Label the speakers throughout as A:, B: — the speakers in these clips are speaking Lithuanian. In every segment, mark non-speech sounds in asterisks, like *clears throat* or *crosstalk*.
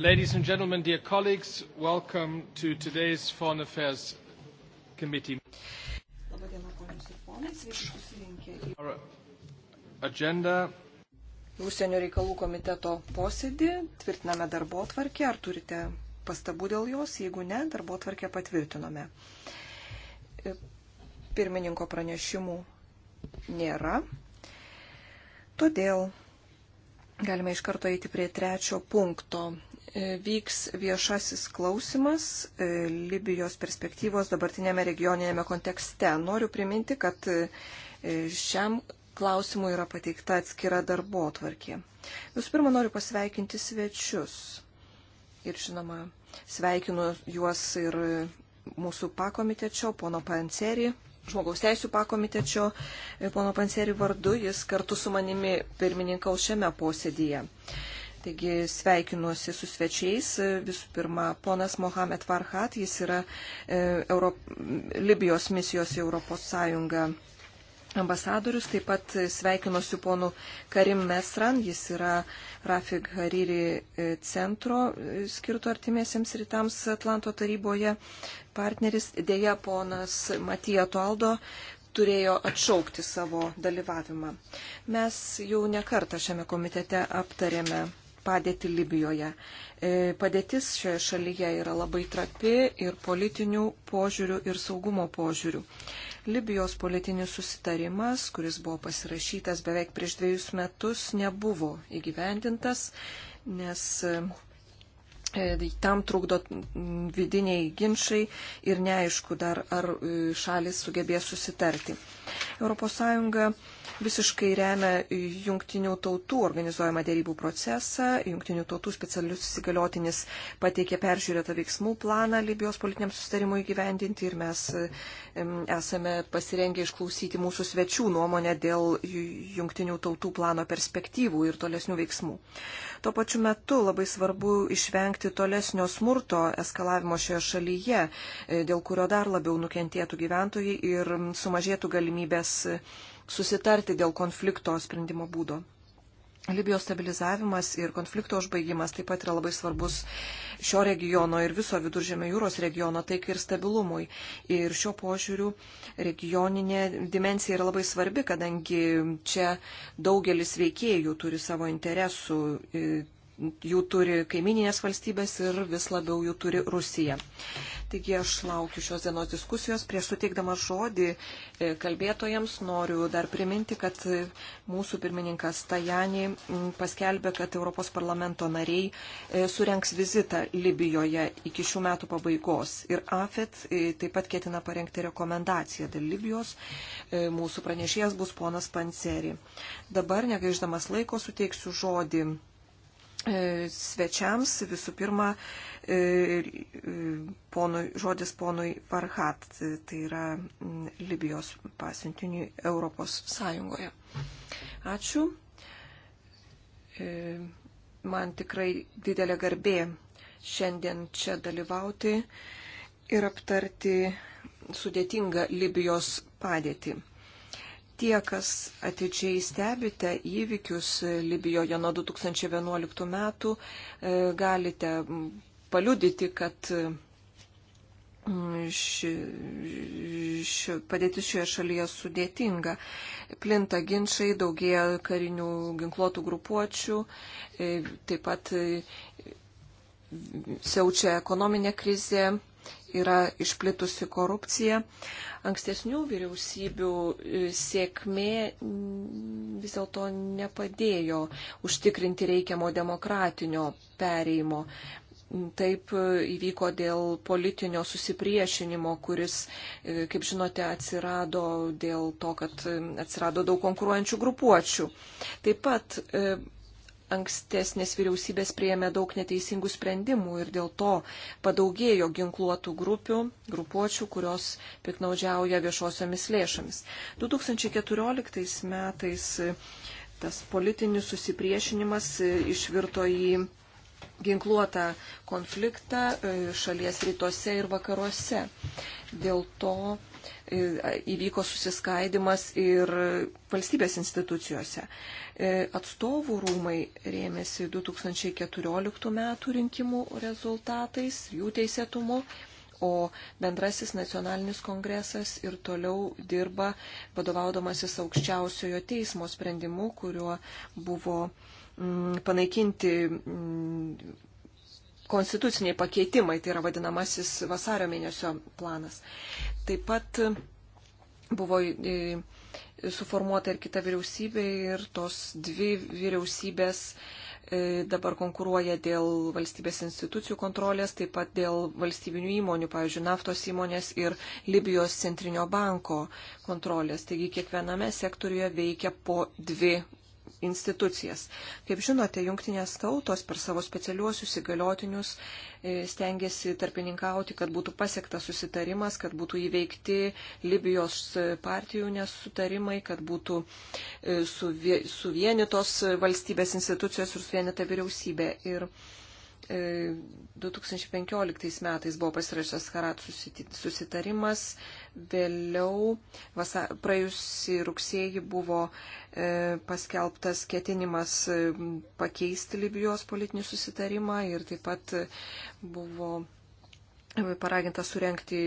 A: Ladies and gentlemen, dear colleagues, welcome to today's Foreign Affairs Committee. Our agenda. Užsienio reikalų komiteto posėdį tvirtiname darbo tvarkę. Ar turite pastabų dėl jos? Jeigu ne, darbo tvarkę patvirtinome. Pirmininko pranešimų nėra. Todėl galime iš karto eiti prie trečio punkto E, vyks viešasis klausimas e, Libijos perspektyvos dabartinėme regioninėme kontekste. Noriu priminti, kad e, šiam klausimui yra pateikta atskira darbo tvarkė. Visų pirma, noriu pasveikinti svečius. Ir žinoma, sveikinu juos ir mūsų pakomitečio, pono Pancerį, žmogaus teisų pakomitečio, pono Pancerį vardu, jis kartu su manimi pirmininkaus šiame posėdyje. Taigi sveikinuosi su svečiais. Visų pirma, ponas Mohamed Farhat, jis yra e, Europ... Libijos misijos į Europos Sąjungą ambasadorius. Taip pat sveikinuosi ponu Karim Mesran, jis yra Rafik Hariri e, centro e, skirto artimiesiems rytams Atlanto taryboje partneris. Deja, ponas Matija Tualdo turėjo atšaukti savo dalyvavimą. Mes jau nekartą šiame komitete aptarėme padėtį Libijoje. E, padėtis šioje šalyje yra labai trapi ir politinių požiūrių ir saugumo požiūrių. Libijos politinis susitarimas, kuris buvo pasirašytas beveik prieš dviejus metus, nebuvo įgyvendintas, nes e, tam trukdo vidiniai ginčiai ir neaišku dar, ar e, šalis sugebės susitarti. ES visiškai remia jungtinių tautų organizuojamą dėrybų procesą. Jungtinių tautų specialius įsigaliotinis pateikė peržiūrėtą veiksmų planą Libijos politiniam sustarimui gyvendinti ir mes esame pasirengę išklausyti mūsų svečių nuomonę dėl jungtinių tautų plano perspektyvų ir tolesnių veiksmų. Tuo pačiu metu labai svarbu išvengti tolesnio smurto eskalavimo šioje šalyje, e, dėl kurio dar labiau nukentėtų gyventojai ir sumažėtų galimybės susitarti dėl konflikto sprendimo būdo. Libijos stabilizavimas ir konflikto užbaigimas taip pat yra labai svarbus šio regiono ir viso viduržėmio jūros regiono taikai ir stabilumui. Ir šio požiūriu regioninė dimensija yra labai svarbi, kadangi čia daugelis veikėjų turi savo interesų e, jų turi kaiminės valstybės ir vis labiau jų turi Rusija. Taigi aš laukiu šios dienos diskusijos. Prieš suteikdama žodį e, kalbėtojams noriu dar priminti, kad e, mūsų pirmininkas Tajani paskelbė, kad Europos parlamento nariai e, surenks vizitą Libijoje iki šių metų pabaigos. Ir AFET taip pat ketina parengti rekomendaciją dėl Libijos. Mūsų pranešėjas bus ponas Panceri. Dabar, negaiždamas laiko, suteiksiu žodį E, svečiams. Visų pirma, e, e, ponui, žodis ponui Farhat, tai yra Libijos pasiuntiniui Europos Sąjungoje. Ačiū. Man tikrai didelė garbė šiandien čia dalyvauti ir aptarti sudėtingą Libijos padėtį. Tie, kas atidžiai stebite įvykius Libijoje nuo 2011 metų, e, galite paliudyti, kad mm, ši, ši, padėtis šioje šalyje sudėtinga. Plinta ginčiai, daugėja karinių ginkluotų grupuočių, e, taip pat e, siaučia ekonominė krizė, yra išplitusi korupcija. Ankstesnių vyriausybių e, sėkmė mm, vis dėlto nepadėjo užtikrinti reikiamo demokratinio pereimo. Mm, taip e, įvyko dėl politinio susipriešinimo, kuris, e, kaip žinote, atsirado dėl to, kad atsirado daug konkuruojančių grupuočių. Taip pat ankstesnės vyriausybės prieėmė daug neteisingų sprendimų ir dėl to padaugėjo ginkluotų grupių, grupuočių, kurios piknaudžiauja viešosiomis lėšomis. 2014 metais tas politinis susipriešinimas išvirto į ginkluotą konfliktą e, šalies rytuose ir vakaruose. Dėl to įvyko susiskaidimas ir valstybės institucijose. E, atstovų rūmai rėmėsi 2014 metų rinkimų rezultatais, jų teisėtumu, o bendrasis nacionalinis kongresas ir toliau dirba vadovaudamasis aukščiausiojo teismo sprendimu, kuriuo buvo mm, panaikinti mm, konstituciniai pakeitimai, tai yra vadinamasis vasario mėnesio planas. Taip pat buvo suformuota ir kita vyriausybė ir tos dvi vyriausybės e, dabar konkuruoja dėl valstybės institucijų kontrolės, taip pat dėl valstybinių įmonių, pavyzdžiui, naftos įmonės ir Libijos centrinio banko kontrolės. Taigi kiekviename sektoriuje veikia po dvi institucijas. Kaip žinote, jungtinės tautos per savo specialiuosius įgaliotinius e, stengiasi tarpininkauti, kad būtų pasiektas susitarimas, kad būtų įveikti Libijos e, partijų nesutarimai, kad būtų e, suvienytos valstybės institucijos ir suvienita vyriausybė. Ir 2015 e, metais buvo pasirašęs Harat susitarimas, vėliau vasa, praėjusį rugsėjį buvo e, paskelbtas ketinimas e, pakeisti Libijos politinį susitarimą ir taip pat buvo e, paraginta surenkti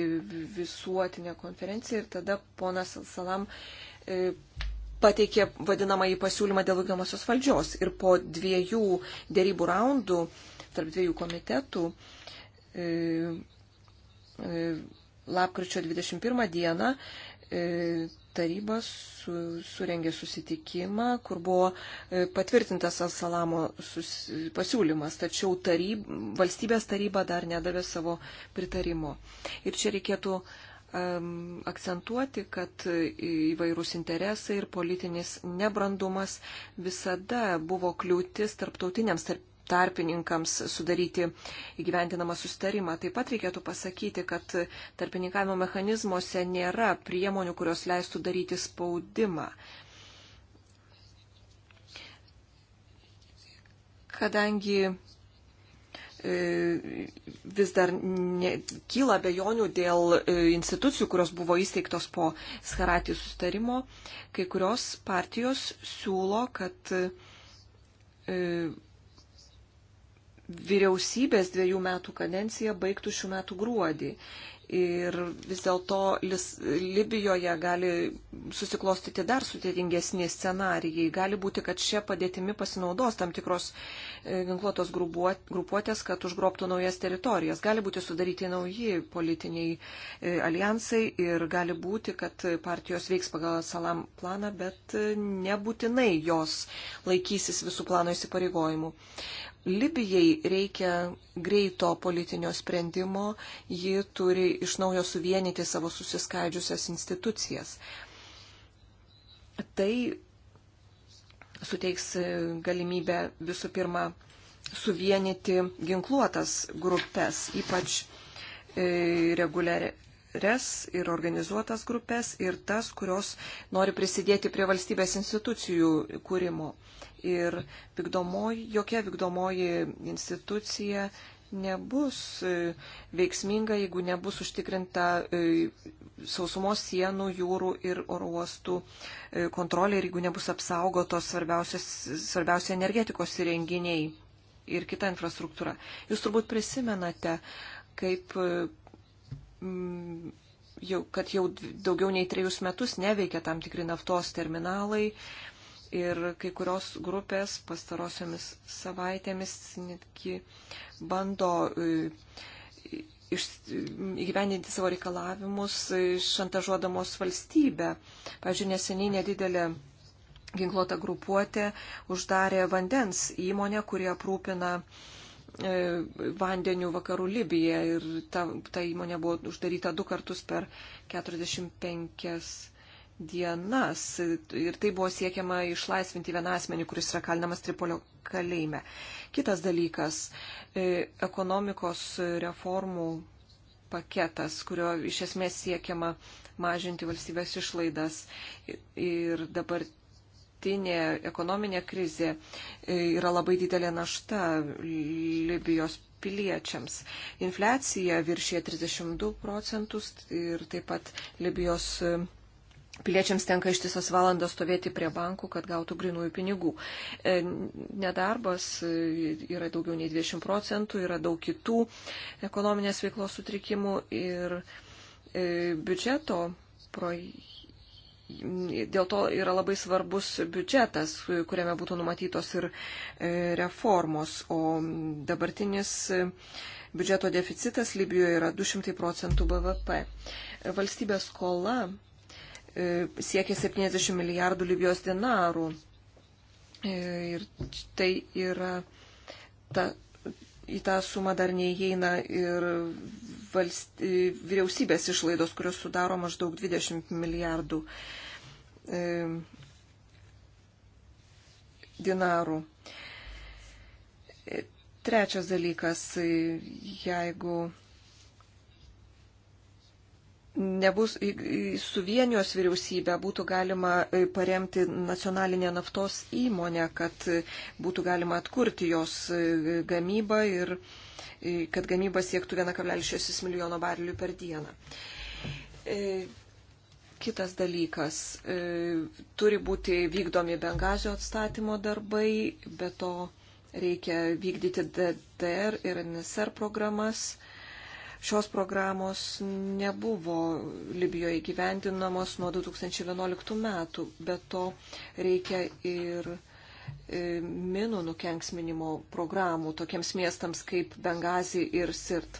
A: visuotinę konferenciją ir tada ponas Salam e, pateikė vadinamąjį pasiūlymą dėl vykdomosios valdžios. Ir po dviejų dėrybų raundų e, tarp dviejų komitetų e, e, lapkričio 21 dieną e, taryba su, surengė susitikimą, kur buvo patvirtintas Al-Salamo pasiūlymas, tačiau taryb, valstybės taryba dar nedavė savo pritarimo. Ir čia reikėtų um, akcentuoti, kad įvairūs interesai ir politinis nebrandumas visada buvo kliūtis tarptautiniams, tarp tarpininkams sudaryti įgyvendinamą sustarimą. Taip pat reikėtų pasakyti, kad tarpininkavimo mechanizmuose nėra priemonių, kurios leistų daryti spaudimą. Kadangi e, vis dar ne, kyla bejonių dėl e, institucijų, kurios buvo įsteigtos po Skaratijų sustarimo, kai kurios partijos siūlo, kad e, vyriausybės dviejų metų kadencija baigtų šių metų gruodį. Ir vis dėlto Libijoje gali susiklostyti dar sudėtingesni scenarijai. Gali būti, kad šia padėtimi pasinaudos tam tikros e, ginkluotos grupuotės, kad užgrobtų naujas teritorijas. Gali būti sudaryti nauji politiniai e, alijansai ir gali būti, kad partijos veiks pagal salam planą, bet e, nebūtinai jos laikysis visų plano įsipareigojimų. Libijai reikia greito politinio sprendimo, ji turi iš naujo suvienyti savo susiskaidžiusias institucijas. Tai suteiks galimybę visų pirma suvienyti ginkluotas grupės, ypač e, reguliariai res ir organizuotas grupės ir tas, kurios nori prisidėti prie valstybės institucijų kūrimo. Ir vykdomoji, jokia vykdomoji institucija nebus e, veiksminga, jeigu nebus užtikrinta e, sausumos sienų, jūrų ir oro uostų e, kontrolė ir jeigu nebus apsaugotos svarbiausia energetikos įrenginiai ir kita infrastruktūra. Jūs turbūt prisimenate, kaip Mm, jau, kad jau daugiau nei trejus metus neveikia tam tikri naftos terminalai ir kai kurios grupės pastarosiomis savaitėmis netgi bando e, įgyveninti savo reikalavimus e, šantažuodamos valstybę. Pavyzdžiui, neseniai nedidelė ginkluota grupuotė uždarė vandens įmonę, kurie aprūpina uh, E, vandeniu vakarų Libiją ir ta, ta įmonė buvo uždaryta du kartus per 45 dienas ir tai buvo siekiama išlaisvinti vieną asmenį, kuris yra kalinamas Tripolio kalėjime. Kitas dalykas e, - ekonomikos reformų paketas, kurio iš esmės siekiama mažinti valstybės išlaidas ir dabar dabartinė ekonominė krizė e, yra labai didelė našta Libijos piliečiams. Inflecija viršė 32 procentus ir taip pat Libijos e, piliečiams tenka ištisas valandas stovėti prie bankų, kad gautų grinųjų pinigų. E, nedarbas yra daugiau nei 20 procentų, yra daug kitų ekonominės veiklos sutrikimų ir biudžeto projektų Dėl to yra labai svarbus biudžetas, kuriame būtų numatytos ir e, reformos, o dabartinis e, biudžeto deficitas Libijoje yra 200 procentų BVP. Valstybės skola e, siekia 70 milijardų Libijos dinarų. Ir tai yra ta į tą sumą dar neįeina ir valst... vyriausybės išlaidos, kurios sudaro maždaug 20 milijardų e, dinarų. Trečias dalykas, jeigu nebus suvienijos vyriausybę, būtų galima e, paremti nacionalinę naftos įmonę, kad e, būtų galima atkurti jos e, gamybą ir kad gamyba siektų 1,6 milijono barilių per dieną. Kitas dalykas, turi būti vykdomi Bengazio atstatymo darbai, be to reikia vykdyti DDR ir NSR programas Šios programos nebuvo Libijoje gyvendinamos nuo 2011 metų, bet to reikia ir e, minų nukenksminimo programų tokiems miestams kaip Bengazi ir Sirt.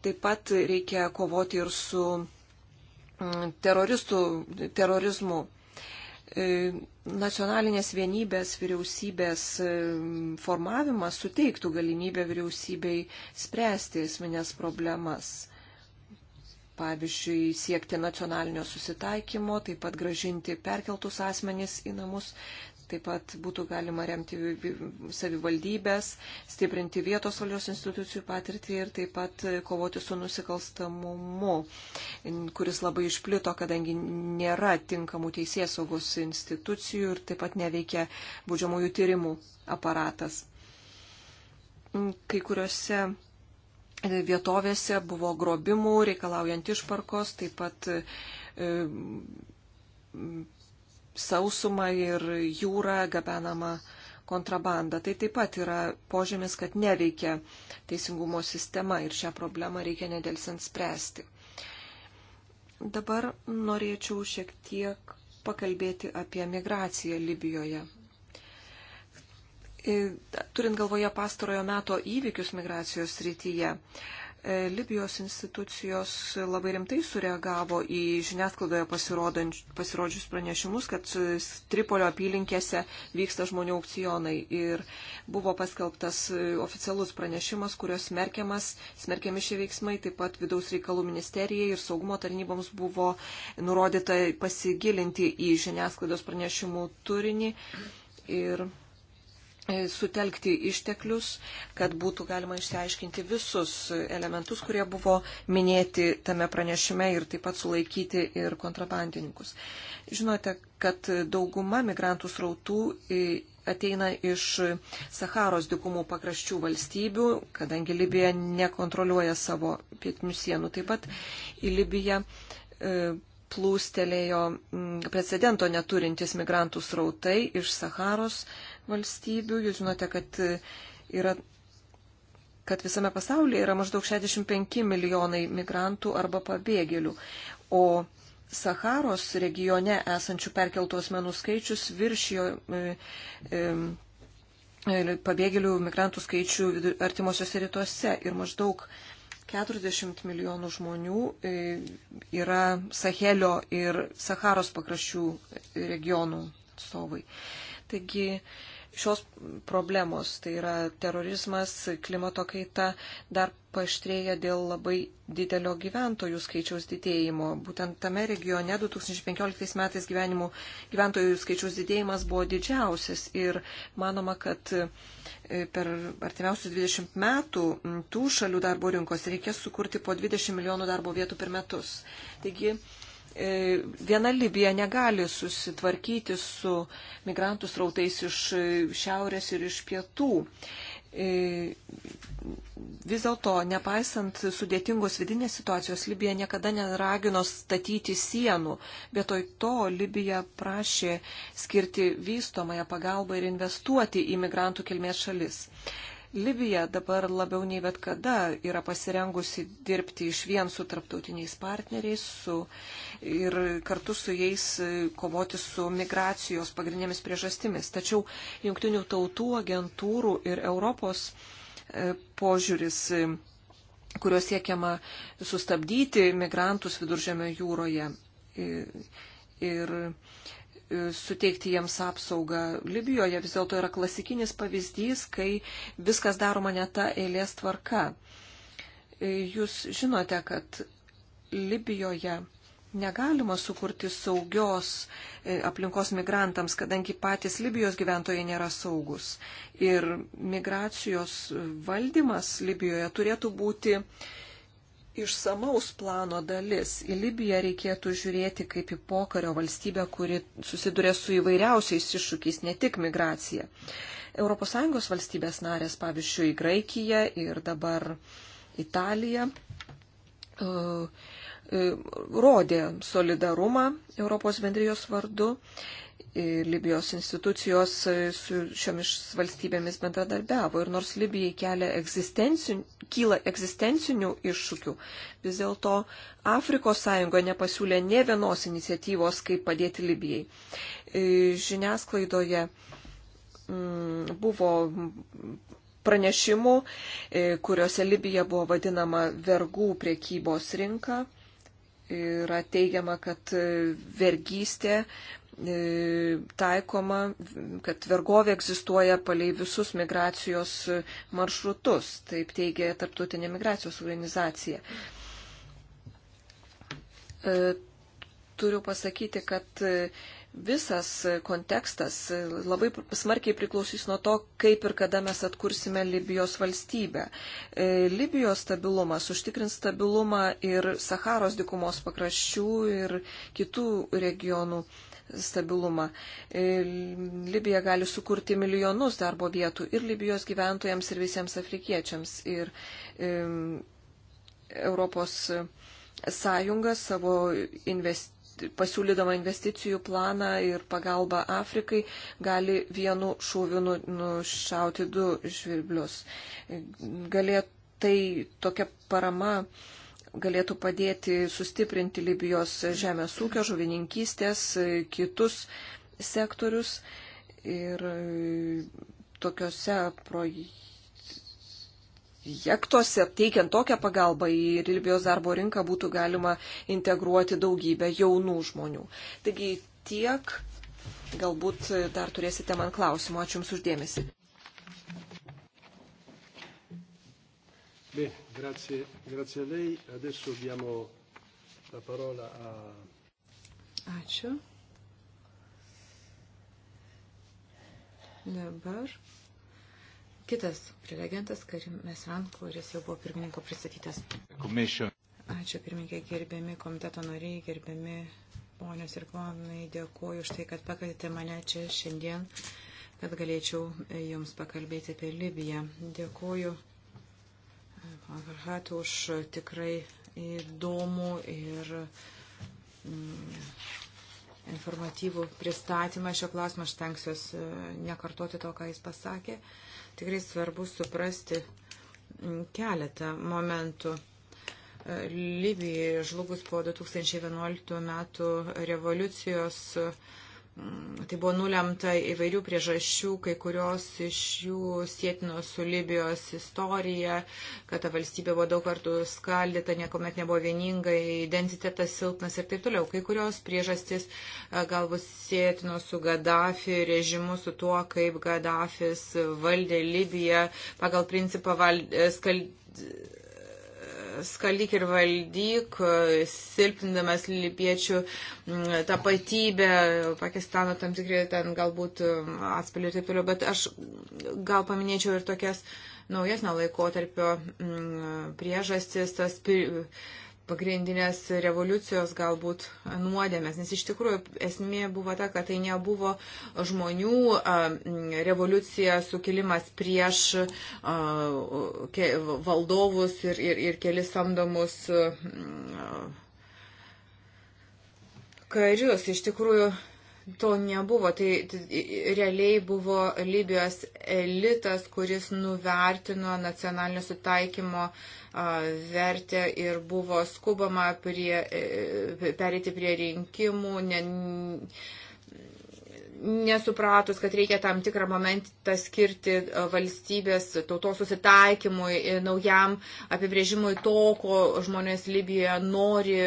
A: Taip pat reikia kovoti ir su mm, teroristų, terorizmu. E, nacionalinės vienybės vyriausybės e, formavimas suteiktų galimybę vyriausybei spręsti esminės problemas. Pavyzdžiui, siekti nacionalinio susitaikymo, taip pat gražinti perkeltus asmenys į namus. Taip pat būtų galima remti savivaldybės, stiprinti vietos valios institucijų patirtį ir taip pat kovoti su nusikalstamumu, kuris labai išplito, kadangi nėra tinkamų teisės saugos institucijų ir taip pat neveikia būdžiamųjų tyrimų aparatas. Kai kuriuose vietovėse buvo grobimų, reikalaujant išparkos, taip pat e, sausumą ir jūrą gabenama kontrabanda. Tai taip pat yra požymis, kad neveikia teisingumo sistema ir šią problemą reikia nedelsiant spręsti. Dabar norėčiau šiek tiek pakalbėti apie migraciją Libijoje. E, turint galvoje pastarojo meto įvykius migracijos srityje, E, Libijos institucijos labai rimtai sureagavo į žiniasklaidoje pasirodžius pranešimus, kad Tripolio apylinkėse vyksta žmonių aukcionai. Ir buvo paskelbtas e, oficialus pranešimas, kurios smerkiamas, smerkiami šie veiksmai, taip pat vidaus reikalų ministerijai ir saugumo tarnyboms buvo nurodyta pasigilinti į žiniasklaidos pranešimų turinį. Ir E, sutelkti išteklius, kad būtų galima išsiaiškinti visus elementus, kurie buvo minėti tame pranešime ir taip pat sulaikyti ir kontrabandininkus. Žinote, kad dauguma migrantų srautų e, ateina iš Saharos dikumų pakraščių valstybių, kadangi Libija nekontroliuoja savo pietinių sienų. Taip pat į Libiją e, plūstelėjo precedento neturintis migrantų srautai iš Saharos valstybių. Jūs žinote, kad, e, yra, kad visame pasaulyje yra maždaug 65 milijonai migrantų arba pabėgėlių. O Saharos regione esančių perkeltų asmenų skaičius viršijo e, e, e pabėgėlių migrantų skaičių artimuosiuose rytuose ir maždaug 40 milijonų žmonių e, yra Sahelio ir Saharos pakraščių regionų atstovai. Taigi šios problemos, tai yra terorizmas, klimato kaita, dar paštrėja dėl labai didelio gyventojų skaičiaus didėjimo. Būtent tame regione 2015 metais gyvenimų, gyventojų skaičiaus didėjimas buvo didžiausias ir manoma, kad e, per artimiausius 20 metų tų šalių darbo rinkos reikės sukurti po 20 milijonų darbo vietų per metus. Taigi, E, viena Libija negali susitvarkyti su migrantų srautais iš e, šiaurės ir iš pietų. E, vis dėlto, nepaisant sudėtingos vidinės situacijos, Libija niekada neragino statyti sienų. Vietoj to Libija prašė skirti vystomąją pagalbą ir investuoti į migrantų kilmės šalis. Libija dabar labiau nei bet kada yra pasirengusi dirbti iš vien su tarptautiniais partneriais su, ir kartu su jais e, kovoti su migracijos pagrindinėmis priežastimis. Tačiau jungtinių tautų agentūrų ir Europos e, požiūris e, kuriuo siekiama sustabdyti migrantus viduržėme jūroje. Ir E, suteikti jiems apsaugą. Libijoje vis dėlto yra klasikinis pavyzdys, kai viskas daroma ne ta eilės tvarka. E, jūs žinote, kad Libijoje negalima sukurti saugios e, aplinkos migrantams, kadangi patys Libijos gyventojai nėra saugus. Ir migracijos valdymas Libijoje turėtų būti išsamaus plano dalis. Į Libiją reikėtų žiūrėti kaip į pokario valstybę, kuri susiduria su įvairiausiais iššūkiais, ne tik migracija. ES valstybės narės, pavyzdžiui, Graikija ir dabar Italija, e, e, rodė solidarumą Europos bendrijos vardu Libijos institucijos e, su šiomis valstybėmis bendradarbiavo ir nors Libijai kelia egzistencin, kyla egzistencinių iššūkių, vis dėlto Afrikos sąjunga nepasiūlė ne vienos iniciatyvos, kaip padėti Libijai. E, žiniasklaidoje mm, buvo pranešimų, e, kuriuose Libija buvo vadinama vergų priekybos rinka. Yra teigiama, kad vergystė E, taikoma, kad vergovė egzistuoja palei visus migracijos maršrutus, taip teigia Tarptautinė migracijos organizacija. E, turiu pasakyti, kad visas kontekstas labai smarkiai priklausys nuo to, kaip ir kada mes atkursime Libijos valstybę. E, Libijos stabilumas užtikrins stabilumą ir Saharos dikumos pakraščių ir kitų regionų stabilumą. E, Libija gali sukurti milijonus darbo vietų ir Libijos gyventojams, ir visiems afrikiečiams. Ir Europos sąjunga savo investicijų pasiūlydama investicijų planą ir pagalbą Afrikai, gali vienu šūviu nu, nušauti du žvirblius. Galėtų tai tokia parama galėtų padėti sustiprinti Libijos žemės ūkio, žuvininkystės, kitus sektorius. Ir tokiuose projektuose, teikiant tokią pagalbą į Libijos darbo rinką, būtų galima integruoti daugybę jaunų žmonių. Taigi tiek. Galbūt dar turėsite man klausimų. Ačiū Jums uždėmesi.
B: Bene, grazie, grazie a
C: lei. Adesso diamo la parola a. Ačiū. Dabar kitas prelegentas Karim Mesan, kuris jau buvo pirmininko pristatytas. Commission. Ačiū pirmininkai, gerbiami komiteto nariai, gerbiami ponios ir ponai, dėkuoju už tai, kad pakvietėte mane čia šiandien, kad galėčiau jums pakalbėti apie Libiją. Dėkuoju Verhat už tikrai įdomų ir mm, informatyvų pristatymą šio klausimo. Aš tenksiuosi mm, nekartoti to, ką jis pasakė. Tikrai svarbu suprasti mm, keletą momentų. Libijai žlugus po 2011 metų revoliucijos Mm, tai buvo nulemta įvairių priežasčių, kai kurios iš jų sėtino su Libijos istorija, kad ta valstybė buvo daug kartų skaldyta, niekuomet nebuvo vieninga, identitetas silpnas ir taip toliau. Kai kurios priežastys e, galbūt sėtino su Gaddafi režimu, su tuo, kaip Gaddafis valdė Libiją pagal principą val... E, skal skaldyk ir valdyk, silpnindamas lipiečių mm, tapatybę, Pakistano tam tikrai ten galbūt mm, atspalį ir taip toliau, bet aš gal paminėčiau ir tokias naujesnio laikotarpio mm, priežastis, tas. Pri pagrindinės revoliucijos galbūt nuodėmės, nes iš tikrųjų esmė buvo ta, kad tai nebuvo žmonių revoliucija, sukilimas prieš valdovus ir, ir, ir kelis samdomus karius. Iš tikrųjų to nebuvo. Tai, tai realiai buvo Libijos elitas, kuris nuvertino nacionalinio sutaikymo vertę ir buvo skubama prie, e, e, perėti prie rinkimų. Ne, nesupratus, kad reikia tam tikrą momentą skirti valstybės tautos susitaikymui, e, naujam apibrėžimui to, ko žmonės Libijoje nori,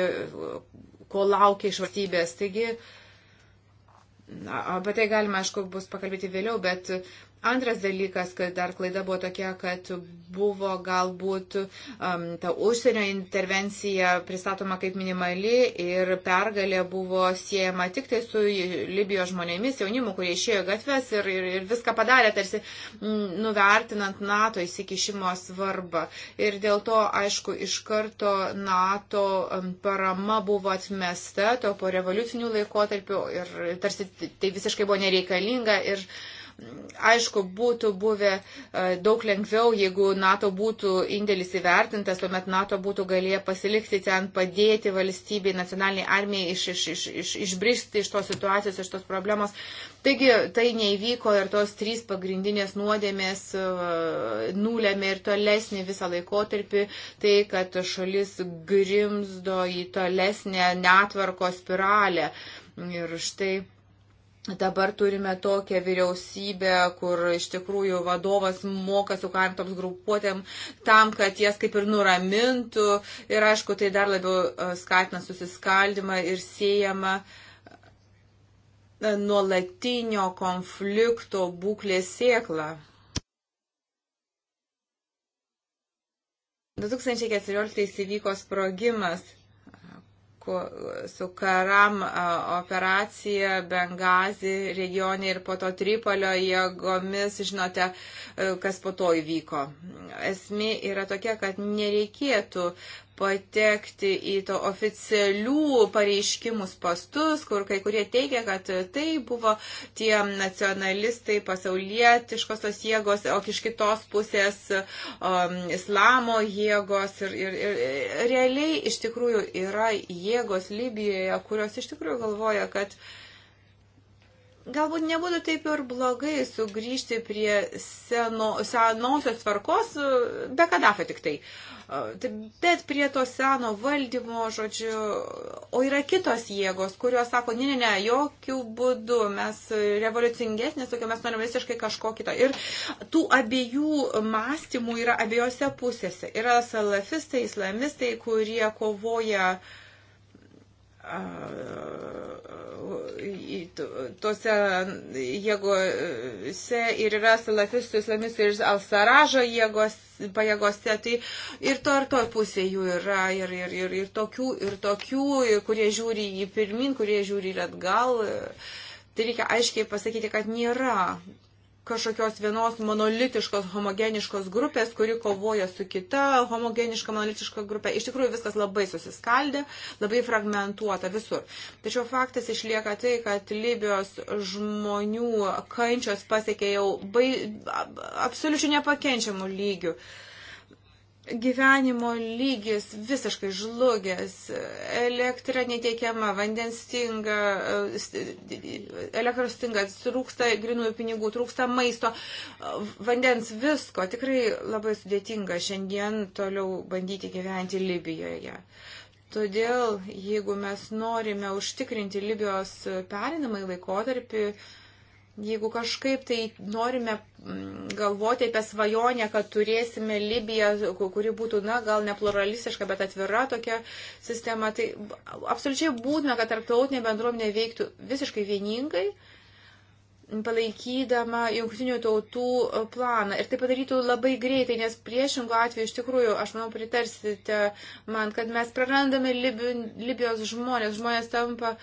C: ko laukia iš valstybės. Taigi, uh, Apie tai galima, aišku, bus pakalbėti vėliau, bet Antras dalykas, kad dar klaida buvo tokia, kad buvo galbūt um, ta užsienio intervencija pristatoma kaip minimali ir pergalė buvo siejama tik tai su Libijos žmonėmis, jaunimu, kurie išėjo gatves ir, ir, ir viską padarė, tarsi mm, nuvertinant NATO įsikišimo svarbą. Ir dėl to, aišku, iš karto NATO um, parama buvo atmesta to po revoliucinių laikotarpių ir tarsi tai visiškai buvo nereikalinga. Ir, uh, Aišku, būtų buvę e, daug lengviau, jeigu NATO būtų indėlis įvertintas, tuomet NATO būtų galėję pasilikti ten, padėti valstybei, nacionaliniai armijai iš, iš, iš, iš, išbristi iš tos situacijos, iš tos problemos. Taigi tai neįvyko ir tos trys pagrindinės nuodėmės e, nulėmė ir tolesnį visą laikotarpį, tai kad šalis grimzdo į tolesnę netvarko spiralę. Ir štai Dabar turime tokią vyriausybę, kur iš tikrųjų vadovas moka su kantoms grupuotėm tam, kad jas kaip ir nuramintų. Ir aišku, tai dar labiau e, skatina susiskaldimą ir siejama e, nuolatinio konflikto būklės sėklą. 2014 įvyko sprogimas su karam operacija Bengazi regione ir po to Tripolio jėgomis, žinote, e, kas po to įvyko. Esmė yra tokia, kad nereikėtų patekti į to oficialių pareiškimų spastus, kur kai kurie teigia, kad tai buvo tie nacionalistai, pasaulietiškos tos jėgos, o iš kitos pusės um, islamo jėgos. Ir, ir, ir realiai iš tikrųjų yra jėgos Libijoje, kurios iš tikrųjų galvoja, kad uh, Galbūt nebūtų taip ir blogai sugrįžti prie seno, senosios tvarkos, e, be kadafio tik tai. E, tai, bet prie to seno valdymo, žodžiu, o yra kitos jėgos, kurios sako, ne, ne, ne, jokių būdų, mes revoliucingesnės, tokio mes norime visiškai kažko kito. Ir tų abiejų mąstymų yra abiejose pusėse. Yra salafistai, islamistai, kurie kovoja uh, tose jėgose ir yra salafistų islamistų ir Al-Saražo jėgos pajėgose, tai ir to ir to pusė jų yra, ir, ir, ir, ir tokių, ir tokių, ir kurie žiūri į pirmin, kurie žiūri ir atgal. Tai reikia aiškiai pasakyti, kad nėra kažkokios vienos monolitiškos, homogeniškos grupės, kuri kovoja su kita homogeniška, monolitiška grupė. Iš tikrųjų viskas labai susiskaldė, labai fragmentuota visur. Tačiau faktas išlieka tai, kad Libijos žmonių kančios pasiekė jau bai, absoliučiai nepakenčiamų lygių. Uh, gyvenimo lygis visiškai žlugęs, elektra neteikiama, vandens stinga, elektros stinga, trūksta grinųjų pinigų, trūksta maisto, vandens visko. Tikrai labai sudėtinga šiandien toliau bandyti gyventi Libijoje. Todėl, jeigu mes norime užtikrinti Libijos perinamai laikotarpį, uh, Jeigu kažkaip tai norime mm, galvoti apie svajonę, kad turėsime Libiją, kuri būtų, na, gal ne pluralistiška, bet atvira tokia sistema, tai absoliučiai būtina, kad tarptautinė bendruomenė veiktų visiškai vieningai. Uh, palaikydama jungtinių tautų planą. Ir tai padarytų labai greitai, nes priešingų atveju iš tikrųjų, aš manau, pritarsite man, kad mes prarandame Libi, Libijos žmonės. Žmonės tampa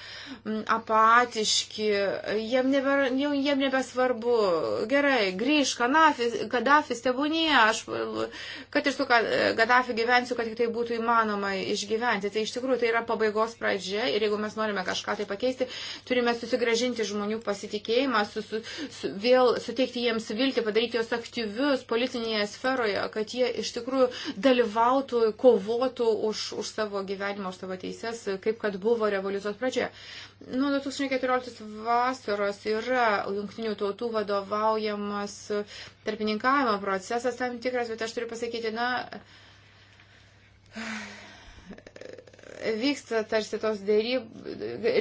C: mm, apatiški, jiem, nebe, jiem nebesvarbu. Gerai, grįž, Kanafis, Gaddafis, tebūnie, aš, kad ir su Gaddafi gyvensiu, kad tik tai būtų įmanoma išgyventi. Tai iš tikrųjų tai yra pabaigos pradžia ir jeigu mes norime kažką tai pakeisti, turime susigražinti žmonių pasitikėjimą su, su, su, vėl suteikti jiems viltį, padaryti juos aktyvius politinėje sferoje, kad jie iš tikrųjų dalyvautų, kovotų už, už savo gyvenimą, už savo teises, kaip kad buvo revoliucijos pradžioje. Nuo 2014 vasaros yra jungtinių tautų vadovaujamas tarpininkavimo procesas tam tikras, bet aš turiu pasakyti, na vyksta tarsi tos dėrybos,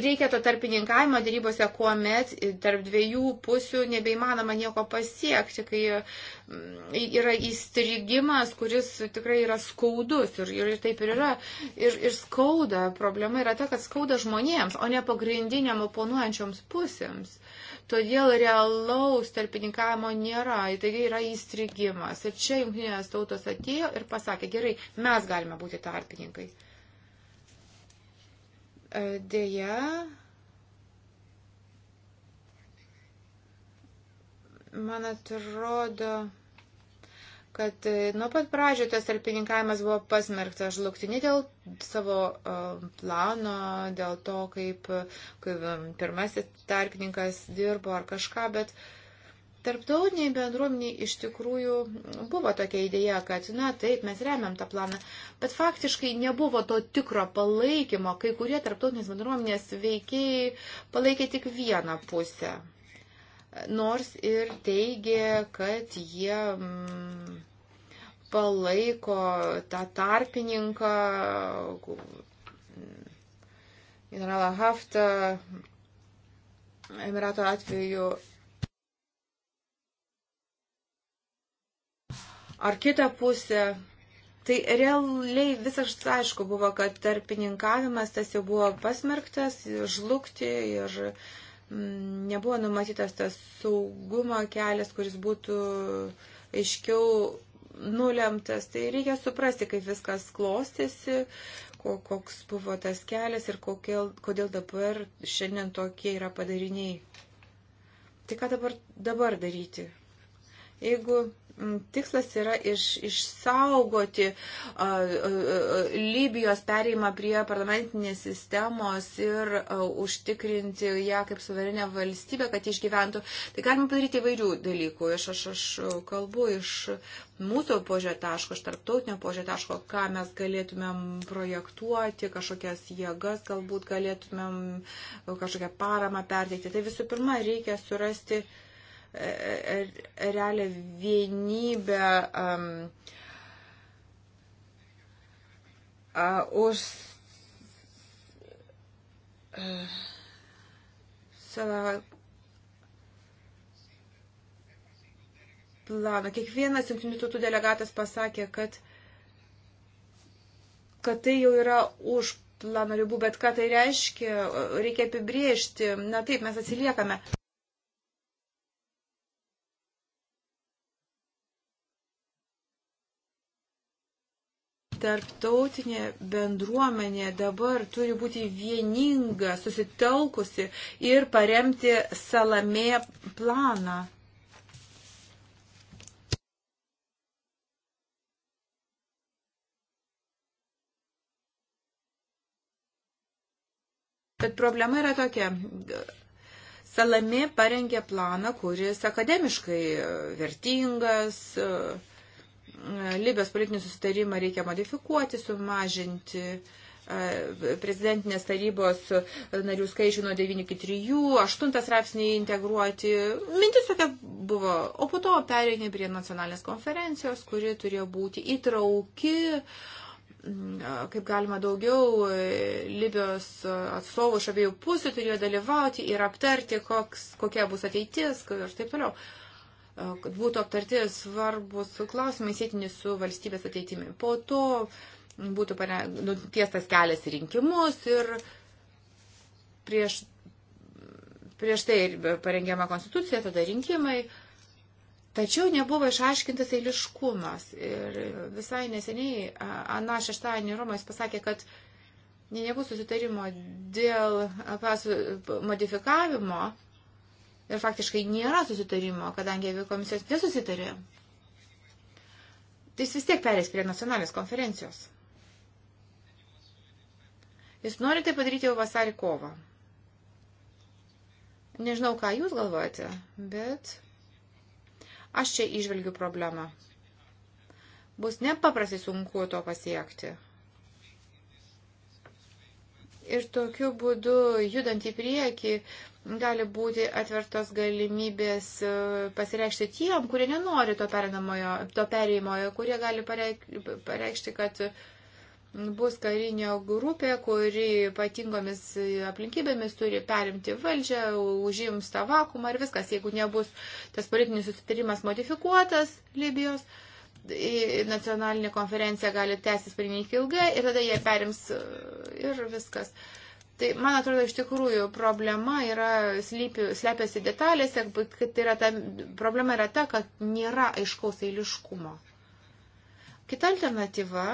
C: reikia to tarpininkavimo dėrybose, kuomet tarp dviejų pusių nebeįmanoma nieko pasiekti, kai mm, yra įstrigimas, kuris tikrai yra skaudus ir, ir taip ir yra. Ir, ir skauda, problema yra ta, kad skauda žmonėms, o ne pagrindiniam oponuojančioms pusėms. Todėl realaus tarpininkavimo nėra, taigi yra įstrigimas. Ir čia jungtinės tautos atėjo ir pasakė, gerai, mes galime būti tarpininkai. E, Deja, man atrodo, kad nuo pat pradžio tas tarpininkavimas buvo pasmerktas žlugti ne dėl savo e, plano, dėl to, kaip, kaip pirmasis tarpininkas dirbo ar kažką, bet uh, Tarptautiniai bendruomeniai iš tikrųjų buvo tokia idėja, kad, na taip, mes remiam tą planą, bet faktiškai nebuvo to tikro palaikymo. Kai kurie tarptautinės bendruomenės veikėjai palaikė tik vieną pusę. Nors ir teigė, kad jie mm, palaiko tą tarpininką, mm, generalą Haftą, Emirato atveju ar kitą pusę. Tai realiai visas aišku buvo, kad tarpininkavimas tas jau buvo pasmerktas, žlugti ir mm, nebuvo numatytas tas saugumo kelias, kuris būtų aiškiau nulemtas. Tai reikia suprasti, kaip viskas klostėsi, koks buvo tas kelias ir kokiel, kodėl dabar šiandien tokie yra padariniai. Tai ką dabar, dabar daryti? Jeigu tikslas yra iš, išsaugoti uh, uh, Libijos pereimą prie parlamentinės sistemos ir uh, užtikrinti ją kaip suverinę valstybę, kad išgyventų. Tai galima padaryti įvairių dalykų. Iš, aš, aš kalbu iš mūsų požiūrio taško, iš tarptautinio požiūrio taško, ką mes galėtumėm projektuoti, kažkokias jėgas galbūt galėtumėm kažkokią paramą perteikti. Tai visų pirma, reikia surasti uh, E, e, realią vienybę um, uh, už uh, savo planą. Kiekvienas jungtinių tautų delegatas pasakė, kad, kad tai jau yra už plano ribų, bet ką tai reiškia, reikia apibriežti. Na taip, mes atsiliekame. tarptautinė bendruomenė dabar turi būti vieninga, susitelkusi ir paremti Salamė planą. Bet problema yra tokia. Salami parengė planą, kuris akademiškai vertingas, uh, Libijos politinį susitarimą reikia modifikuoti, sumažinti e, prezidentinės tarybos narių skaičių nuo 9 iki 3, 8 straipsnį integruoti. Mintis tokia buvo, o po to perėjai prie nacionalinės konferencijos, kuri turėjo būti įtrauki kaip galima daugiau e, Libijos atstovų iš abiejų pusių turėjo dalyvauti ir aptarti, koks, kokia bus ateitis ir taip toliau. Uh, kad būtų aptarti svarbus klausimai sėtini su valstybės ateitimi. Po to būtų nu, tiesas kelias į rinkimus ir prieš, prieš tai parengiama konstitucija, tada rinkimai. Tačiau nebuvo išaiškintas eiliškumas. Ir visai neseniai Ana šeštadienį Romais pasakė, kad nebus susitarimo dėl paso modifikavimo ir faktiškai nėra susitarimo, kadangi abi komisijos nesusitarė, tai jis vis tiek perės prie nacionalinės konferencijos. Jūs norite padaryti jau vasarį kovą. Nežinau, ką jūs galvojate, bet aš čia išvelgiu problemą. Bus nepaprastai sunku to pasiekti. Ir tokiu būdu, judant į priekį, uh, gali būti atvertos galimybės e, pasireikšti tiem, kurie nenori to, to perėjimojo, kurie gali pareikšti, kad bus karinio grupė, kuri ypatingomis aplinkybėmis turi perimti valdžią, užims tą vakumą ir viskas, jeigu nebus tas politinis susitarimas modifikuotas Libijos nacionalinė konferencija gali tęstis pernelyg ilgai ir tada jie perims e, ir viskas. Uh, Tai, man atrodo, iš tikrųjų problema yra, slypi, slepiasi detalėse, kad tai yra ta, problema yra ta, kad nėra aiškaus eiliškumo. Kita alternatyva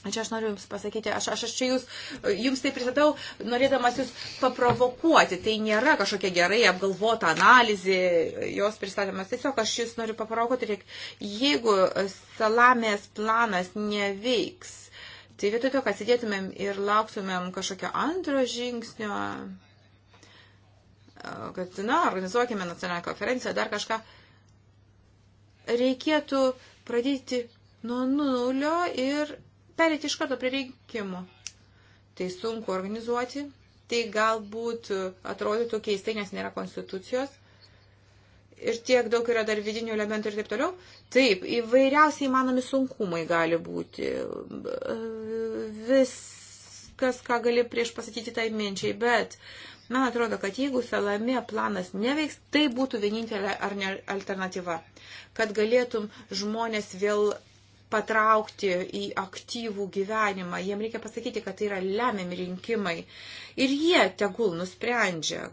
C: Čia aš noriu Jums pasakyti, aš, aš, aš čia jūs, Jums tai pristatau, norėdamas Jūs paprovokuoti. Tai nėra kažkokia gerai apgalvota analizė, jos pristatymas. Tiesiog aš Jūs noriu paprovokuoti, jeigu salamės planas neveiks, Tai vietoj to, kad sėdėtumėm ir lauktumėm kažkokio antro žingsnio, kad, na, organizuokime nacionalinę konferenciją, dar kažką, reikėtų pradėti nuo nulio ir perėti iš karto prie reikimo. Tai sunku organizuoti, tai galbūt atrodytų keistai, nes nėra konstitucijos. Ir tiek daug yra dar vidinių elementų ir taip toliau. Taip, įvairiausiai įmanomi sunkumai gali būti viskas, ką gali prieš pasakyti tai minčiai, bet man atrodo, kad jeigu salame planas neveiks, tai būtų vienintelė ar ne alternatyva, kad galėtum žmonės vėl patraukti į aktyvų gyvenimą. Jiem reikia pasakyti, kad tai yra lemiami rinkimai. Ir jie tegul nusprendžia,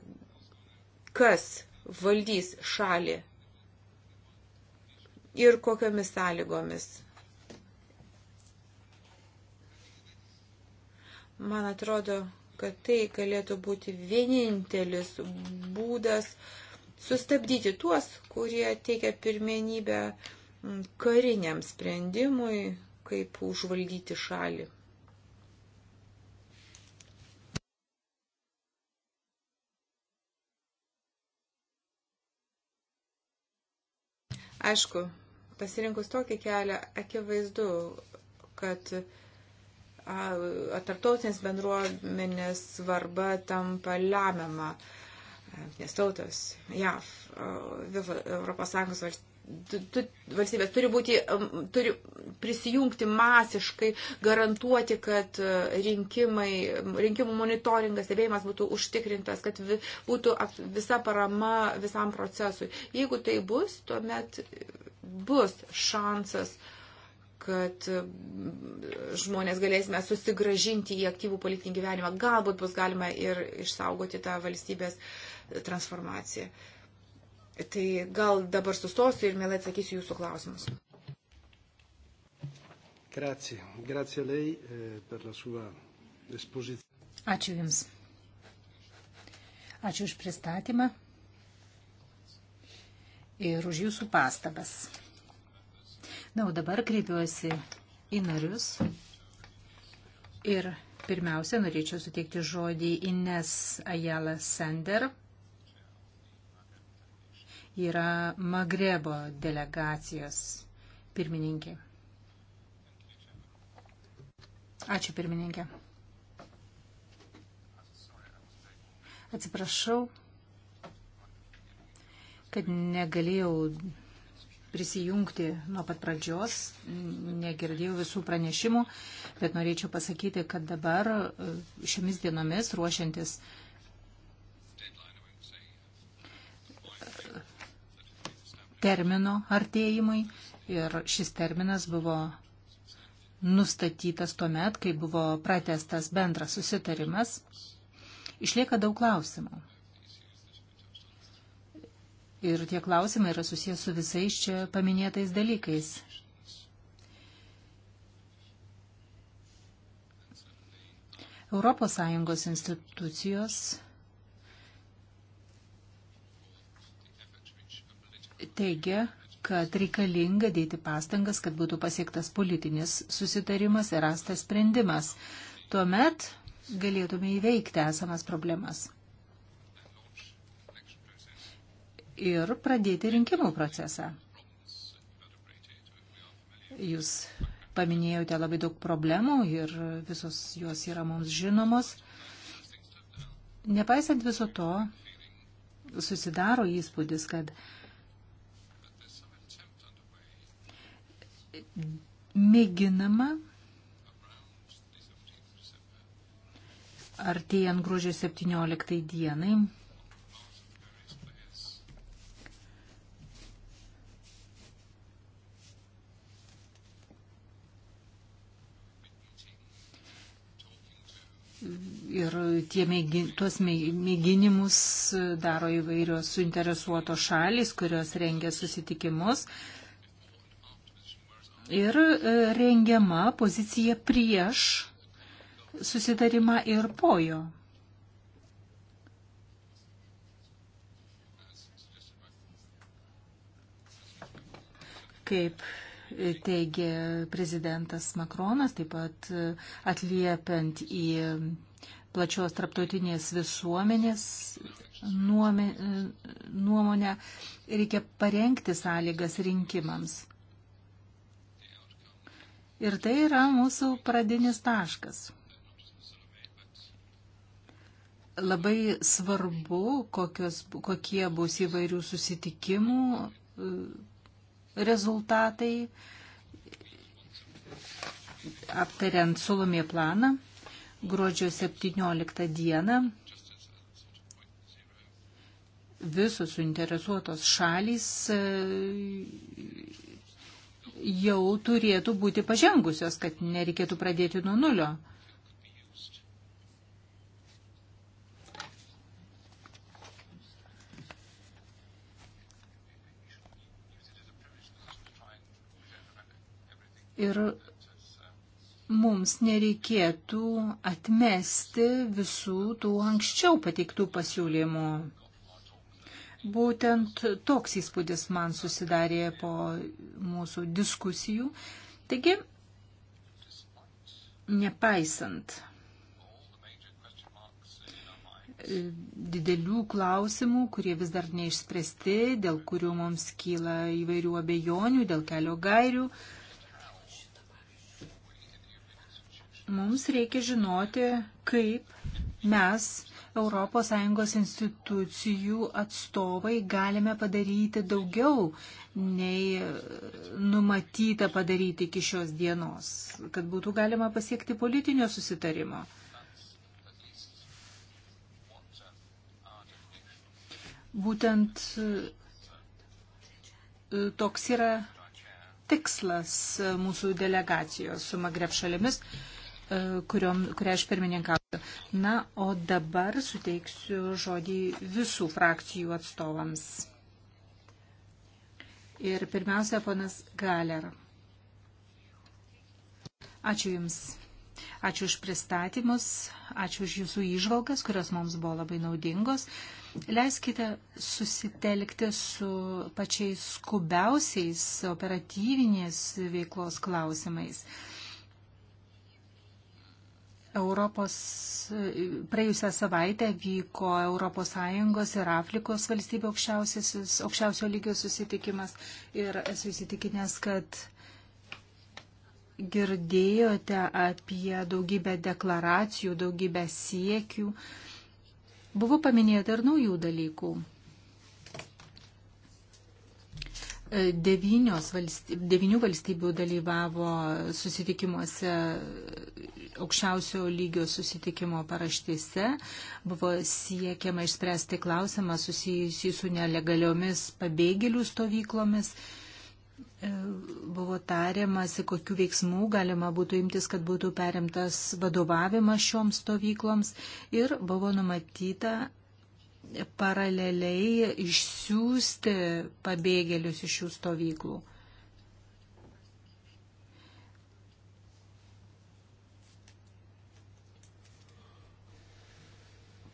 C: kas valdys šalį ir kokiamis sąlygomis. Man atrodo, kad tai galėtų būti vienintelis būdas sustabdyti tuos, kurie teikia pirmenybę mm, kariniam sprendimui, kaip užvaldyti šalį. Aišku, pasirinkus tokį kelią, akivaizdu, kad tarptautinės bendruomenės svarba tampa lemiama. Nes tautos, JAV, Europos Sąjungos valstybės turi, būti, um, turi prisijungti masiškai, garantuoti, kad e, rinkimai, rinkimų monitoringas, stebėjimas būtų užtikrintas, kad būtų visa parama visam procesui. Jeigu tai bus, tuomet bus šansas uh, kad mm, žmonės galėsime susigražinti į aktyvų politinį gyvenimą. Galbūt bus galima ir išsaugoti tą valstybės e, transformaciją. Tai gal dabar sustosiu ir mielai atsakysiu jūsų klausimus. Grazie, grazie a lei eh, per la sua esposizione.
B: Ačiū Jums. Ačiū už pristatymą ir už Jūsų pastabas. Na, o dabar kreipiuosi į narius. Ir pirmiausia, norėčiau suteikti žodį Ines Ajala Sender. Yra Magrebo delegacijos pirmininkė. Ačiū pirmininkė. Atsiprašau, kad negalėjau prisijungti nuo pat pradžios, negirdėjau visų pranešimų, bet norėčiau pasakyti, kad dabar e, šiomis dienomis ruošiantis e, termino artėjimui ir šis terminas buvo nustatytas tuo met, kai buvo pratestas bendras susitarimas, išlieka daug klausimų ir tie klausimai yra susijęs su visais čia paminėtais dalykais. Europos Sąjungos institucijos teigia, kad reikalinga dėti pastangas, kad būtų pasiektas politinis susitarimas ir rastas sprendimas. Tuomet galėtume įveikti esamas problemas. ir pradėti rinkimų procesą. Jūs paminėjote labai daug problemų ir visos jos yra mums žinomos. Nepaisant viso to, susidaro įspūdis, kad mėginama artėjant gruodžio 17 dienai ir tie mėgin, tuos mėginimus daro įvairios suinteresuotos šalis, kurios rengia susitikimus. Ir e, rengiama pozicija prieš susitarimą ir po jo. Kaip teigia prezidentas Makronas, taip pat e, atliepiant į plačios tarptautinės visuomenės nuomonę, reikia parengti sąlygas rinkimams. Ir tai yra mūsų pradinis taškas. Labai svarbu, kokios, kokie bus įvairių susitikimų e, rezultatai, aptariant sulomė planą gruodžio 17 dieną visos suinteresuotos šalys e, jau turėtų būti pažengusios, kad nereikėtų pradėti nuo nulio.
A: Ir mums
B: nereikėtų atmesti visų tų anksčiau pateiktų pasiūlymų. Būtent toks įspūdis man susidarė po mūsų diskusijų. Taigi, nepaisant didelių klausimų, kurie vis dar neišspręsti, dėl kurių mums kyla įvairių abejonių, dėl kelio gairių, Mums reikia žinoti, kaip mes, ES institucijų atstovai, galime padaryti daugiau, nei numatyta padaryti iki šios dienos, kad būtų galima pasiekti politinio susitarimo. Būtent e, toks yra tikslas mūsų delegacijos su Magreb šalimis. E, kuriom, kurią aš pirmininkauju. Na, o dabar suteiksiu žodį visų frakcijų atstovams. Ir pirmiausia, ponas Galer. Ačiū Jums. Ačiū už pristatymus, ačiū už Jūsų įžvalgas, kurios mums buvo labai naudingos. Leiskite susitelkti su pačiais skubiausiais operatyvinės veiklos klausimais. Uh, Europos, praėjusią savaitę vyko ES ir Afrikos valstybių aukščiausio lygio susitikimas ir esu įsitikinęs, kad girdėjote apie daugybę deklaracijų, daugybę siekių. Buvo paminėta ir naujų dalykų. Devynios valstybių, devinių valstybių dalyvavo susitikimuose aukščiausio lygio susitikimo paraštėse buvo siekiama išspręsti klausimą susijusį su nelegaliomis pabėgėlių stovyklomis. E, buvo tariamasi, kokiu veiksmu galima būtų imtis, kad būtų perimtas vadovavimas šioms stovykloms ir buvo numatyta paraleliai išsiųsti pabėgėlius iš šių stovyklų.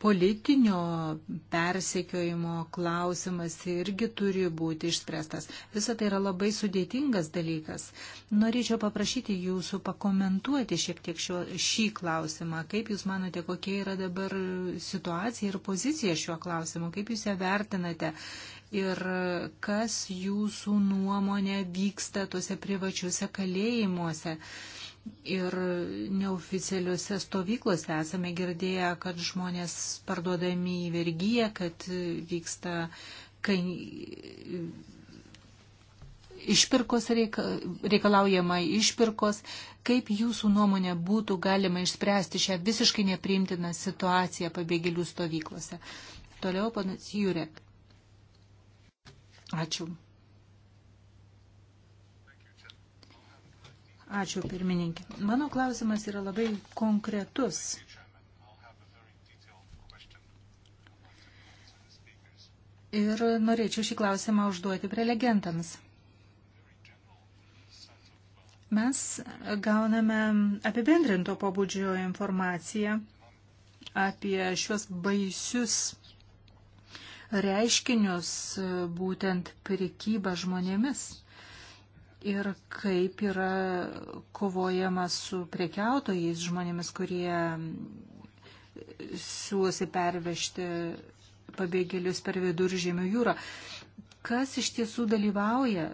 B: politinio persekiojimo klausimas irgi turi būti išspręstas. Visą tai yra labai sudėtingas dalykas. Norėčiau paprašyti jūsų pakomentuoti šiek tiek šio, šį klausimą. Kaip jūs manote, kokia yra dabar situacija ir pozicija šiuo klausimu? Kaip jūs ją vertinate? ir kas jūsų nuomonė vyksta tuose privačiuose kalėjimuose. Ir neoficialiuose stovyklose esame girdėję, kad žmonės parduodami į vergyją, kad vyksta kai, išpirkos reika, reikalaujama išpirkos. Kaip jūsų nuomonė būtų galima išspręsti šią visiškai nepriimtiną situaciją pabėgėlių stovyklose? Toliau panas Jurek. Ačiū. Ačiū, pirmininkė. Mano klausimas yra labai konkretus. Ir norėčiau šį klausimą užduoti prelegentams. Mes gauname apibendrinto pobūdžio informaciją apie šios baisius reiškinius, būtent pirikybą žmonėmis ir kaip yra kovojama su prekiautojais žmonėmis, kurie siūlosi pervežti pabėgėlius per viduržėmių jūrą. Kas iš tiesų dalyvauja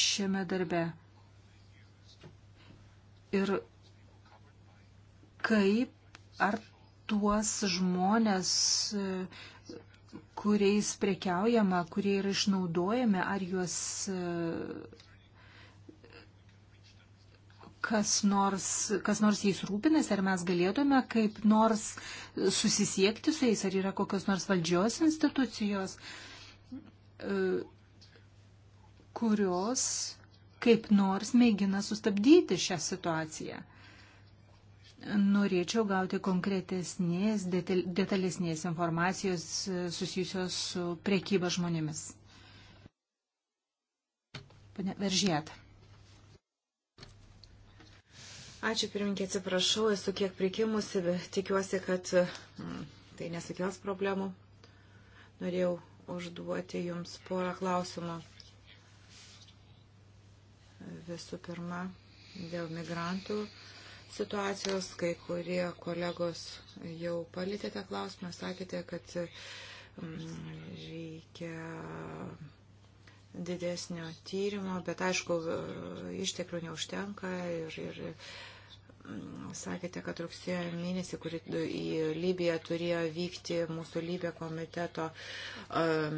B: šiame darbe? Ir kaip, ar tuos žmonės kuriais prekiaujama, kurie yra išnaudojami, ar juos e, kas nors, kas nors jais rūpinasi, ar mes galėtume kaip nors susisiekti su jais, ar yra kokios nors valdžios institucijos, e, kurios kaip nors mėgina sustabdyti šią situaciją. Norėčiau gauti konkretesnės, detalesnės informacijos e, susijusios su priekyba žmonėmis. Pane Veržėt.
C: Ačiū pirminkė, atsiprašau, esu kiek prikimusi, bet tikiuosi, kad
B: mm,
C: tai nesukels problemų. Norėjau užduoti Jums porą klausimų. Visų pirma, dėl migrantų situacijos, kai kurie kolegos jau palėtėte klausimą, sakėte, kad mm, reikia didesnio tyrimo, bet aišku, išteklių neužtenka ir, ir Sakėte, kad rugsėjo mėnesį, kuri į Libiją turėjo vykti mūsų Libė komiteto um,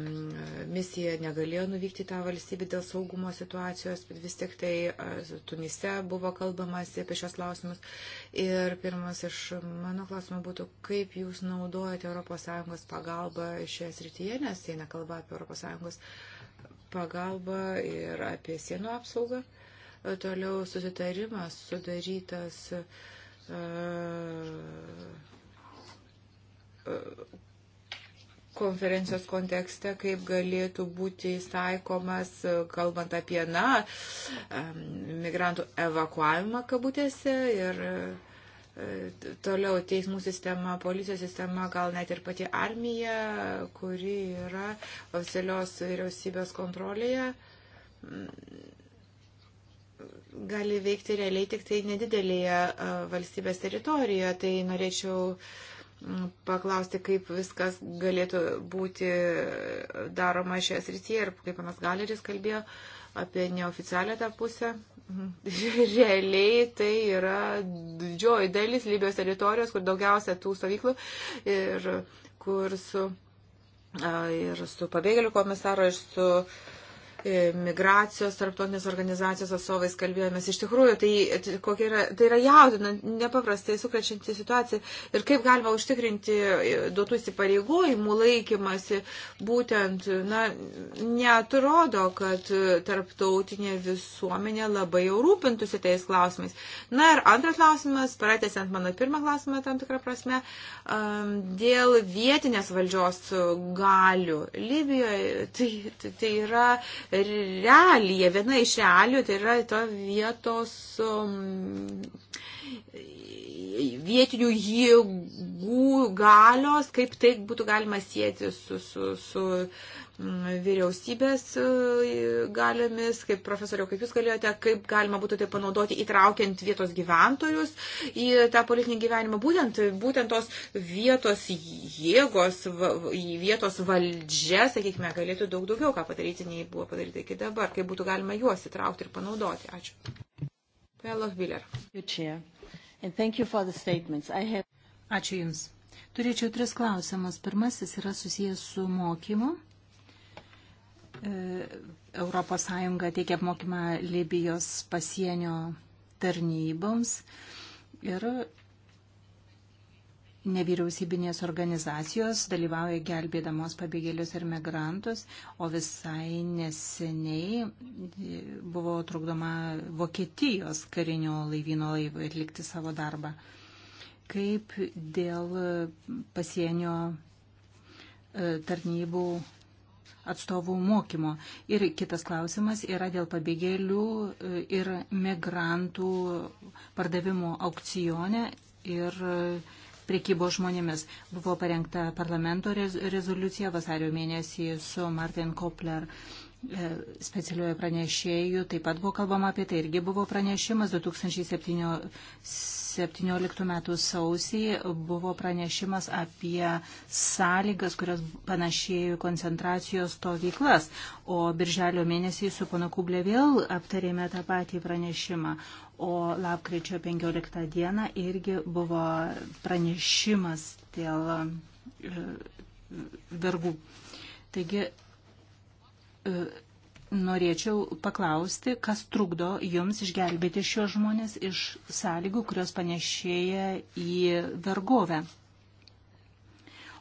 C: misija, negalėjo nuvykti tą valstybę dėl saugumo situacijos, bet vis tik tai uh, Tunise buvo kalbamasi apie šios klausimus. Ir pirmas iš mano klausimų būtų, kaip jūs naudojate ES pagalbą šioje srityje, nes jie nekalba apie ES pagalbą ir apie sienų apsaugą. Toliau susitarimas sudarytas e, e, konferencijos kontekste, kaip galėtų būti įstaikomas, e, kalbant apie, na, migrantų evakuavimą kabutėse ir toliau teismų sistema, policijos sistema, gal net ir pati armija, kuri yra oficialios vyriausybės kontrolėje mm, gali veikti realiai tik tai nedidelėje valstybės teritorijoje. Tai norėčiau paklausti, kaip viskas galėtų būti daroma šioje srityje ir kaip panas Galeris kalbėjo apie neoficialią tą pusę. Mhm. *laughs* Realiai tai yra didžioji dalis Libijos teritorijos, kur daugiausia tų stovyklų ir kur su, ir su pabėgėlių komisaro, ir su uh, E, migracijos tarptautinės organizacijos atstovais kalbėjomės. Iš tikrųjų, tai, yra, tai yra jaudina, nepaprastai sukrečianti situacija. Ir kaip galima užtikrinti e, duotų įsipareigojimų laikymasi, būtent, na, netrodo, kad tarptautinė visuomenė labai jau rūpintųsi tais klausimais. Na ir antras klausimas, pratęsiant mano pirmą klausimą tam tikrą prasme, dėl vietinės valdžios galių Libijoje. Tai, tai, tai yra realija, viena iš realijų, tai yra to vietos um, vietinių jėgų galios, kaip tai būtų galima sieti su, su, su vyriausybės e, galiomis, kaip profesoriau, kaip jūs galėjote, kaip galima būtų tai panaudoti įtraukiant vietos gyventojus į tą politinį gyvenimą, būtent, būtent tos vietos jėgos, vietos valdžia, sakykime, galėtų daug daugiau ką padaryti, nei buvo padaryta iki dabar, kaip būtų galima juos įtraukti ir panaudoti. Ačiū.
B: Pelos Biller. Ačiū Jums. Turėčiau tris klausimus. Pirmasis yra susijęs su mokymu. ES teikia apmokymą Libijos pasienio tarnyboms ir nevyriausybinės organizacijos dalyvauja gelbėdamos pabėgėlius ir migrantus, o visai neseniai buvo trukdoma Vokietijos karinio laivyno laivui atlikti savo darbą. Kaip dėl pasienio e, tarnybų atstovų mokymo. Ir kitas klausimas yra dėl pabėgėlių e, ir migrantų pardavimo aukcijone ir priekybo žmonėmis. Buvo parengta parlamento rezoliucija vasario mėnesį su Martin Kopler E, specialiuoju pranešėju, taip pat buvo kalbama apie tai, irgi buvo pranešimas 2017 metų sausį, buvo pranešimas apie sąlygas, kurios panašėjo koncentracijos stovyklas, o birželio mėnesį su pana Kublė vėl aptarėme tą patį pranešimą, o lapkričio 15 dieną irgi buvo pranešimas dėl e, vergų. Taigi E, norėčiau paklausti, kas trukdo jums išgelbėti šios žmonės iš sąlygų, kurios panešėja į vergovę.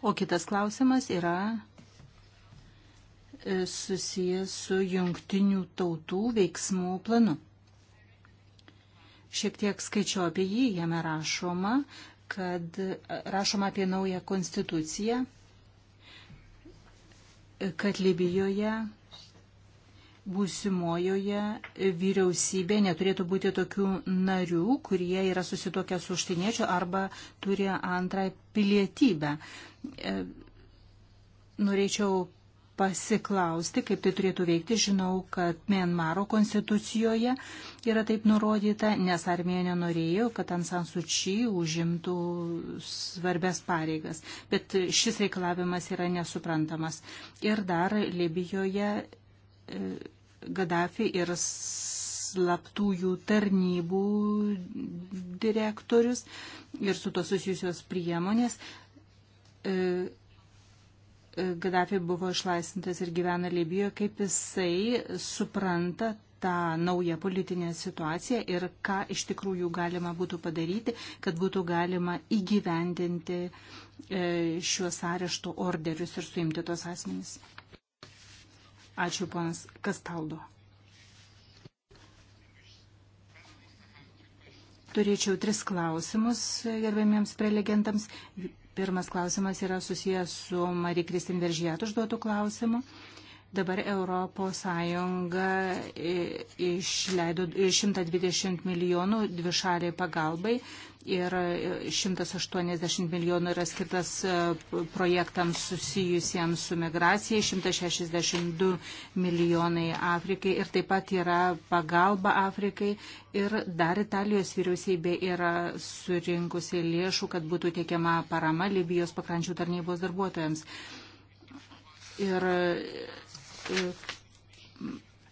B: O kitas klausimas yra e, susijęs su jungtinių tautų veiksmų planu. Šiek tiek skaičiu apie jį, jame rašoma, kad e, rašoma apie naują konstituciją, kad Libijoje būsimojoje vyriausybėje neturėtų būti tokių narių, kurie yra susitokę su užsieniečiu arba turi antrą pilietybę. E, norėčiau pasiklausti, kaip tai turėtų veikti. Žinau, kad Mienmaro konstitucijoje yra taip nurodyta, nes armija nenorėjo, kad Ansan Suči užimtų svarbės pareigas. Bet šis reikalavimas yra nesuprantamas. Ir dar Libijoje e, Gaddafi ir slaptųjų tarnybų direktorius ir su to susijusios priemonės. E, e, Gaddafi buvo išlaisvintas ir gyvena Libijoje, kaip jisai supranta tą naują politinę situaciją ir ką iš tikrųjų galima būtų padaryti, kad būtų galima įgyvendinti e, šiuos arešto orderius ir suimti tos asmenys. Ačiū, ponas Kastaldo. Turėčiau tris klausimus gerbėmiems prelegentams. Pirmas klausimas yra susijęs su Marija Kristin Veržijat užduotų klausimų. Dabar ES e, išleido 120 milijonų dvišaliai pagalbai ir 180 e, milijonų yra skirtas e, projektams susijusiems su migracija, 162 milijonai Afrikai ir taip pat yra pagalba Afrikai ir dar Italijos vyriausybė yra surinkusi lėšų, kad būtų tiekiama parama Libijos pakrančių tarnybos darbuotojams. Ir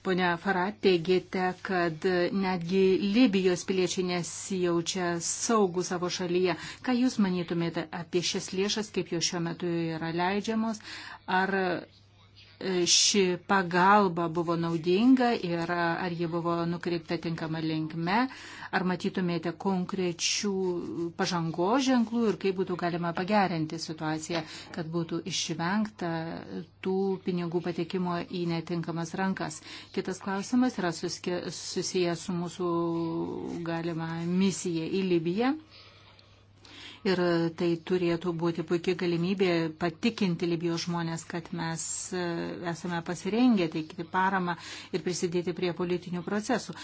B: Pone Farad, teigėte, kad netgi Libijos piliečiai nesijaučia saugų savo šalyje. Ką Jūs manytumėte apie šias lėšas, kaip jos šiuo metu yra leidžiamos? Ar ši pagalba buvo naudinga ir ar ji buvo nukreipta tinkama linkme, ar matytumėte konkrečių pažango ženklų ir kaip būtų galima pagerinti situaciją, kad būtų išvengta tų pinigų patekimo į netinkamas rankas. Kitas klausimas yra susijęs su mūsų galima misija į Libiją ir tai turėtų būti puikia galimybė patikinti Libijos žmonės, kad mes e, esame pasirengę teikti paramą ir prisidėti prie politinių procesų.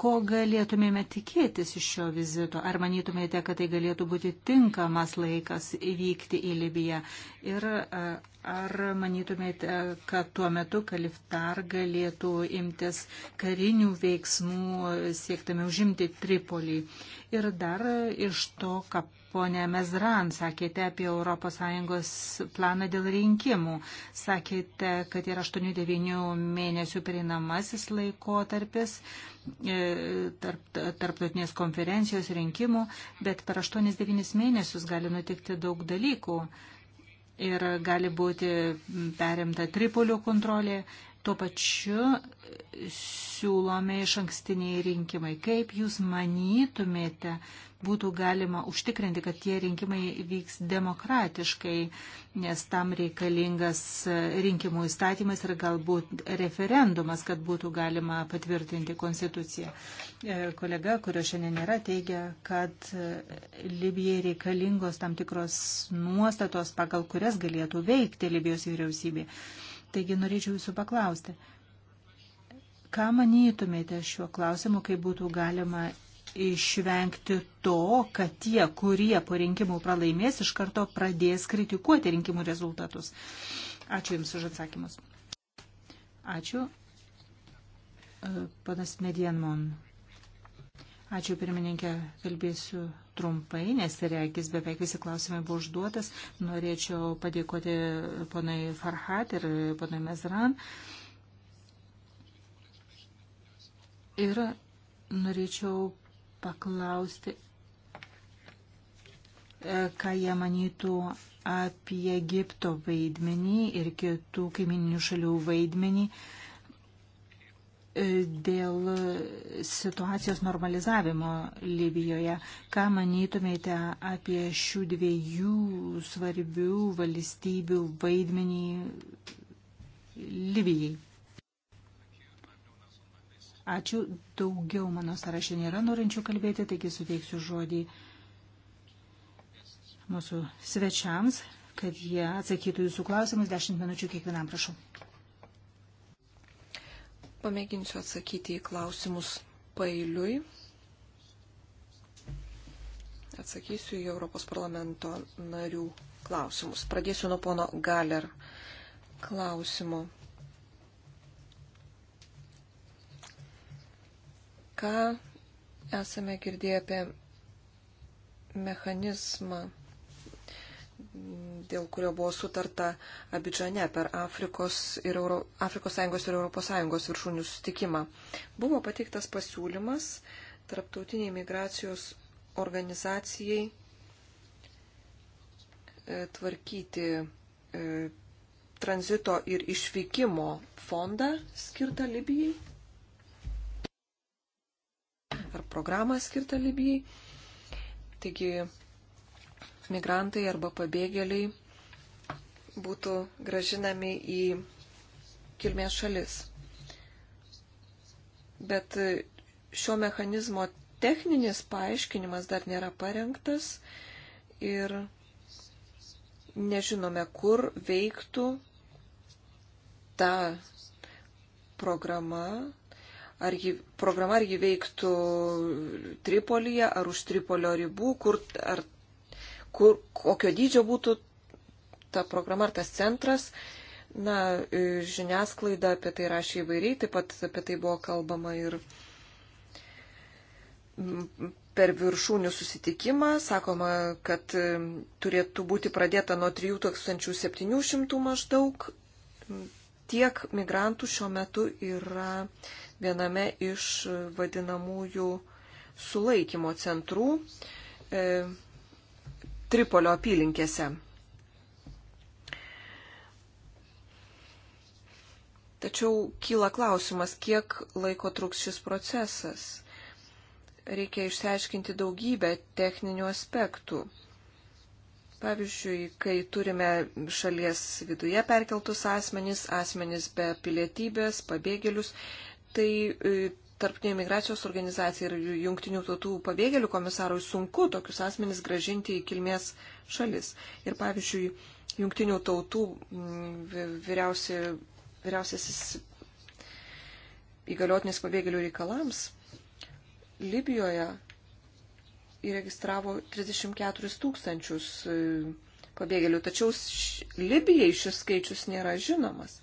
B: Ko galėtumėme tikėtis iš šio vizito? Ar manytumėte, kad tai galėtų būti tinkamas laikas įvykti į Libiją? Ir ar manytumėte, kad tuo metu kaliftar galėtų imtis karinių veiksmų siektami užimti Tripolį? Ir dar iš to, ką Pone Mezran, sakėte apie ES planą dėl rinkimų. Sakėte, kad yra 8-9 mėnesių perinamasis laikotarpis e, tarp, tarptautinės konferencijos rinkimų, bet per 8-9 mėnesius gali nutikti daug dalykų. Ir gali būti perimta Tripolio kontrolė, Tuo pačiu siūlome iš ankstiniai rinkimai. Kaip Jūs manytumėte, būtų galima užtikrinti, kad tie rinkimai vyks demokratiškai, nes tam reikalingas e, rinkimų įstatymas ir galbūt referendumas, kad būtų galima patvirtinti konstituciją. E, kolega, kurio šiandien nėra, teigia, kad e, Libijai reikalingos tam tikros nuostatos, pagal kurias galėtų veikti Libijos vyriausybė. Taigi norėčiau jūsų paklausti, ką manytumėte šiuo klausimu, kaip būtų galima išvengti to, kad tie, kurie po rinkimų pralaimės, iš karto pradės kritikuoti rinkimų rezultatus. Ačiū Jums už atsakymus. Ačiū. E, panas Medienmon. Ačiū pirmininkė, kalbėsiu trumpai, nes reikis beveik visi klausimai buvo užduotas. Norėčiau padėkoti ponai Farhat ir ponai Mezran. Ir norėčiau paklausti, e, ką jie manytų apie Egipto vaidmenį ir kitų kaimininių šalių vaidmenį e, dėl situacijos normalizavimo Libijoje. Ką manytumėte apie šių dviejų svarbių valstybių vaidmenį Libijai? Ačiū. Daugiau mano sąraše nėra norinčių kalbėti, taigi suteiksiu žodį mūsų svečiams, kad jie atsakytų jūsų klausimus. Dešimt minučių kiekvienam, prašau.
A: Pamėginsiu atsakyti į klausimus pailiui. Atsakysiu į Europos parlamento narių klausimus. Pradėsiu nuo pono Galer klausimo ką esame girdėję apie mechanizmą, dėl kurio buvo sutarta Abidžane per Afrikos, ir Euro, Afrikos Sąjungos ir Europos Sąjungos viršūnių sustikimą. Buvo pateiktas pasiūlymas Tarptautiniai migracijos organizacijai e, tvarkyti e, tranzito ir išvykimo fondą skirtą Libijai ar programą skirtą Libijai. Taigi migrantai arba pabėgėliai būtų gražinami į kilmės šalis. Bet šio mechanizmo techninis paaiškinimas dar nėra parengtas ir nežinome, kur veiktų ta programa, ar ji, programa, ar ji veiktų Tripolyje, ar už Tripolio ribų, kur, ar, kur, kokio dydžio būtų ta programa ar tas centras. Na, e, žiniasklaida apie tai rašė įvairiai, taip pat apie tai buvo kalbama ir per viršūnių susitikimą. Sakoma, kad e, turėtų būti pradėta nuo 3700 maždaug. Tiek migrantų šiuo metu yra viename iš vadinamųjų sulaikymo centrų e, Tripolio apylinkėse. Tačiau kyla klausimas, kiek laiko truks šis procesas. Reikia išsiaiškinti daugybę techninių aspektų. Pavyzdžiui, kai turime šalies viduje perkeltus asmenys, asmenys be pilietybės, pabėgėlius, tai e, tarptautinė migracijos organizacija ir jungtinių tautų pabėgėlių komisarui sunku tokius asmenys gražinti į kilmės šalis. Ir pavyzdžiui, jungtinių tautų vyriausi, vyriausiasis įgaliotinis pabėgėlių reikalams Libijoje įregistravo 34 tūkstančius e, pabėgėlių, tačiau Libijai šis skaičius nėra žinomas.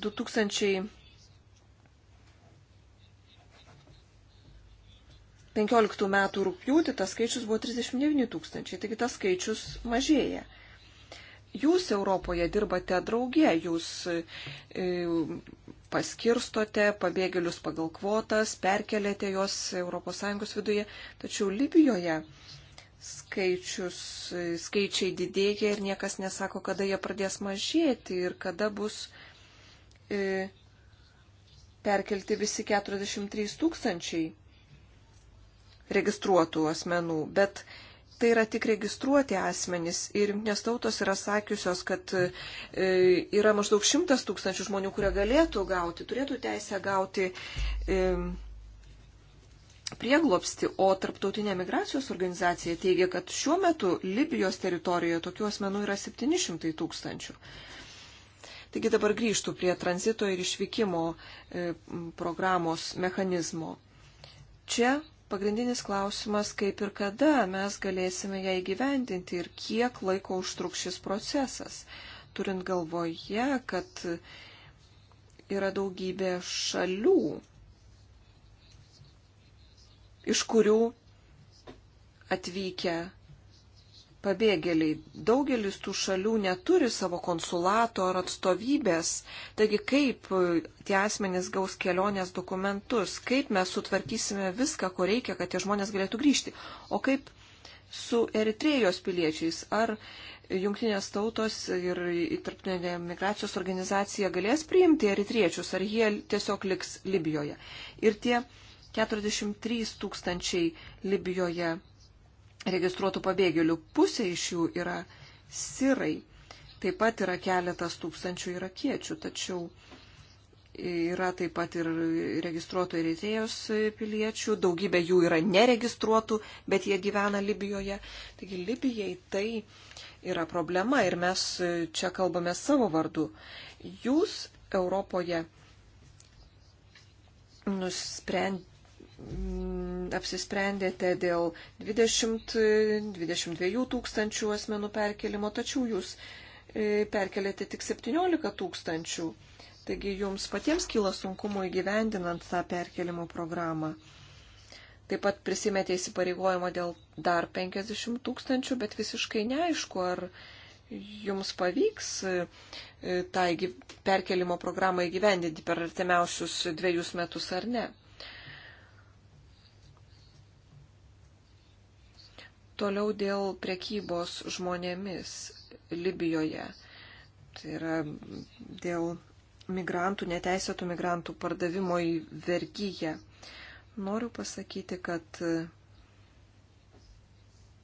A: 2000 15 metų rūpjūtį tas skaičius buvo 39 tūkstančiai, taigi tas skaičius mažėja. Jūs Europoje dirbate draugė, jūs e, paskirstote pabėgėlius pagal kvotas, perkelėte juos ES viduje, tačiau Libijoje skaičius, e, skaičiai didėja ir niekas nesako, kada jie pradės mažėti ir kada bus e, E, perkelti visi 43 tūkstančiai registruotų asmenų, bet tai yra tik registruoti asmenys ir jungtinės tautos yra sakiusios, kad e, yra maždaug šimtas tūkstančių žmonių, kurie galėtų gauti, turėtų teisę gauti e, prieglopsti, o Tarptautinė migracijos organizacija teigia, kad šiuo metu Libijos teritorijoje tokių asmenų yra 700 tūkstančių. Taigi dabar grįžtų prie tranzito ir išvykimo e, programos mechanizmo. Čia pagrindinis klausimas, kaip ir kada mes galėsime ją įgyvendinti ir kiek laiko užtruks šis procesas, turint galvoje, kad yra daugybė šalių, iš kurių atvykę pabėgėliai. Daugelis tų šalių neturi savo konsulato ar atstovybės. Taigi kaip e, tie asmenys gaus kelionės dokumentus, kaip mes sutvarkysime viską, ko reikia, kad tie žmonės galėtų grįžti. O kaip su Eritrėjos piliečiais? Ar jungtinės tautos ir tarptautinė migracijos organizacija galės priimti eritriečius, ar jie tiesiog liks Libijoje? Ir tie 43 tūkstančiai Libijoje registruotų pabėgėlių. Pusė iš jų yra sirai. Taip pat yra keletas tūkstančių irakiečių, tačiau yra taip pat ir registruotų Eritėjos piliečių, daugybė jų yra neregistruotų, bet jie gyvena Libijoje. Taigi Libijai tai yra problema ir mes čia kalbame savo vardu. Jūs Europoje nusprendėte Mm, apsisprendėte dėl 20-22 tūkstančių asmenų perkelimo, tačiau jūs e, perkelėte tik 17 tūkstančių. Taigi jums patiems kyla sunkumų įgyvendinant tą perkelimo programą. Taip pat prisimėte įsipareigojimą dėl dar 50 tūkstančių, bet visiškai neaišku, ar jums pavyks e, tą perkelimo programą įgyvendinti per artimiausius dviejus metus ar ne. Toliau dėl prekybos žmonėmis Libijoje. Tai yra dėl migrantų, neteisėtų migrantų pardavimo į vergyją. Noriu pasakyti, kad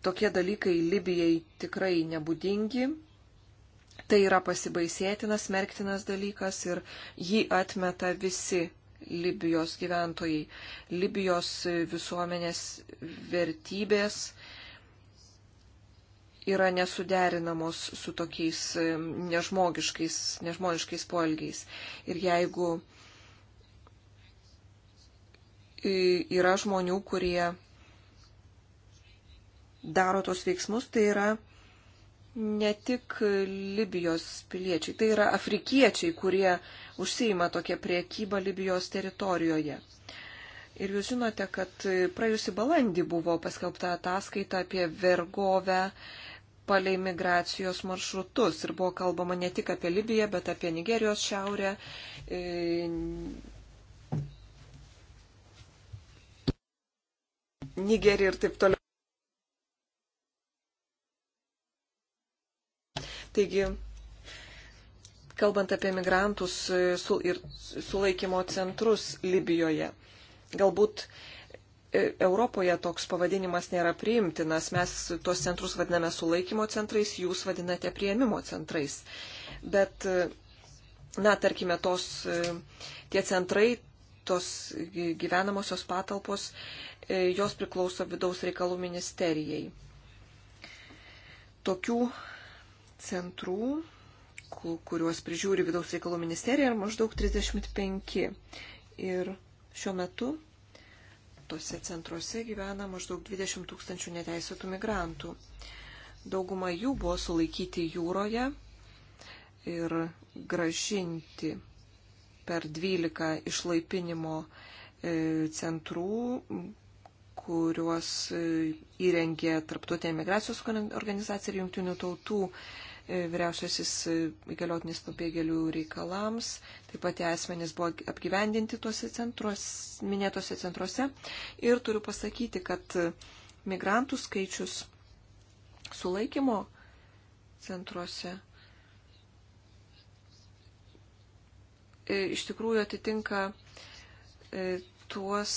A: tokie dalykai Libijai tikrai nebūdingi. Tai yra pasibaisėtinas, merktinas dalykas ir jį atmeta visi Libijos gyventojai. Libijos visuomenės vertybės yra nesuderinamos su tokiais e, nežmogiškais, nežmoniškais poelgiais. Ir jeigu e, yra žmonių, kurie daro tos veiksmus, tai yra ne tik Libijos piliečiai, tai yra afrikiečiai, kurie užsieima tokią priekybą Libijos teritorijoje. Ir jūs žinote, kad praėjusi balandį buvo paskelbta ataskaita apie vergovę palei migracijos maršrutus. Ir buvo kalbama ne tik apie Libiją, bet apie Nigerijos šiaurę. E, Nigerija ir taip toliau. Taigi, kalbant apie migrantus e, ir sulaikymo centrus Libijoje, galbūt E, Europoje toks pavadinimas nėra priimtinas. Mes tuos centrus vadiname sulaikymo centrais, jūs vadinate prieimimo centrais. Bet, e, na, tarkime, tos, e, tie centrai, tos gyvenamosios patalpos, jos priklauso vidaus reikalų ministerijai. Tokių centrų, kuriuos prižiūri vidaus reikalų ministerija, yra maždaug 35. Ir šiuo metu Tuose centruose gyvena maždaug 20 tūkstančių neteisėtų migrantų. Dauguma jų buvo sulaikyti jūroje ir gražinti per 12 išlaipinimo e, centrų, kuriuos e, įrengė Tarptautinė migracijos organizacija ir Junktinių tautų vyriausiasis e, įgaliotinis pabėgėlių reikalams, taip pat tie asmenys buvo apgyvendinti tuose centros, minėtose centruose. Ir turiu pasakyti, kad e, migrantų skaičius sulaikymo centruose e, iš tikrųjų atitinka tuos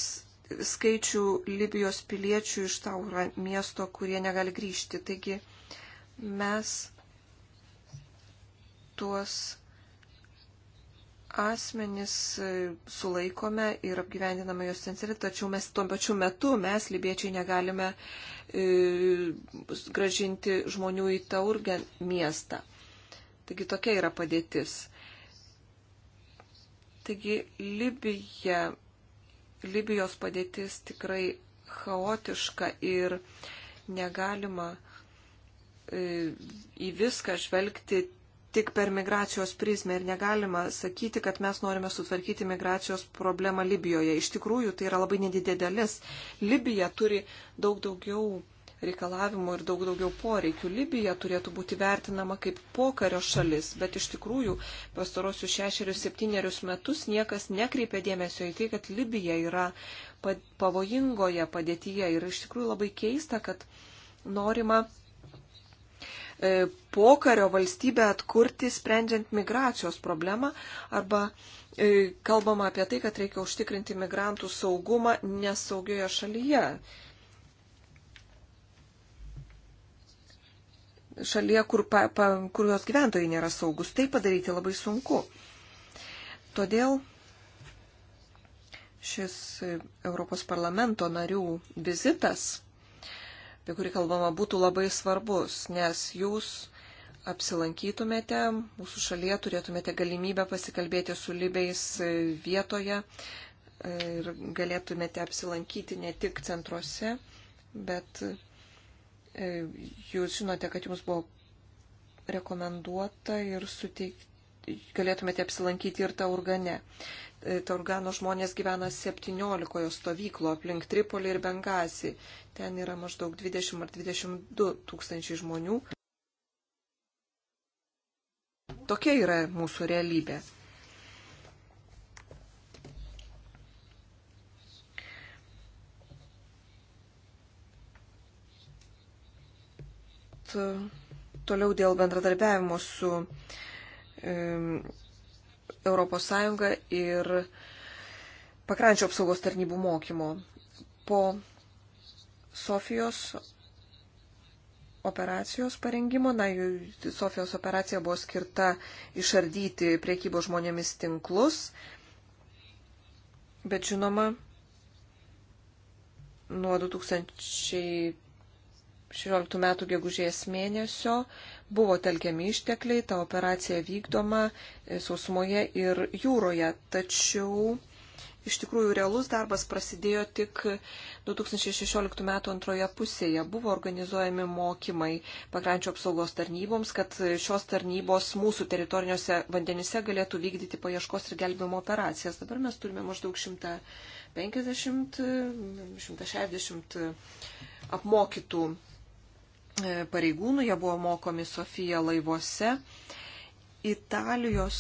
A: skaičių Libijos piliečių iš Taura miesto, kurie negali grįžti. Taigi mes tuos asmenis e, sulaikome ir apgyvendiname juos centre, tačiau mes tuo pačiu metu, mes, libiečiai, negalime e, gražinti žmonių į Taurgę miestą. Taigi tokia yra padėtis. Taigi Libija, Libijos padėtis tikrai chaotiška ir negalima e, į viską žvelgti tik per migracijos prizmę ir negalima sakyti, kad mes norime sutvarkyti migracijos problemą Libijoje. Iš tikrųjų, tai yra labai nedidelis. Libija turi daug daugiau reikalavimų ir daug daugiau poreikių. Libija turėtų būti vertinama kaip pokario šalis, bet iš tikrųjų pastarosius šešerius, septynerius metus niekas nekreipia dėmesio į tai, kad Libija yra pavojingoje padėtyje ir iš tikrųjų labai keista, kad norima E, pokario valstybę atkurti, sprendžiant migracijos problemą, arba e, kalbama apie tai, kad reikia užtikrinti migrantų saugumą nesaugioje šalyje. Šalyje, kur, pa, pa, kur jos gyventojai nėra saugus. Tai padaryti labai sunku. Todėl šis Europos parlamento narių vizitas apie kurį kalbama, būtų labai svarbus, nes jūs apsilankytumėte mūsų šalyje, turėtumėte galimybę pasikalbėti su libiais vietoje ir galėtumėte apsilankyti ne tik centruose, bet e, jūs žinote, kad jums buvo rekomenduota ir suteikti, galėtumėte apsilankyti ir tą urgane. E, Torgano žmonės gyvena 17 stovyklo aplink Tripolį ir Bengazį. Ten yra maždaug 20 ar 22 tūkstančiai žmonių. Tokia yra mūsų realybė. Toliau dėl bendradarbiavimo su ES ir pakrančio apsaugos tarnybų mokymo. Po Sofijos operacijos parengimo, na, Sofijos operacija buvo skirta išardyti priekybo žmonėmis tinklus, bet žinoma, nuo 2016 metų gegužės mėnesio Buvo telkiami ištekliai, ta operacija vykdoma e, sausumoje ir jūroje, tačiau iš tikrųjų realus darbas prasidėjo tik 2016 m. antroje pusėje. Buvo organizuojami mokymai pakrančio apsaugos tarnyboms, kad šios tarnybos mūsų teritoriniuose vandenise galėtų vykdyti paieškos ir gelbėjimo operacijas. Dabar mes turime maždaug 150-160 apmokytų E, pareigūnų, jie buvo mokomi Sofija laivuose. Italijos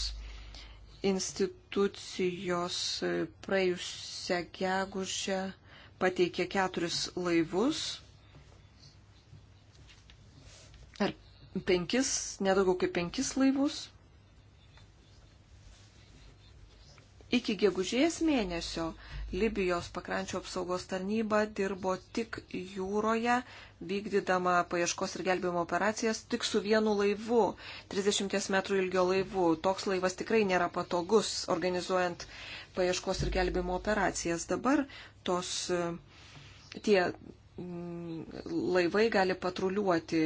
A: institucijos e, praėjusią gegužę pateikė keturis laivus. Ar penkis, nedaugiau kaip penkis laivus. Iki gegužės mėnesio Libijos pakrančio apsaugos tarnyba dirbo tik jūroje vykdydama paieškos ir gelbėjimo operacijas tik su vienu laivu, 30 metrų ilgio laivu. Toks laivas tikrai nėra patogus organizuojant paieškos ir gelbėjimo operacijas. Dabar tos e, tie mm, laivai gali patruliuoti,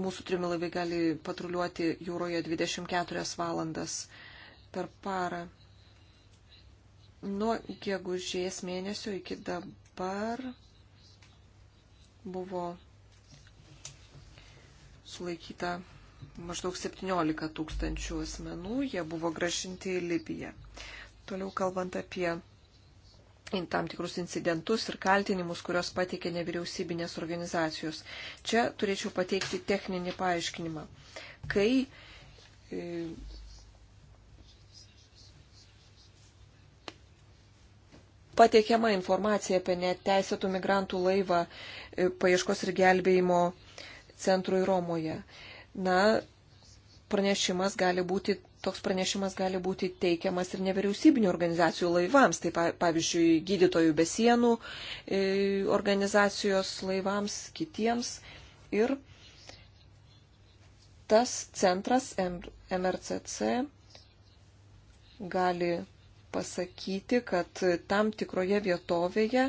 A: mūsų trimi laivai gali patruliuoti jūroje 24 valandas per parą. Nuo gegužės mėnesio iki dabar buvo sulaikyta maždaug 17 tūkstančių asmenų, jie buvo gražinti į Libiją. Toliau kalbant apie tam tikrus incidentus ir kaltinimus, kurios pateikė nevyriausybinės organizacijos. Čia turėčiau pateikti techninį paaiškinimą. Kai e, pateikiama informacija apie neteisėtų migrantų laivą e, paieškos ir gelbėjimo centrui Romoje. Na, pranešimas gali būti, toks pranešimas gali būti teikiamas ir nevyriausybinio organizacijų laivams, tai pavyzdžiui, gydytojų be sienų e, organizacijos laivams, kitiems. Ir tas centras MRCC gali pasakyti, kad tam tikroje vietovėje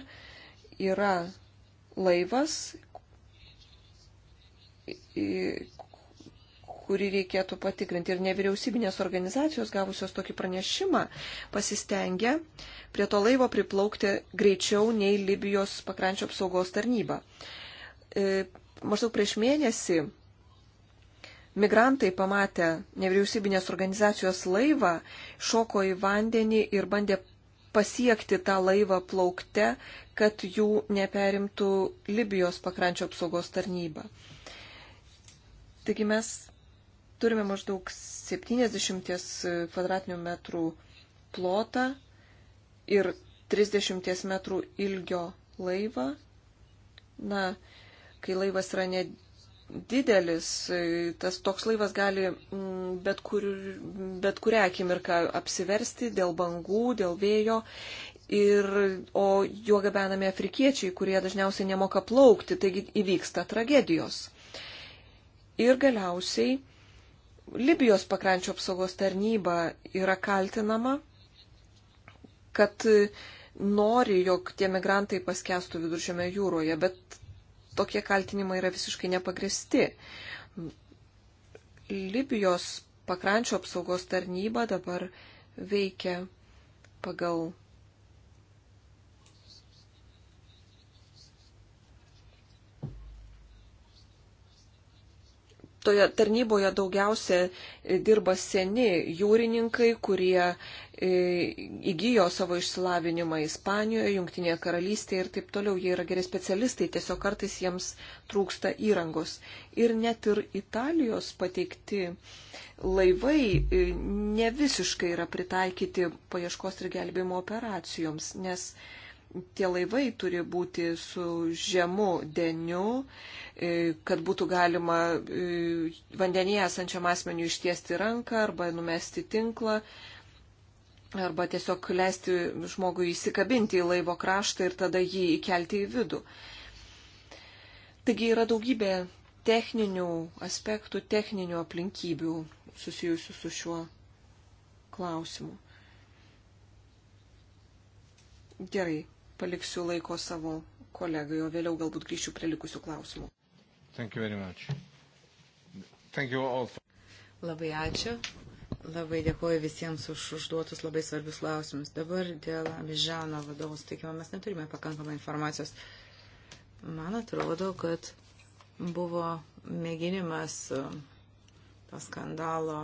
A: yra laivas, kurį reikėtų patikrinti. Ir nevyriausybinės organizacijos gavusios tokį pranešimą pasistengia prie to laivo priplaukti greičiau nei Libijos pakrančio apsaugos tarnyba. E, maždaug prieš mėnesį Migrantai pamatę nevyriausybinės organizacijos laivą, šoko į vandenį ir bandė pasiekti tą laivą plaukte, kad jų neperimtų Libijos pakrančio apsaugos tarnyba. Taigi mes turime maždaug 70 kvadratinių metrų plotą ir 30 metrų ilgio laivą. Na, kai laivas yra ne didelis, e, tas toks laivas gali mm, bet, kur, bet kurią akimirką apsiversti dėl bangų, dėl vėjo. Ir, o juo gabenami afrikiečiai, kurie dažniausiai nemoka plaukti, taigi įvyksta tragedijos. Ir galiausiai Libijos pakrančio apsaugos tarnyba yra kaltinama, kad nori, jog tie migrantai paskestų viduržėme jūroje, bet tokie kaltinimai yra visiškai nepagristi. Libijos pakrančio apsaugos tarnyba dabar veikia pagal toje tarnyboje daugiausia e, dirba seni jūrininkai, kurie e, įgyjo savo išsilavinimą Ispanijoje, Junktinėje karalystėje ir taip toliau. Jie yra geri specialistai, tiesiog kartais jiems trūksta įrangos. Ir net ir Italijos pateikti laivai e, ne visiškai yra pritaikyti paieškos ir gelbėjimo operacijoms, nes tie laivai turi būti su žemu deniu, e, kad būtų galima e, vandenyje esančiam asmeniu ištiesti ranką arba numesti tinklą, arba tiesiog leisti žmogui įsikabinti į laivo kraštą ir tada jį įkelti į vidų. Taigi yra daugybė techninių aspektų, techninių aplinkybių susijusių su šiuo klausimu. Gerai, paliksiu laiko savo kolegai, o vėliau galbūt grįšiu prie likusių klausimų. Labai ačiū.
C: Labai dėkuoju visiems už užduotus labai svarbius klausimus. Dabar dėl Avižano vadovų sutikimo mes neturime pakankamai informacijos. Man atrodo, kad buvo mėginimas to skandalo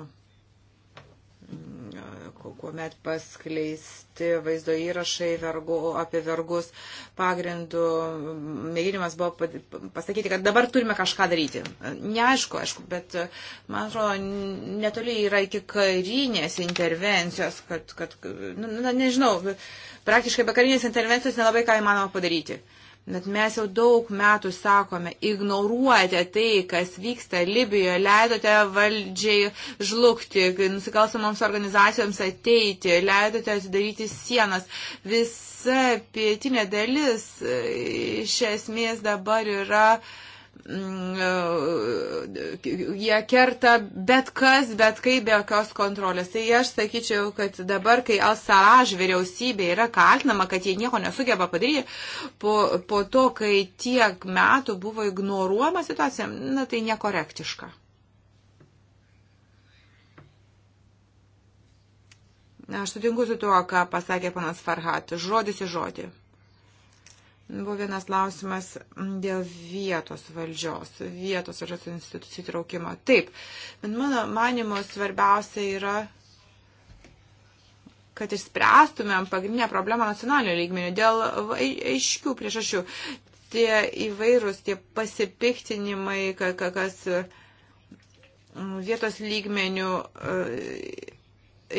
C: kuomet paskleisti vaizdo įrašai vergu, apie vergus pagrindų. Mėginimas buvo pasakyti, kad dabar turime kažką daryti. Neaišku, aišku, bet man atrodo, netoli yra iki karinės intervencijos, kad, kad nu, na, nežinau, praktiškai be karinės intervencijos nelabai ką įmanoma padaryti. Uh, Bet mes jau daug metų sakome, ignoruojate tai, kas vyksta Libijoje, leidote valdžiai žlugti, nusikalstamoms organizacijoms ateiti, leidote atidaryti sienas. Visa pietinė dalis e, iš esmės dabar yra uh, Mm, e, e, e, jie kerta bet kas, bet kaip, be jokios kontrolės. Tai aš sakyčiau, kad dabar, kai Al-Saraj vyriausybė yra kaltinama, kad jie nieko nesugeba padaryti, po, po to, kai tiek metų buvo ignoruojama situacija, na tai nekorektiška. Aš sutinku su tuo, ką pasakė panas Farhat, žodis į žodį. Buvo vienas klausimas dėl vietos valdžios, vietos valdžios institucijų traukimo. Taip, bet mano manimo svarbiausia yra kad išspręstumėm pagrindinę problemą nacionalinių lygmenių dėl aiškių priešašių. Tie įvairūs, tie pasipiktinimai, kas mm, vietos lygmenių e,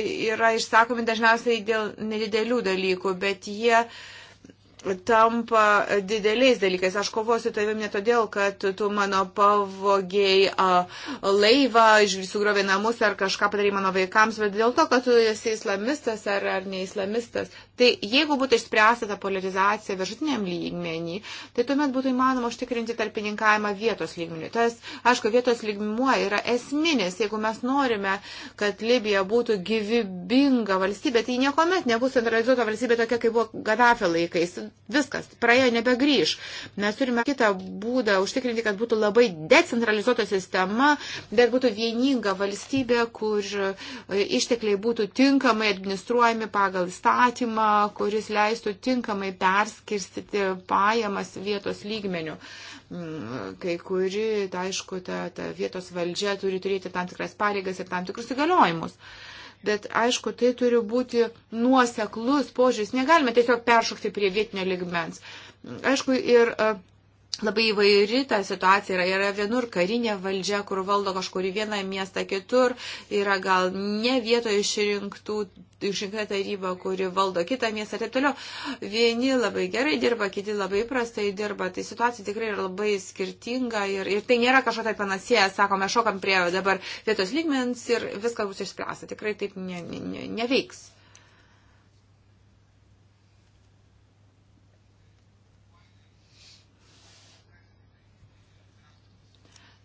C: yra išsakomi dažniausiai dėl nedidelių dalykų, bet jie uh, tampa dideliais dalykais. Aš kovosiu tavim ne todėl, kad tu mano pavogiai a, laivą, sugrovė namus ar kažką padarai mano vaikams, bet dėl to, kad tu esi islamistas ar, ar ne islamistas. Tai jeigu būtų išspręsta ta polarizacija viršutiniam lygmenį, tai tuomet būtų įmanoma užtikrinti tarpininkavimą vietos lygmenį. Tas, aišku, vietos lygmuo yra esminis. Jeigu mes norime, kad Libija būtų gyvybinga valstybė, tai niekuomet nebus centralizuota valstybė tokia, kaip buvo Gaddafio laikais viskas, praėjo nebegrįž. Mes turime kitą būdą užtikrinti, kad būtų labai decentralizuota sistema, bet būtų vieninga valstybė, kur e, ištekliai būtų tinkamai administruojami pagal įstatymą, kuris leistų tinkamai perskirstyti pajamas vietos lygmenių mm, kai kuri, tai aišku, ta, ta vietos valdžia turi turėti tam tikras pareigas ir tam tikrus įgaliojimus. Uh, bet aišku, tai turi būti nuoseklus požiūris. Negalime tiesiog peršokti prie vietinio ligmens. Aišku, ir e, labai įvairi ta situacija yra. Yra vienur karinė valdžia, kur valdo kažkurį vieną miestą, kitur yra gal ne vietoje išrinktų išrinkta taryba, kuri valdo kitą miestą ir taip toliau. Vieni labai gerai dirba, kiti labai prastai dirba. Tai situacija tikrai yra labai skirtinga ir, ir tai nėra kažkokia panasėja, sakome, šokam prie dabar vietos lygmens ir viskas bus išspręsta. Tikrai taip ne, ne, ne, neveiks.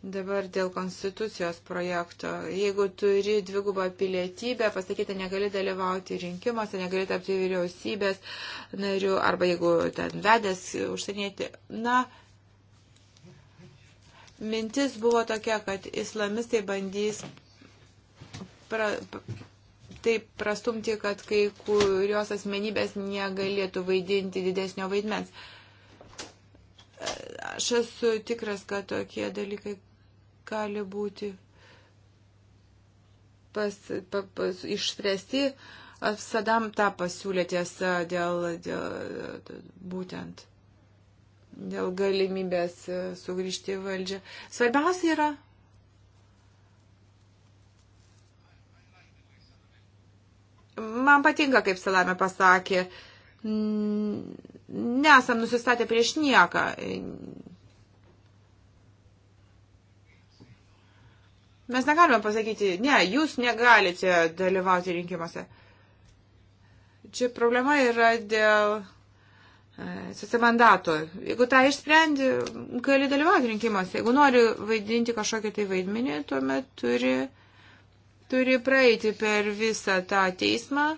C: Dabar dėl konstitucijos projekto. Jeigu turi dvigubą pilietybę, pasakyti, negali dalyvauti rinkimuose, negali tapti vyriausybės narių, arba jeigu ten vedęs užsienietį. Na, mintis buvo tokia, kad islamistai bandys pra, taip prastumti, kad kai kurios asmenybės negalėtų vaidinti didesnio vaidmens aš esu tikras, kad tokie dalykai gali būti pas, pa, pas, išspręsti. Sadam tą pasiūlė tiesa dėl, dėl būtent dėl galimybės e, sugrįžti į valdžią. Svarbiausia yra man patinka, kaip Salame pasakė, nesam nusistatę prieš nieką, Mes negalime pasakyti, ne, jūs negalite dalyvauti rinkimuose. Čia problema yra dėl e, susimandato. Jeigu tą išsprendi, gali dalyvauti rinkimuose. Jeigu nori vaidinti kažkokį tai vaidmenį, tuomet turi, turi praeiti per visą tą teismą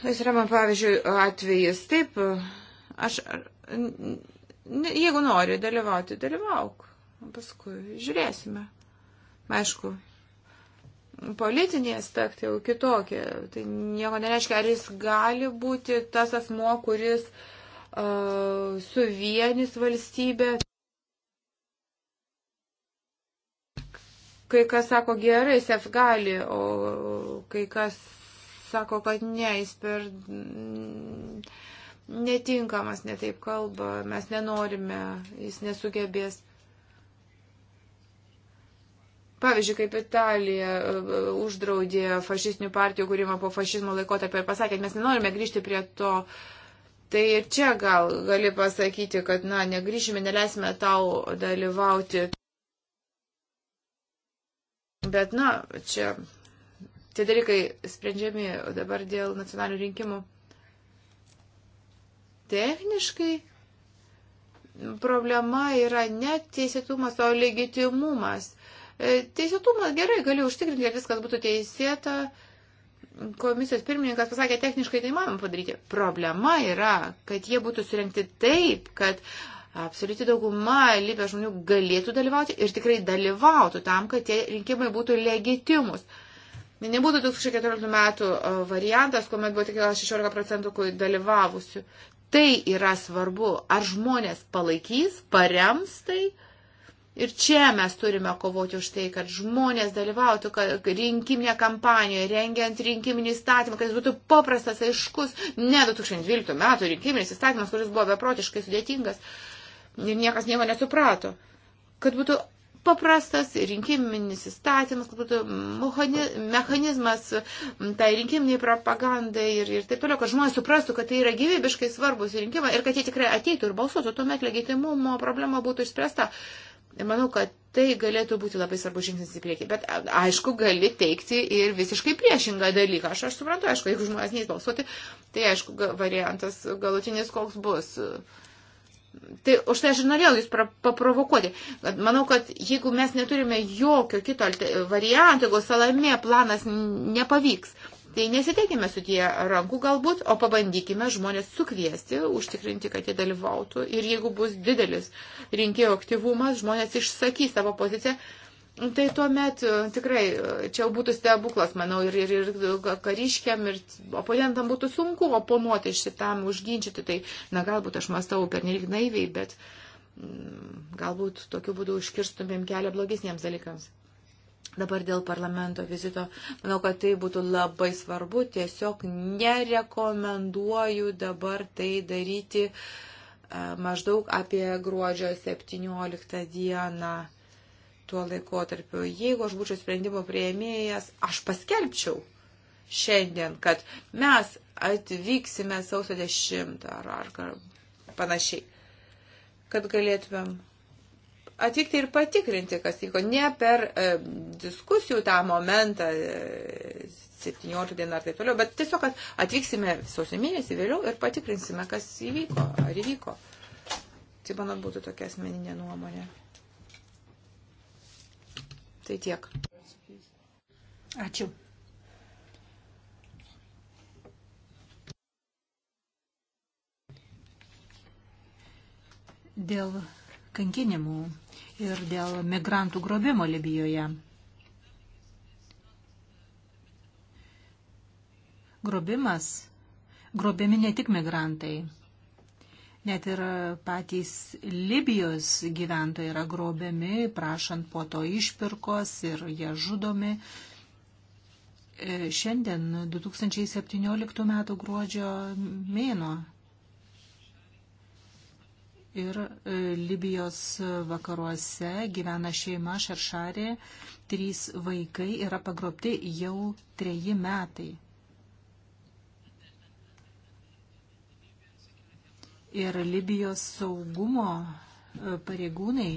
C: Jis yra man, pavyzdžiui, atvejis. Taip, aš, jeigu nori dalyvauti, dalyvauk. Paskui žiūrėsime. Aišku, politiniai aspektai jau kitokie. Tai nieko nereiškia, ar jis gali būti tas asmo, kuris uh, suvienis valstybę. Kai kas sako gerai, sef gali, o kai kas sako, kad ne, jis per mm, netinkamas, netaip kalba, mes nenorime, jis nesugebės. Pavyzdžiui, kaip Italija e, e, uždraudė fašistinių partijų kūrimą po fašizmo laikotarpio ir pasakė, mes nenorime grįžti prie to. Tai ir čia gal gali pasakyti, kad, na, negryšime, neleisime tau dalyvauti. Bet, na, čia tie dalykai sprendžiami dabar dėl nacionalinių rinkimų. Techniškai problema yra ne teisėtumas, o legitimumas. E, teisėtumas gerai, galiu užtikrinti, kad viskas būtų teisėta. Komisijos pirmininkas pasakė, techniškai tai manom padaryti. Problema yra, kad jie būtų surinkti taip, kad absoliuti dauguma Libijos žmonių galėtų dalyvauti ir tikrai dalyvautų tam, kad tie rinkimai būtų legitimus. Uh, Nebūtų 2014 metų variantas, kuomet buvo tik 16 procentų dalyvavusių. Tai yra svarbu, ar žmonės palaikys, parems tai. Ir čia mes turime kovoti už tai, kad žmonės dalyvautų rinkiminė kampanijoje, rengiant rinkiminį įstatymą, kad jis būtų paprastas, aiškus, ne 2012 metų rinkiminis įstatymas, kuris buvo beprotiškai sudėtingas ir niekas nieko nesuprato. Kad būtų paprastas rinkiminis įstatymas, kad būtų mechanizmas tai rinkiminiai propagandai ir, ir taip toliau, kad žmonės suprastų, kad tai yra gyvybiškai svarbus rinkimai ir kad jie tikrai ateitų ir balsuotų, tuomet legitimumo problema būtų išspręsta. Manau, kad tai galėtų būti labai svarbus žingsnis į priekį. Bet aišku, gali teikti ir visiškai priešingą dalyką. Aš, aš suprantu, aišku, jeigu žmonės neįs balsuoti, tai aišku, variantas galutinis koks bus. Uh, Tai už tai aš ir norėjau jūs pra, paprovokuoti. Kad manau, kad jeigu mes neturime jokio kito varianto, jeigu salame planas nepavyks, tai nesitekime su tie rankų galbūt, o pabandykime žmonės sukviesti, užtikrinti, kad jie dalyvautų. Ir jeigu bus didelis rinkėjo aktyvumas, žmonės išsakys savo poziciją, Tai tuomet e, tikrai e, čia būtų stebuklas, manau, ir, ir, ir kariškiam, ir oponentam būtų sunku oponuoti šitam, užginčyti. Tai, na, galbūt aš mastau per nelik naiviai, bet mm, galbūt tokiu būdu užkirstumėm kelią blogesniems dalykams. Dabar dėl parlamento vizito, manau, kad tai būtų labai svarbu, tiesiog nerekomenduoju dabar tai daryti e, maždaug apie gruodžio 17 dieną tuo laikotarpiu. Jeigu aš būčiau sprendimo prieimėjas, aš paskelbčiau šiandien, kad mes atvyksime sausio 10 ar, ar panašiai, kad galėtumėm atvykti ir patikrinti, kas vyko, ne per e, diskusijų tą momentą, e, 17 dieną ar taip toliau, bet tiesiog atvyksime sausio mėnesį vėliau ir patikrinsime, kas įvyko, ar įvyko. Tai mano būtų tokia asmeninė nuomonė. Tai tiek.
B: Ačiū. Dėl kankinimų ir dėl migrantų grobimo Libijoje. Grobimas grobiami ne tik migrantai. Net ir patys Libijos gyventojai yra grobiami, prašant po to išpirkos ir jie žudomi. E, šiandien 2017 m. gruodžio mėno ir e, Libijos vakaruose gyvena šeima Šeršarė, trys vaikai yra pagrobti jau treji metai. ir Libijos saugumo e, pareigūnai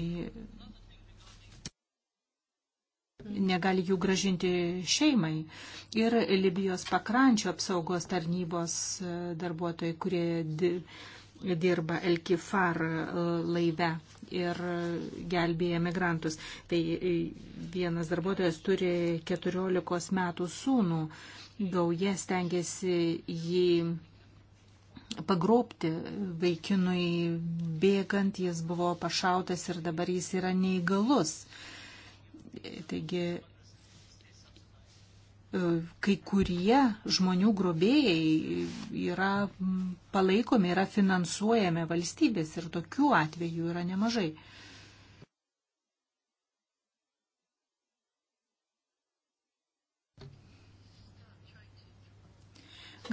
B: negali jų gražinti šeimai. Ir Libijos pakrančio apsaugos tarnybos e, darbuotojai, kurie dirba Elkifar e, laive ir gelbėja migrantus. Tai vienas darbuotojas turi 14 metų sūnų, gauja stengiasi jį pagrobti vaikinui bėgant, jis buvo pašautas ir dabar jis yra neįgalus. Taigi e, kai kurie žmonių grobėjai yra palaikomi, yra finansuojami valstybės ir tokių atvejų yra nemažai.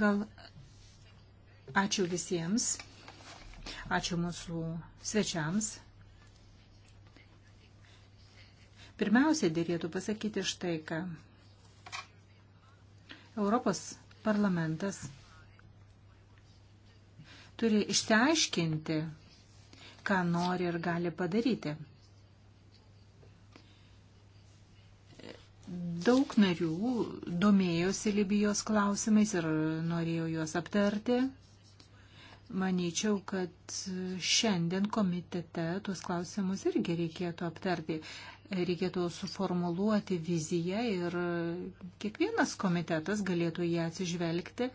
B: Gal Ačiū visiems. Ačiū mūsų svečiams. Pirmiausia, dėrėtų pasakyti štai ką. Europos parlamentas turi išsiaiškinti, ką nori ir gali padaryti. Daug narių domėjosi Libijos klausimais ir norėjo juos aptarti. Manyčiau, kad šiandien komitete tuos klausimus irgi reikėtų aptarti. Reikėtų suformuluoti viziją ir kiekvienas komitetas galėtų ją atsižvelgti,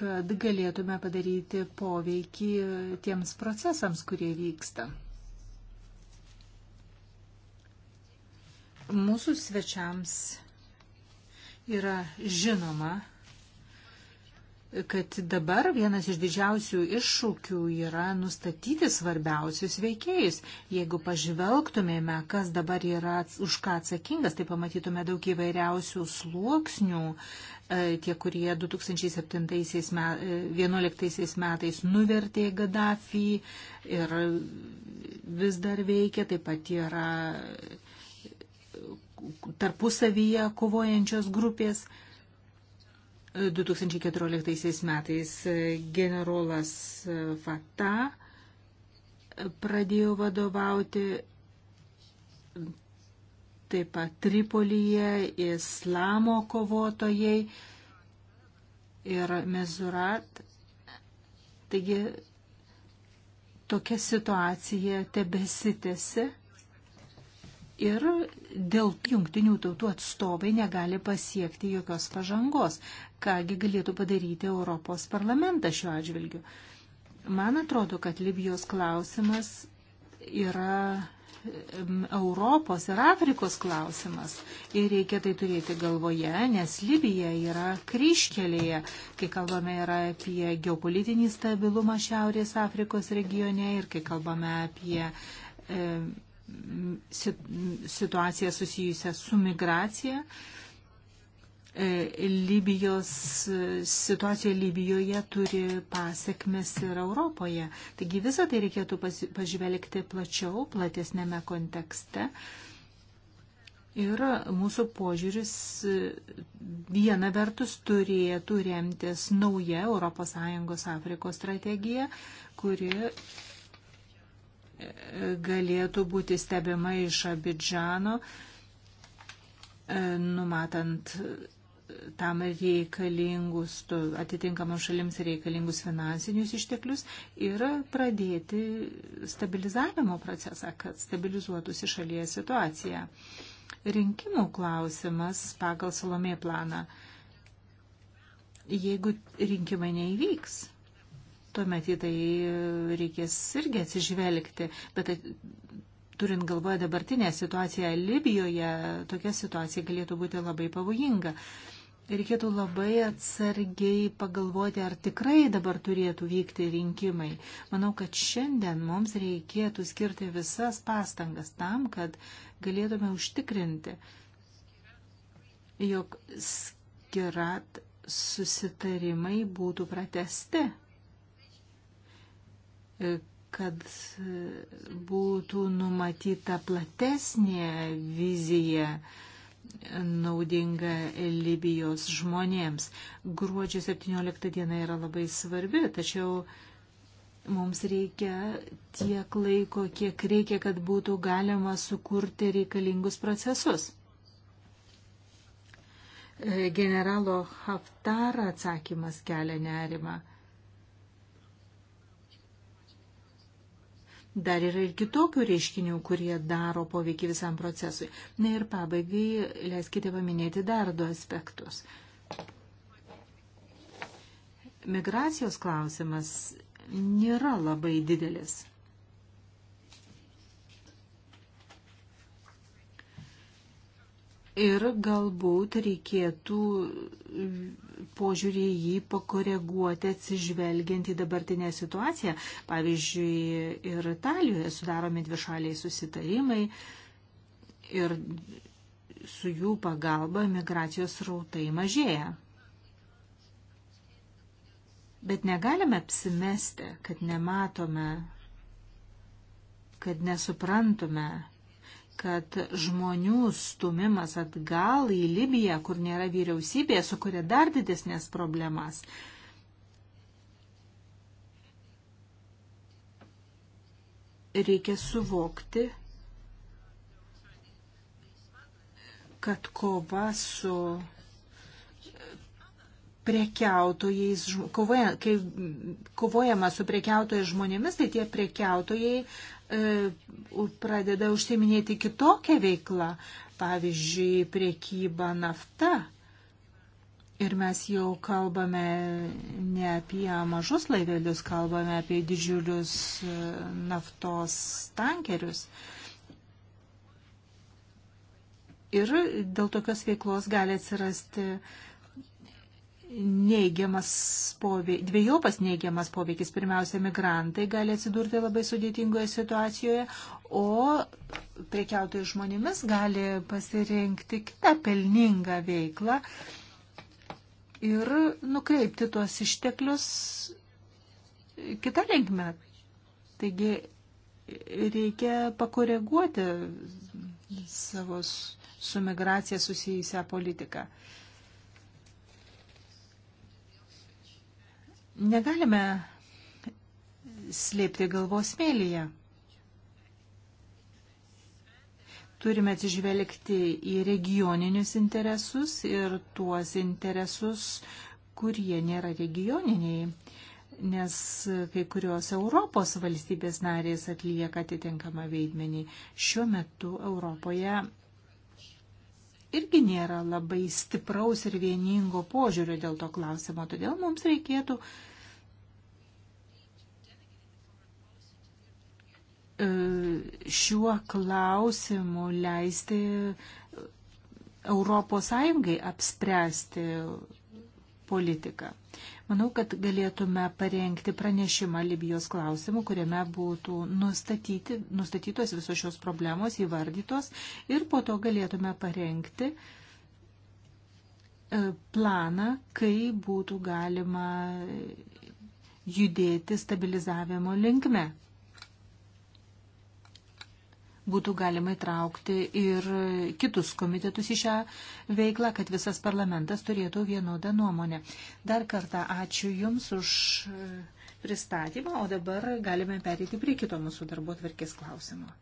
B: kad galėtume padaryti poveikį tiems procesams, kurie vyksta. Mūsų svečiams yra žinoma, kad dabar vienas iš didžiausių iššūkių yra nustatyti svarbiausius veikėjus. Jeigu pažvelgtumėme, kas dabar yra už ką atsakingas, tai pamatytume daug įvairiausių sluoksnių, e, tie, kurie 2011 e, metais nuvertė Gaddafi ir vis dar veikia, taip pat yra tarpusavyje kovojančios grupės. 2014 metais generolas Fata pradėjo vadovauti taip pat Tripolyje, islamo kovotojai ir Mezurat. Taigi tokia situacija tebesitėsi ir dėl jungtinių tautų atstovai negali pasiekti jokios pažangos, kągi galėtų padaryti Europos parlamentas šiuo atžvilgiu. Man atrodo, kad Libijos klausimas yra Europos ir Afrikos klausimas ir reikia tai turėti galvoje, nes Libija yra kryškelėje, kai kalbame yra apie geopolitinį stabilumą Šiaurės Afrikos regione ir kai kalbame apie e, situaciją susijusią su migracija. E, Libijos situacija Libijoje turi pasiekmes ir Europoje. Taigi visą tai reikėtų pažvelgti plačiau, platesnėme kontekste. Ir mūsų požiūris viena vertus turėtų remtis nauja ES Afrikos strategija, kuri galėtų būti stebima iš Abidžano, e, numatant tam reikalingus, atitinkamam šalims reikalingus finansinius išteklius ir pradėti stabilizavimo procesą, kad stabilizuotųsi šalyje situacija. Rinkimų klausimas pagal salomė planą. Jeigu rinkimai neįvyks, tuomet į tai reikės irgi atsižvelgti. Bet tai, turint galvoje dabartinę situaciją Libijoje, tokia situacija galėtų būti labai pavojinga. Reikėtų labai atsargiai pagalvoti, ar tikrai dabar turėtų vykti rinkimai. Manau, kad šiandien mums reikėtų skirti visas pastangas tam, kad galėtume užtikrinti, jog skirat susitarimai būtų pratesti kad būtų numatyta platesnė vizija naudinga Libijos žmonėms. Gruodžio 17 diena yra labai svarbi, tačiau mums reikia tiek laiko, kiek reikia, kad būtų galima sukurti reikalingus procesus. Generalo Haftar atsakymas kelia nerimą. dar yra ir kitokių reiškinių, kurie daro poveikį visam procesui. Na ir pabaigai leiskite paminėti dar du aspektus. Migracijos klausimas nėra labai didelis. Ir galbūt reikėtų požiūrį jį pakoreguoti atsižvelgiant į dabartinę situaciją. Pavyzdžiui, ir Italijoje sudaromi dvišaliai susitarimai ir su jų pagalba migracijos rautai mažėja. Bet negalime apsimesti, kad nematome, kad nesuprantame, kad žmonių stumimas atgal į Libiją, kur nėra vyriausybė, sukuria dar didesnės problemas. Reikia suvokti, kad kova su prekiautojais, kovoja, kai kovojama su prekiautojais žmonėmis, tai tie prekiautojai E, pradeda užsiminėti kitokią veiklą, pavyzdžiui, priekybą nafta. Ir mes jau kalbame ne apie mažus laivelius, kalbame apie didžiulius e, naftos tankerius. Ir dėl tokios veiklos gali atsirasti uh, neigiamas poveikis, dviejopas neigiamas poveikis. Pirmiausia, migrantai gali atsidurti labai sudėtingoje situacijoje, o prekiautojai žmonėmis gali pasirinkti kitą pelningą veiklą ir nukreipti tuos išteklius kitą linkmę. Taigi reikia pakoreguoti savo su migracija susijusią politiką. Negalime slėpti galvos mėlyje. Turime atsižvelgti į regioninius interesus ir tuos interesus, kurie nėra regioniniai, nes kai kurios Europos valstybės narės atlieka atitinkamą veidmenį. Šiuo metu Europoje irgi nėra labai stipraus ir vieningo požiūrio dėl to klausimo. Todėl mums reikėtų e, šiuo klausimu leisti Europos Sąjungai apspręsti politiką. Manau, kad galėtume parengti pranešimą Libijos klausimų, kuriame būtų nustatyti, nustatytos visos šios problemos įvardytos ir po to galėtume parengti e, planą, kai būtų galima judėti stabilizavimo linkme būtų galima įtraukti ir kitus komitetus į šią veiklą, kad visas parlamentas turėtų vienodą nuomonę. Dar kartą ačiū Jums už e, pristatymą, o dabar galime perėti prie kito mūsų darbo tvarkės klausimo.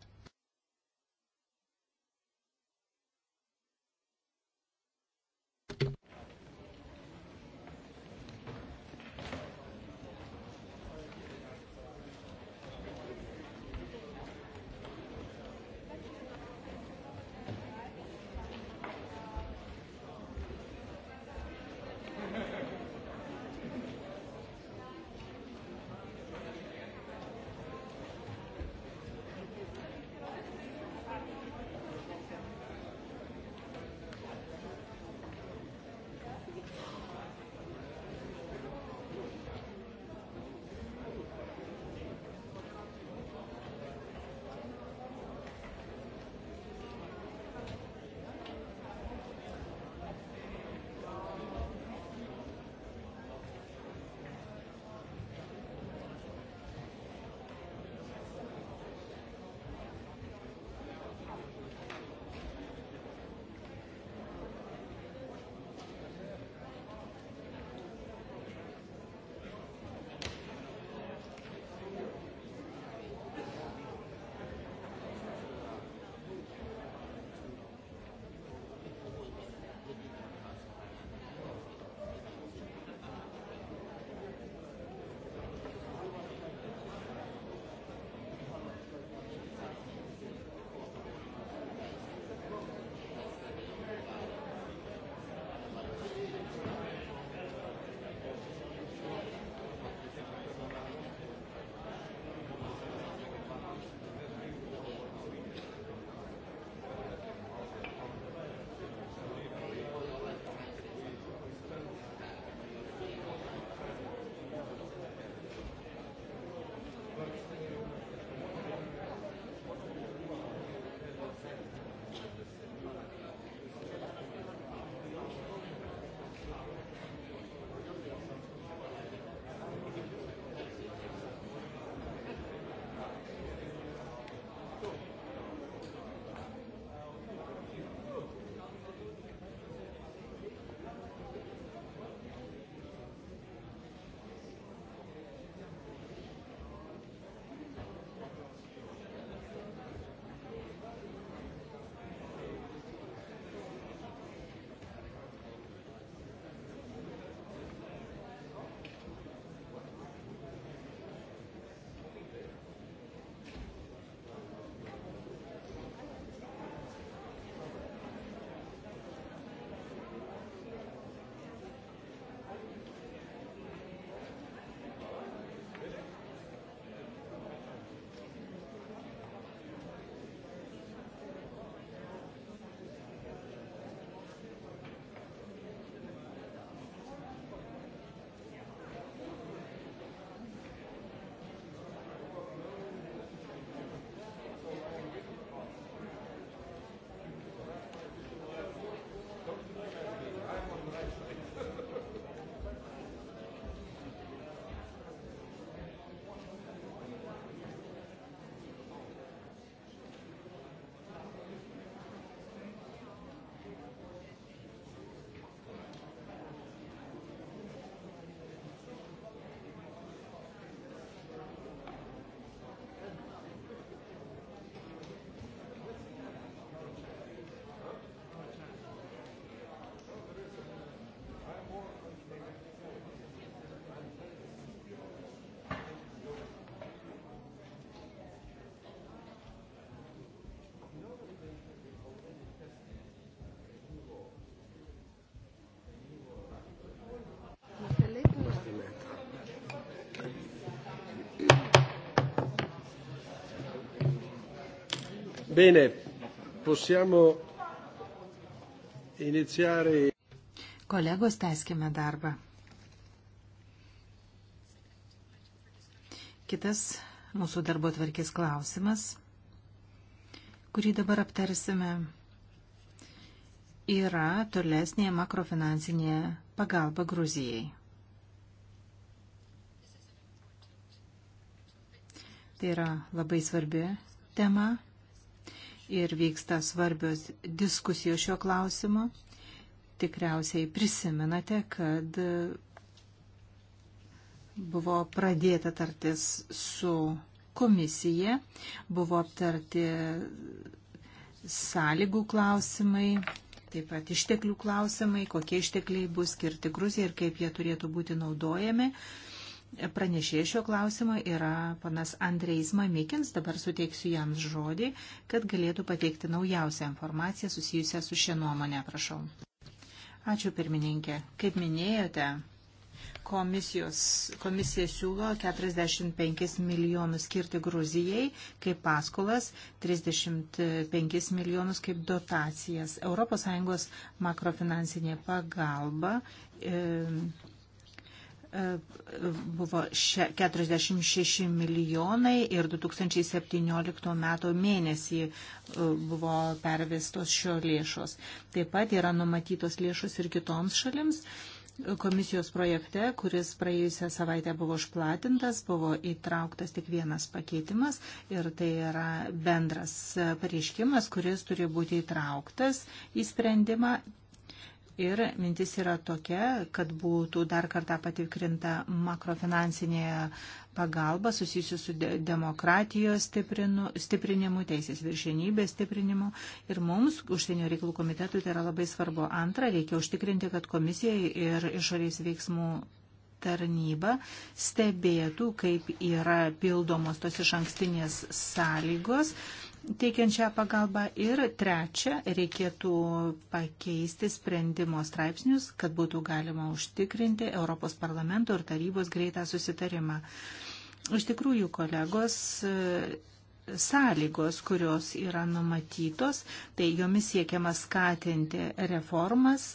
C: Bene, possiamo iniziare.
B: Kolegos, teskime darbą. Kitas mūsų darbo tvarkės klausimas, kurį dabar aptarsime, yra tolesnė makrofinansinė pagalba Gruzijai. Tai yra labai svarbi tema ir vyksta svarbios diskusijos šio klausimo. Tikriausiai prisimenate, kad buvo pradėta tartis su komisija, buvo aptarti sąlygų klausimai, taip pat išteklių klausimai, kokie ištekliai bus skirti Gruzijai ir kaip jie turėtų būti naudojami. Uh, Pranešėjai šio klausimo yra panas Andrejs Mamikins, dabar suteiksiu jam žodį, kad galėtų pateikti naujausią informaciją susijusią su šia nuomonė, prašau. Ačiū pirmininkė. Kaip minėjote, komisijos, komisija siūlo 45 milijonus skirti Gruzijai kaip paskolas, 35 milijonus kaip dotacijas. ES makrofinansinė pagalba. E, buvo 46 milijonai ir 2017 metų mėnesį e, buvo pervestos šio lėšos. Taip pat yra numatytos lėšos ir kitoms šalims. Komisijos projekte, kuris praėjusią savaitę buvo išplatintas, buvo įtrauktas tik vienas pakeitimas ir tai yra bendras pareiškimas, kuris turi būti įtrauktas į sprendimą Ir mintis yra tokia, kad būtų dar kartą patikrinta makrofinansinė pagalba susijusi su demokratijos stiprinimu, teisės viršienybės stiprinimu. Ir mums, užsienio reikalų komitetui, tai yra labai svarbu. Antra, reikia užtikrinti, kad komisija ir išorės veiksmų tarnyba stebėtų, kaip yra pildomos tos iš ankstinės sąlygos teikiančią pagalbą. Ir trečia, reikėtų pakeisti sprendimo straipsnius, kad būtų galima užtikrinti Europos parlamento ir tarybos greitą susitarimą. Iš tikrųjų, kolegos, sąlygos, kurios yra numatytos, tai jomis siekiama skatinti reformas,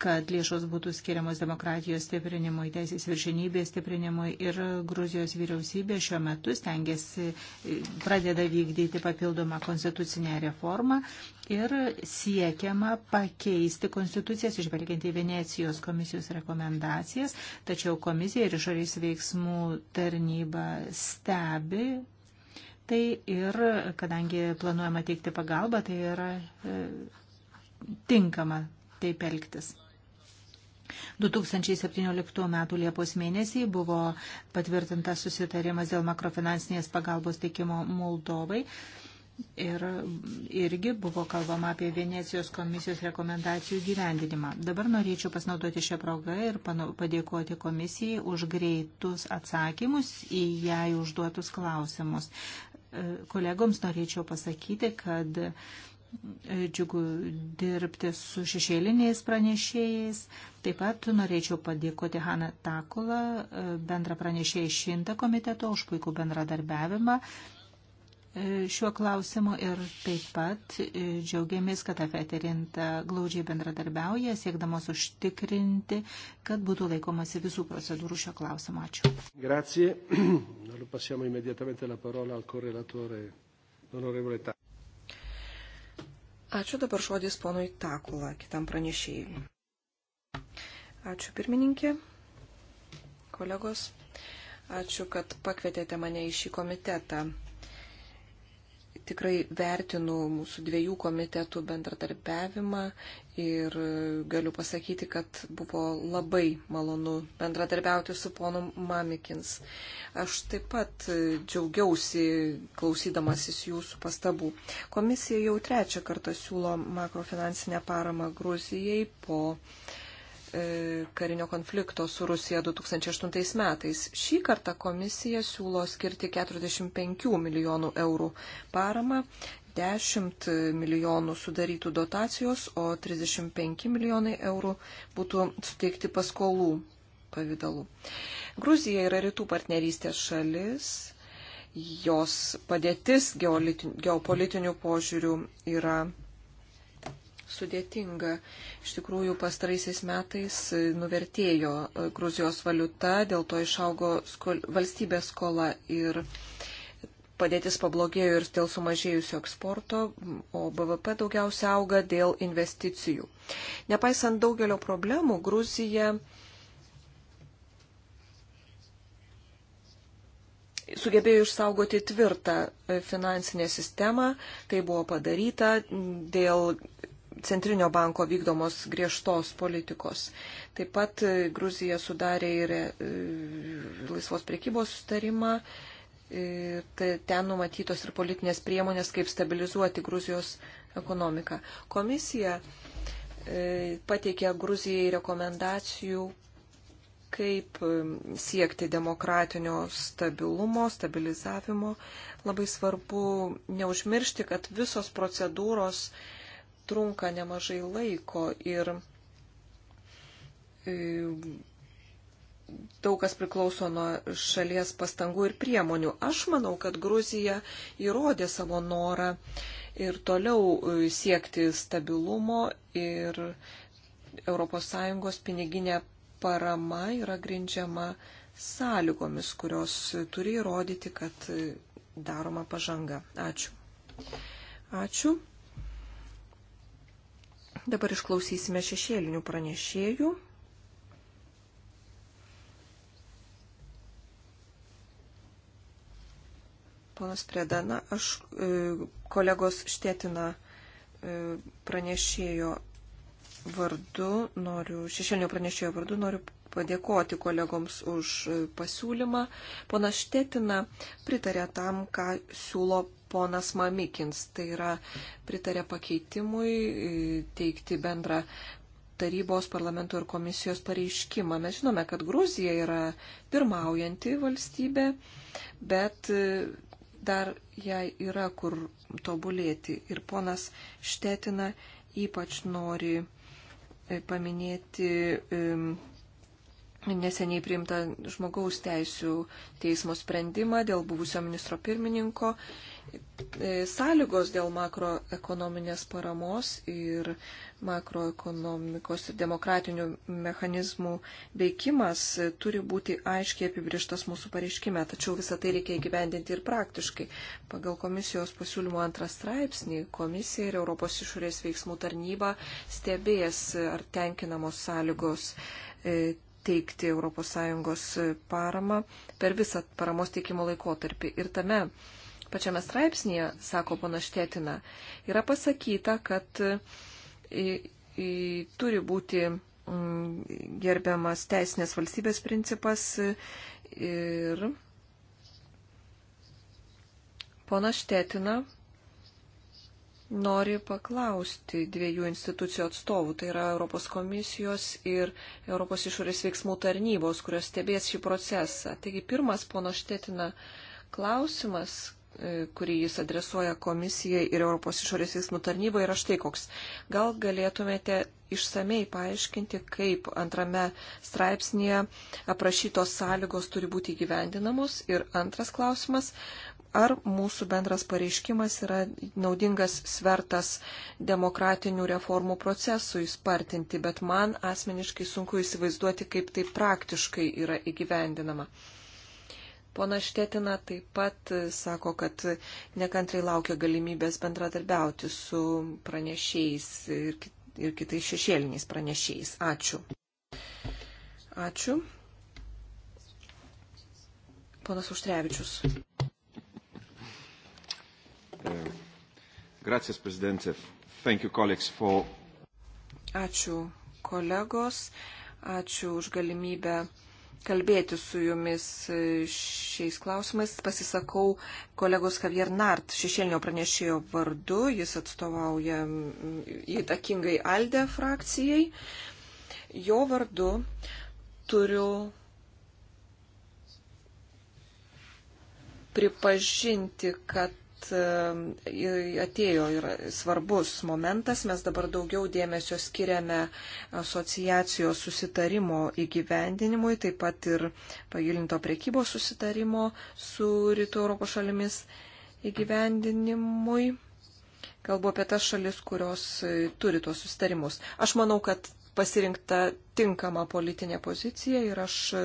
B: kad lėšos būtų skiriamos demokratijos stiprinimui, teisės viršinybės stiprinimui ir Gruzijos vyriausybė šiuo metu stengiasi, e, pradeda vykdyti papildomą konstitucinę reformą ir siekiama pakeisti konstitucijas, išvelgiant į Venecijos komisijos rekomendacijas, tačiau komisija ir išorės veiksmų tarnyba stebi tai ir kadangi planuojama teikti pagalbą, tai yra e, tinkama taip elgtis. 2017 m. Liepos mėnesį buvo patvirtintas susitarimas dėl makrofinansinės pagalbos teikimo Moldovai. Ir irgi buvo kalbama apie Venecijos komisijos rekomendacijų gyvendinimą. Dabar norėčiau pasinaudoti šią progą ir padėkoti komisijai už greitus atsakymus į jai užduotus klausimus. E, kolegoms norėčiau pasakyti, kad E, džiugu dirbti su šešėliniais pranešėjais. Taip pat norėčiau padėkoti Haną Takulą, e, bendra pranešėjai šimtą komiteto, už puikų bendradarbiavimą e, šiuo klausimu ir taip pat džiaugiamės, kad afeterinta glaudžiai bendradarbiauja, siekdamos užtikrinti, kad būtų laikomasi visų procedūrų šio klausimu. Ačiū. Grazie. *clears throat* Passiamo immediatamente la parola al correlatore, l'onorevole Tacco.
A: Ačiū dabar žodis ponui Takula, kitam pranešėjui. Ačiū pirmininkė, kolegos. Ačiū, kad pakvietėte mane į šį komitetą tikrai vertinu mūsų dviejų komitetų bendradarbiavimą ir galiu pasakyti, kad buvo labai malonu bendradarbiauti su ponu Mamikins. Aš taip pat džiaugiausi klausydamasis jūsų pastabų. Komisija jau trečią kartą siūlo makrofinansinę paramą Gruzijai po uh, E, karinio konflikto su Rusija 2008 metais. Šį kartą komisija siūlo skirti 45 milijonų eurų paramą, 10 milijonų sudarytų dotacijos, o 35 milijonai eurų būtų suteikti paskolų pavydalu. Gruzija yra rytų partnerystės šalis. Jos padėtis geopolitinių požiūrių yra sudėtinga. Iš tikrųjų, pastaraisiais metais nuvertėjo e, Gruzijos valiuta, dėl to išaugo skol, valstybės skola ir padėtis pablogėjo ir dėl sumažėjusio eksporto, o BVP daugiausia auga dėl investicijų. Nepaisant daugelio problemų, Gruzija sugebėjo išsaugoti tvirtą e, finansinę sistemą. Tai buvo padaryta dėl Centrinio banko vykdomos griežtos politikos. Taip pat e, Gruzija sudarė ir e, laisvos priekybos sustarimą. E, tai ten numatytos ir politinės priemonės, kaip stabilizuoti Gruzijos ekonomiką. Komisija pateikė Gruzijai rekomendacijų, kaip siekti demokratinio stabilumo, stabilizavimo. Labai svarbu neužmiršti, kad visos procedūros trunka nemažai laiko ir e, daug kas priklauso nuo šalies pastangų ir priemonių. Aš manau, kad Gruzija įrodė savo norą ir toliau e, siekti stabilumo ir ES piniginė parama yra grindžiama sąlygomis, kurios turi įrodyti, kad e, daroma pažanga. Ačiū. Ačiū. Dabar išklausysime šešėlinių pranešėjų. Ponas Predana, aš e, kolegos Štetina e, pranešėjo vardu, noriu, šešėlinio pranešėjo vardu noriu padėkoti kolegoms už e, pasiūlymą. Ponas Štetina pritarė tam, ką siūlo ponas Mamikins. Tai yra pritarė pakeitimui e, teikti bendrą tarybos, parlamento ir komisijos pareiškimą. Mes žinome, kad Gruzija yra pirmaujanti valstybė, bet e, dar jai yra kur tobulėti. Ir ponas Štetina ypač nori e, paminėti neseniai priimtą žmogaus teisų teismo sprendimą dėl buvusio ministro pirmininko E, sąlygos dėl makroekonominės paramos ir makroekonomikos ir demokratinių mechanizmų veikimas e, turi būti aiškiai apibrištas mūsų pareiškime, tačiau visą tai reikia įgyvendinti ir praktiškai. Pagal komisijos pasiūlymo antrą straipsnį komisija ir Europos išorės veiksmų tarnyba stebės, e, ar tenkinamos sąlygos teikti ES paramą per visą paramos teikimo laikotarpį. Ir tame pačiame straipsnėje, sako panaštėtina, yra pasakyta, kad į, į, turi būti mm, gerbiamas teisinės valstybės principas ir pona Štetina nori paklausti dviejų institucijų atstovų, tai yra Europos komisijos ir Europos išorės veiksmų tarnybos, kurios stebės šį procesą. Taigi pirmas pono Štetina klausimas, E, kurį jis adresuoja komisijai ir Europos išorės veiksmų tarnybai, yra štai koks. Gal galėtumėte išsamei paaiškinti, kaip antrame straipsnėje aprašytos sąlygos turi būti įgyvendinamos? Ir antras klausimas, ar mūsų bendras pareiškimas yra naudingas svertas demokratinių reformų procesui spartinti, bet man asmeniškai sunku įsivaizduoti, kaip tai praktiškai yra įgyvendinama. Pona Štetina taip pat e, sako, kad nekantrai laukia galimybės bendradarbiauti su pranešėjais ir, ir kitais šešėliniais pranešėjais. Ačiū. Ačiū. Ponas Užtrevičius.
C: E, gracias, prezidentė.
B: Thank you, colleagues, for.
A: Ačiū, kolegos. Ačiū už galimybę kalbėti su jumis šiais klausimais. Pasisakau kolegos Javier Nart šešėlinio pranešėjo vardu. Jis atstovauja įtakingai Alde frakcijai. Jo vardu turiu pripažinti, kad E, atėjo ir svarbus momentas, mes dabar daugiau dėmesio skiriame asociacijos susitarimo įgyvendinimui, taip pat ir pagilinto prekybos susitarimo su Rytų Europos šalimis įgyvendinimui. Kalbu apie tas šalis, kurios e, turi tos susitarimus. Aš manau, kad pasirinkta tinkama politinė pozicija ir aš e,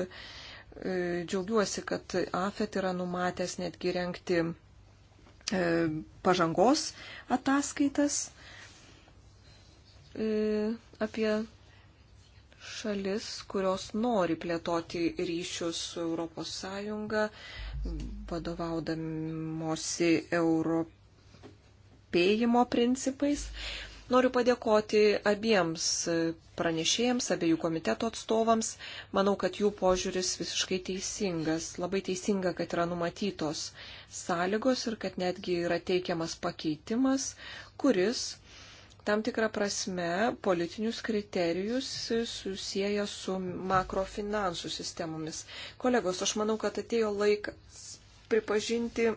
A: džiaugiuosi, kad AFET yra numatęs netgi renkti E, pažangos ataskaitas e, apie šalis, kurios nori plėtoti ryšius su ES, vadovaudamosi europėjimo principais. Noriu padėkoti abiems pranešėjams, abiejų komiteto atstovams. Manau, kad jų požiūris visiškai teisingas. Labai teisinga, kad yra numatytos sąlygos ir kad netgi yra teikiamas pakeitimas, kuris tam tikrą prasme politinius kriterijus susiję su makrofinansų sistemomis. Kolegos, aš manau, kad atėjo laikas pripažinti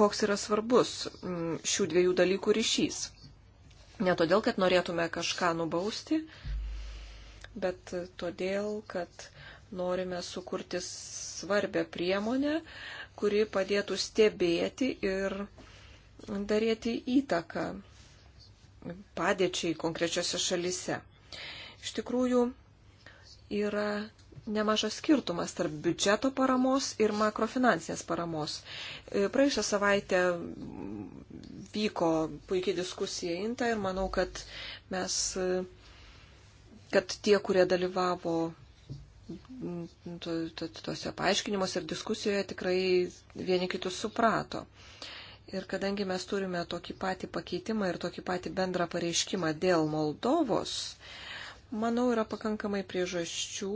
A: koks yra svarbus mm, šių dviejų dalykų ryšys. Ne todėl, kad norėtume kažką nubausti, bet todėl, kad norime sukurti svarbę priemonę, kuri padėtų stebėti ir daryti įtaką padėčiai konkrečiose šalise. Iš tikrųjų, yra nemažas skirtumas tarp biudžeto paramos ir makrofinansinės paramos. E, praėjusią savaitę vyko puikiai diskusija Inta ir manau, kad mes, e, kad tie, kurie dalyvavo tose paaiškinimuose ir diskusijoje, tikrai vieni kitus suprato. Ir kadangi mes turime tokį patį pakeitimą ir tokį patį bendrą pareiškimą dėl Moldovos, manau, yra pakankamai priežasčių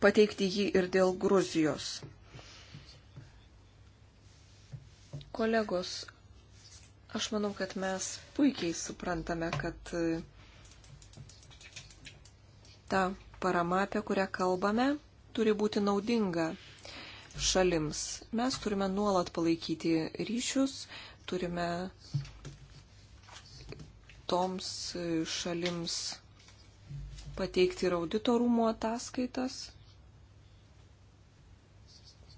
A: pateikti jį ir dėl Gruzijos. Kolegos, aš manau, kad mes puikiai suprantame, kad e, ta parama, apie kurią kalbame, turi būti naudinga šalims. Mes turime nuolat palaikyti ryšius, turime toms e, šalims pateikti ir auditorumo ataskaitas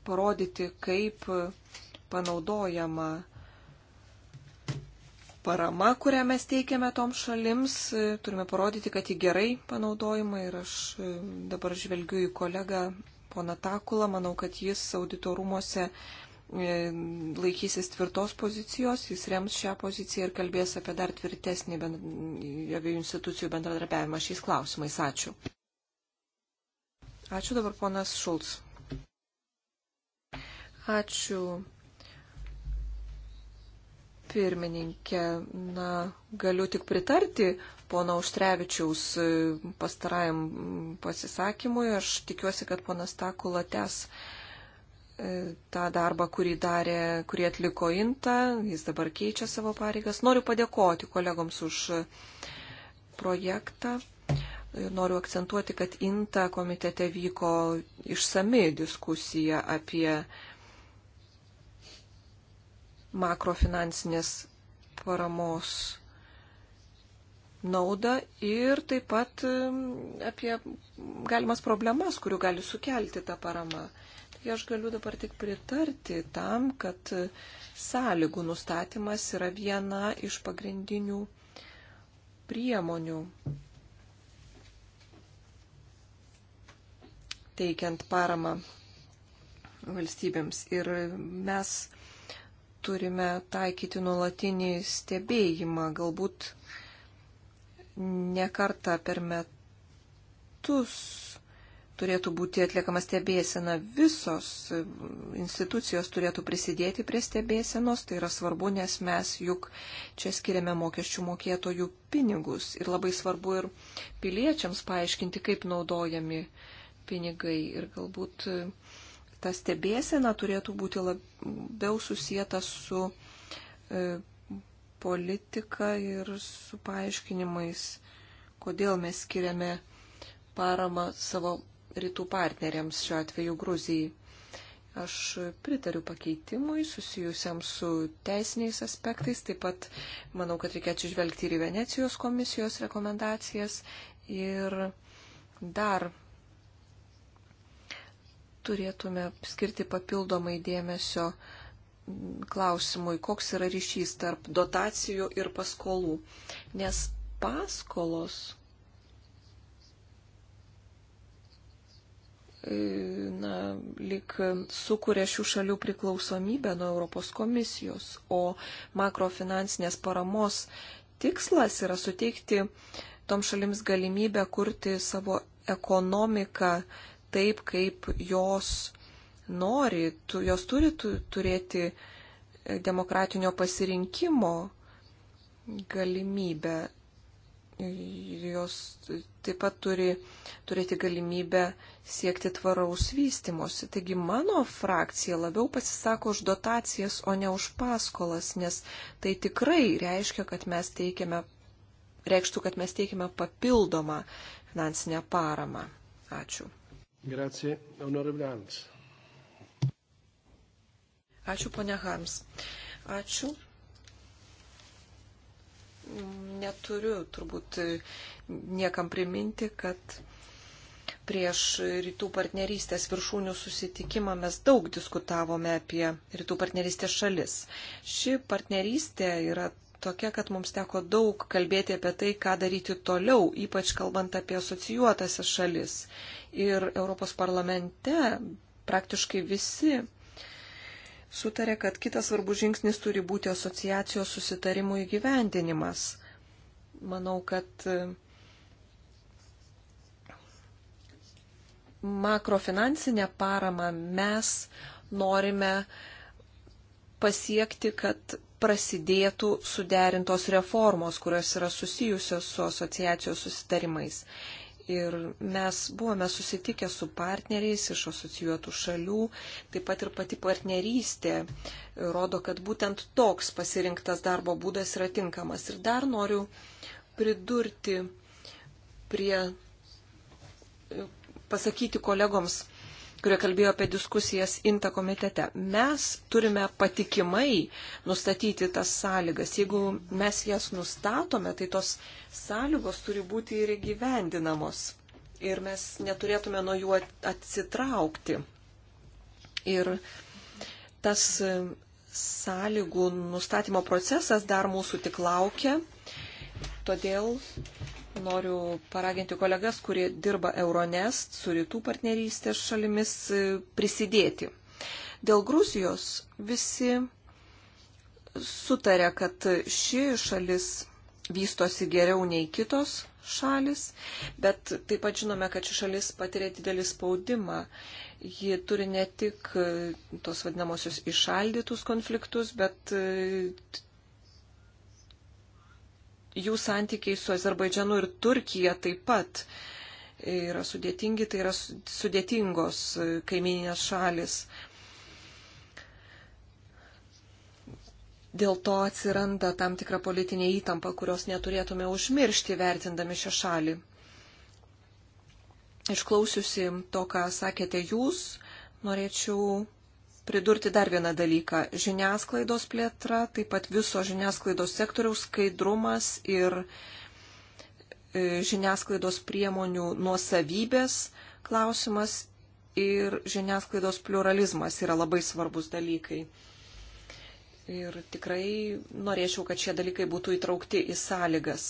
A: parodyti, kaip panaudojama parama, kurią mes teikiame toms šalims. Turime parodyti, kad ji gerai panaudojama ir aš e, dabar žvelgiu į kolegą poną Takulą. Manau, kad jis auditorumuose e, laikysis tvirtos pozicijos, jis rems šią poziciją ir kalbės apie dar tvirtesnį abiejų institucijų bendradarbiavimą šiais klausimais. Ačiū. Ačiū dabar ponas Šulc. Ačiū. Pirmininkė, na, galiu tik pritarti pono Užtrevičiaus e, pastarajam pasisakymui. Aš tikiuosi, kad ponas Takula tęs e, tą darbą, kurį, darė, kurį atliko Inta. Jis dabar keičia savo pareigas. Noriu padėkoti kolegoms už e, projektą. Noriu akcentuoti, kad Inta komitete vyko išsami diskusija apie makrofinansinės paramos naudą ir taip pat um, apie galimas problemas, kurių gali sukelti tą paramą. Taigi aš galiu dabar tik pritarti tam, kad sąlygų nustatymas yra viena iš pagrindinių priemonių teikiant paramą valstybėms. Ir mes turime taikyti nuolatinį stebėjimą, galbūt ne kartą per metus turėtų būti atliekama stebėsena, visos institucijos turėtų prisidėti prie stebėsenos, tai yra svarbu, nes mes juk čia skiriame mokesčių mokėtojų pinigus ir labai svarbu ir piliečiams paaiškinti, kaip naudojami pinigai ir galbūt ta stebėsena turėtų būti labiau susijęta su e, politika ir su paaiškinimais, kodėl mes skiriame paramą savo rytų partneriams, šiuo atveju Gruzijai. Aš pritariu pakeitimui susijusiam su teisiniais aspektais, taip pat manau, kad reikia atsižvelgti ir į Venecijos komisijos rekomendacijas ir dar turėtume skirti papildomai dėmesio klausimui, koks yra ryšys tarp dotacijų ir paskolų. Nes paskolos e, na, lik sukuria šių šalių priklausomybę nuo Europos komisijos, o makrofinansinės paramos tikslas yra suteikti tom šalims galimybę kurti savo ekonomiką, taip, kaip jos nori, tu, jos turi tu, turėti e, demokratinio pasirinkimo galimybę. Jos taip pat turi turėti galimybę siekti tvaraus vystimosi. Taigi mano frakcija labiau pasisako už dotacijas, o ne už paskolas, nes tai tikrai reiškia, kad mes teikiame, reikštų, kad mes teikiame papildomą finansinę paramą. Ačiū.
B: Grazie, honorable Hans.
A: Ačiū, ponia Harms. Ačiū. Neturiu turbūt niekam priminti, kad prieš rytų partnerystės viršūnių susitikimą mes daug diskutavome apie rytų partnerystės šalis. Ši partnerystė yra tokia, kad mums teko daug kalbėti apie tai, ką daryti toliau, ypač kalbant apie asocijuotasias šalis. Ir Europos parlamente praktiškai visi sutarė, kad kitas svarbus žingsnis turi būti asociacijos susitarimų įgyvendinimas. Manau, kad e, makrofinansinę paramą mes norime pasiekti, kad prasidėtų suderintos reformos, kurios yra susijusios su asociacijos susitarimais. Ir mes buvome susitikę su partneriais iš asocijuotų šalių, taip pat ir pati partnerystė rodo, kad būtent toks pasirinktas darbo būdas yra tinkamas. Ir dar noriu pridurti prie, pasakyti kolegoms, kurie kalbėjo apie diskusijas INTA komitete. Mes turime patikimai nustatyti tas sąlygas. Jeigu mes jas nustatome, tai tos sąlygos turi būti ir įgyvendinamos. Ir mes neturėtume nuo jų atsitraukti. Ir tas e, sąlygų nustatymo procesas dar mūsų tik laukia. Todėl Noriu paraginti kolegas, kurie dirba Euronest su rytų partnerystės šalimis e, prisidėti. Dėl Gruzijos visi sutarė, kad ši šalis vystosi geriau nei kitos šalis, bet taip pat žinome, kad ši šalis patiria didelį spaudimą. Ji turi ne tik e, tos vadinamosios išaldytus konfliktus, bet e, jų santykiai su Azerbaidžianu ir Turkija taip pat yra sudėtingi, tai yra sudėtingos e, kaimininės šalis. Dėl to atsiranda tam tikra politinė įtampa, kurios neturėtume užmiršti vertindami šią šalį. Išklausiusi to, ką sakėte jūs, norėčiau pridurti dar vieną dalyką. Žiniasklaidos plėtra, taip pat viso žiniasklaidos sektoriaus skaidrumas ir e, žiniasklaidos priemonių nuosavybės klausimas ir žiniasklaidos pluralizmas yra labai svarbus dalykai. Ir tikrai norėčiau, kad šie dalykai būtų įtraukti į sąlygas.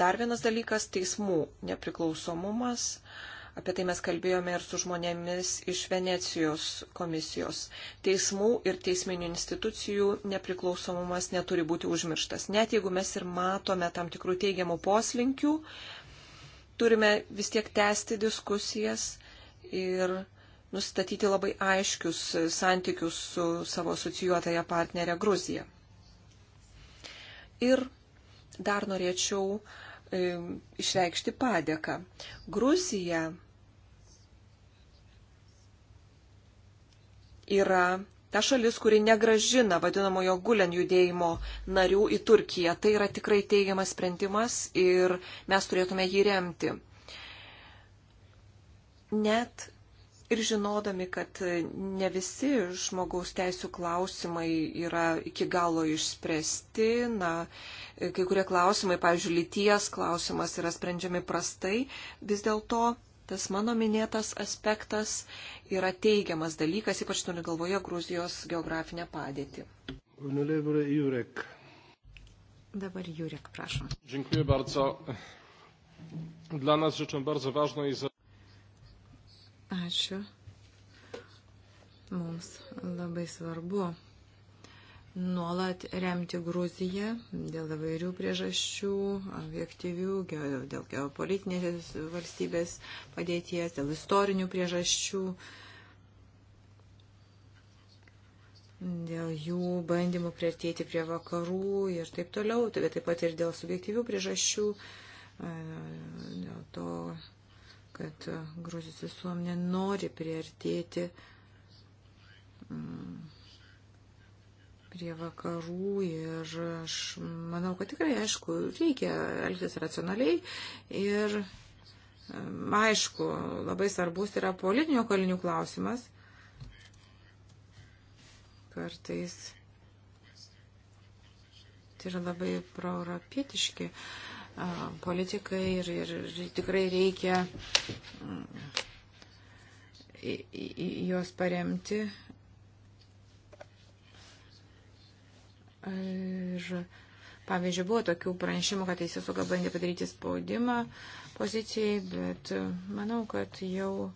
A: Dar vienas dalykas - teismų nepriklausomumas. Uh, Apie tai mes kalbėjome ir su žmonėmis iš Venecijos komisijos. Teismų ir teisminių institucijų nepriklausomumas neturi būti užmirštas. Net jeigu mes ir matome tam tikrų teigiamų poslinkių, turime vis tiek tęsti diskusijas ir nustatyti labai aiškius santykius su savo asocijuotąją partnerę Gruziją. Ir dar norėčiau e, išreikšti padėką. Gruzija yra ta šalis, kuri negražina vadinamojo gulen judėjimo narių į Turkiją. Tai yra tikrai teigiamas sprendimas ir mes turėtume jį remti. Net ir žinodami, kad ne visi žmogaus teisų klausimai yra iki galo išspręsti, na, kai kurie klausimai, pavyzdžiui, lyties klausimas yra sprendžiami prastai, vis dėlto tas mano minėtas aspektas yra teigiamas dalykas, ypač turi galvoje Gruzijos geografinę padėtį.
B: Jurek.
A: Dabar Jurek, prašom.
B: Dziękuję bardzo. Dla nas rzeczą bardzo ważną jest.
C: Ačiū. Mums labai svarbu nuolat remti Gruziją dėl įvairių priežasčių, objektyvių, dėl geopolitinės valstybės padėties, dėl istorinių priežasčių, dėl jų bandymų prieartėti prie vakarų ir taip toliau, tai bet taip pat ir dėl subjektyvių priežasčių, e, dėl to, kad Gruzijos visuomenė nori priartėti. Mm, prie vakarų ir aš manau, kad tikrai, aišku, reikia elgtis racionaliai ir, aišku, labai svarbus yra politinių kalinių klausimas. Kartais tai yra labai proeuropietiški politikai ir, ir tikrai reikia juos paremti Ir, pavyzdžiui, buvo tokių pranešimų, kad teisėsauga bandė padaryti spaudimą pozicijai, bet manau, kad jau e,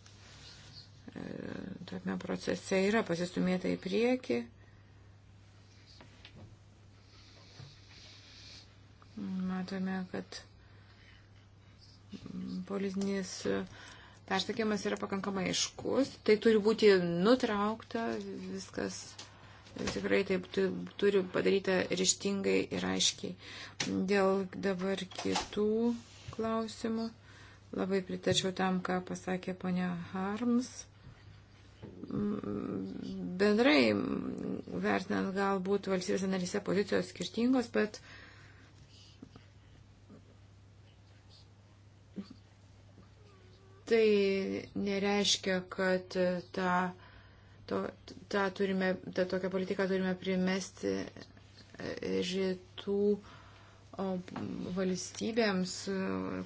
C: tame procese yra pasistumėta į priekį. Matome, kad politinis persakymas yra pakankamai aiškus. Tai turi būti nutraukta, viskas tikrai taip turi padaryta ryštingai ir aiškiai. Dėl dabar kitų klausimų labai pritačiau tam, ką pasakė ponia Harms. Bendrai vertinant galbūt valstybės analise pozicijos skirtingos, bet tai nereiškia, kad ta To, tą, turime, tą tokią politiką turime primesti e, rytų valstybėms,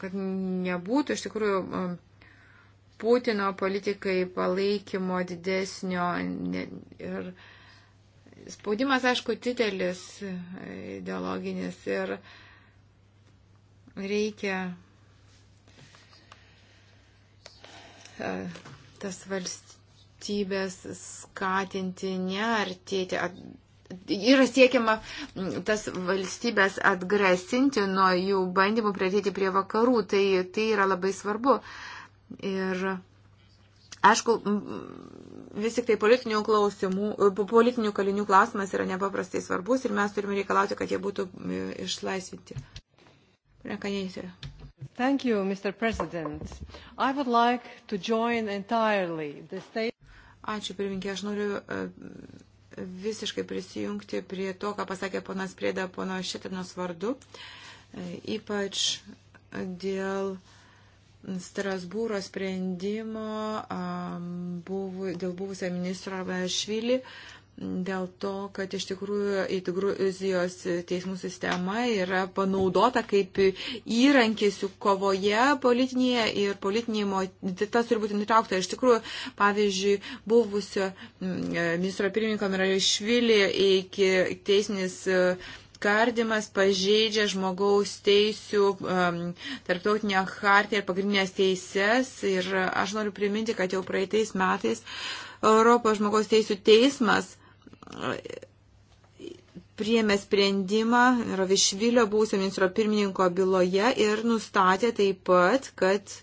C: kad nebūtų iš tikrųjų Putino politikai palaikymo didesnio ir spaudimas, aišku, didelis e, ideologinis ir reikia e, tas valstybės valstybės skatinti neartėti. At, yra siekiama tas valstybės atgrasinti nuo jų bandymų prieartėti prie vakarų. Tai, tai yra labai svarbu. Ir aišku, vis tik tai politinių, klausimų, e, politinių kalinių klausimas yra nepaprastai svarbus ir mes turime reikalauti, kad jie būtų e, išlaisvinti. Rekanėsiu. Thank you, Mr. President. I would like to join entirely the state. Ačiū, pirminkė. Aš noriu e, visiškai prisijungti prie to, ką pasakė ponas Prieda pono Šetinos vardu, e, ypač dėl Strasbūro sprendimo dėl buvusio ministro Švili. Um, dėl to, kad iš tikrųjų į Gruzijos teismų sistema yra panaudota kaip įrankis jų kovoje politinėje ir politinėje, tai tas turi būti nutraukta. Iš tikrųjų, pavyzdžiui, buvusio mm, ministro pirmininko Mirališvili iki teisminis e, kardimas pažeidžia žmogaus teisų um, tarptautinę hartę ir pagrindinės teises. Ir aš noriu priminti, kad jau praeitais metais Europos žmogaus teisų teismas priėmė sprendimą Ravišvilio būsio ministro pirmininko byloje ir nustatė taip pat, kad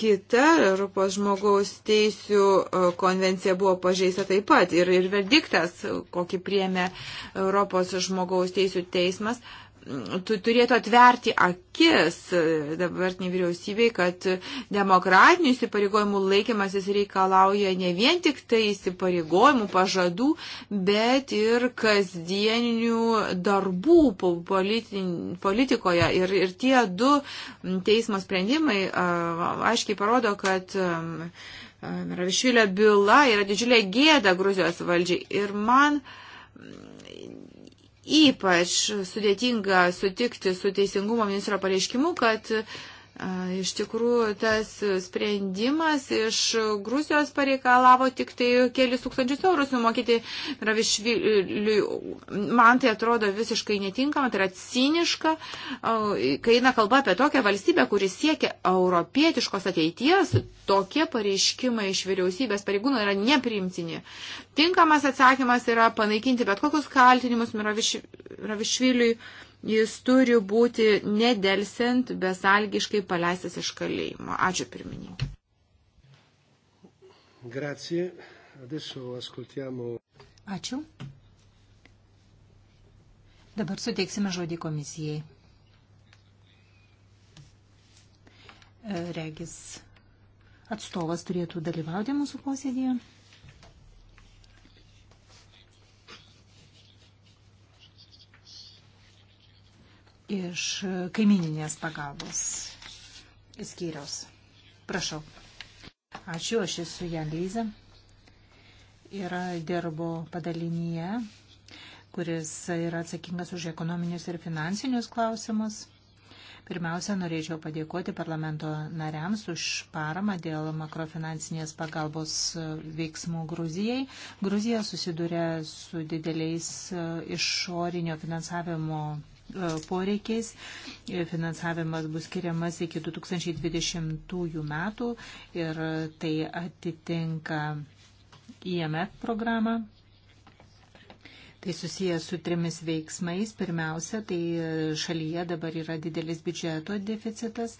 C: kita Europos žmogaus teisų e, konvencija buvo pažeista taip pat ir, ir verdiktas, kokį priėmė Europos žmogaus teisų teismas, uh, turėtų atverti akis dabartiniai vyriausybei, kad demokratinių įsipareigojimų laikymasis reikalauja ne vien tik tai įsipareigojimų, pažadų, bet ir kasdieninių darbų politikoje. Ir, ir tie du teismo sprendimai aiškiai parodo, kad Ravišvilio byla yra didžiulė gėda Gruzijos valdžiai. Ir man ypač sudėtinga sutikti su teisingumo ministro pareiškimu, kad Iš tikrųjų, tas sprendimas iš Gruzijos pareikalavo tik tai kelis tūkstančius eurų sumokyti Ravišviliui. Man tai atrodo visiškai netinkama, tai yra ciniška, kai eina kalba apie tokią valstybę, kuris siekia europietiškos ateities, tokie pareiškimai iš vyriausybės pareigūnų yra neprimtini. Tinkamas atsakymas yra panaikinti bet kokius kaltinimus Ravišviliui. Miraviš, jis turi būti nedelsiant, besalgiškai paleistas iš kalėjimo. Ačiū pirmininkė. Grazie. Adesso ascoltiamo.
B: Ačiū. Dabar suteiksime žodį komisijai. Regis atstovas turėtų dalyvauti mūsų posėdėje. iš kaimininės pagalbos skyriaus. Prašau. Ačiū, aš esu Jan Lyze ir dirbu padalinyje, kuris yra atsakingas už ekonominius ir finansinius klausimus. Pirmiausia, norėčiau padėkoti parlamento nariams už paramą dėl makrofinansinės pagalbos veiksmų Gruzijai. Gruzija susiduria su dideliais išorinio finansavimo E, poreikiais. E, finansavimas bus skiriamas iki 2020 metų ir tai atitinka IMF programą. Tai susijęs su trimis veiksmais. Pirmiausia, tai šalyje dabar yra didelis biudžeto deficitas,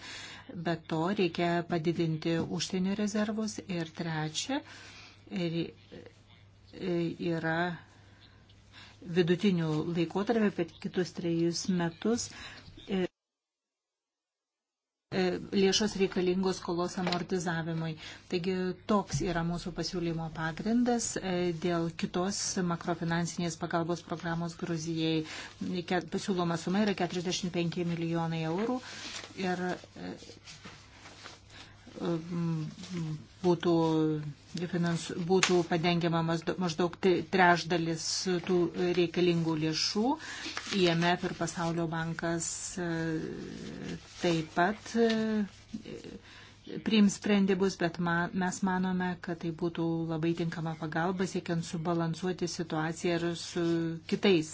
B: bet to reikia padidinti užsienio rezervus. Ir trečia, e, yra vidutinių laikotarpį, bet kitus trejus metus e, e, lėšos reikalingos skolos amortizavimui. Taigi toks yra mūsų pasiūlymo pagrindas e, dėl kitos makrofinansinės pagalbos programos Gruzijai. Pasiūloma suma yra 45 milijonai eurų ir būtų, finans, būtų padengiama maždaug trešdalis tų reikalingų lėšų. IMF ir Pasaulio bankas e, taip pat e, priims sprendimus, bet man, mes manome, kad tai būtų labai tinkama pagalba siekiant subalansuoti situaciją ir su kitais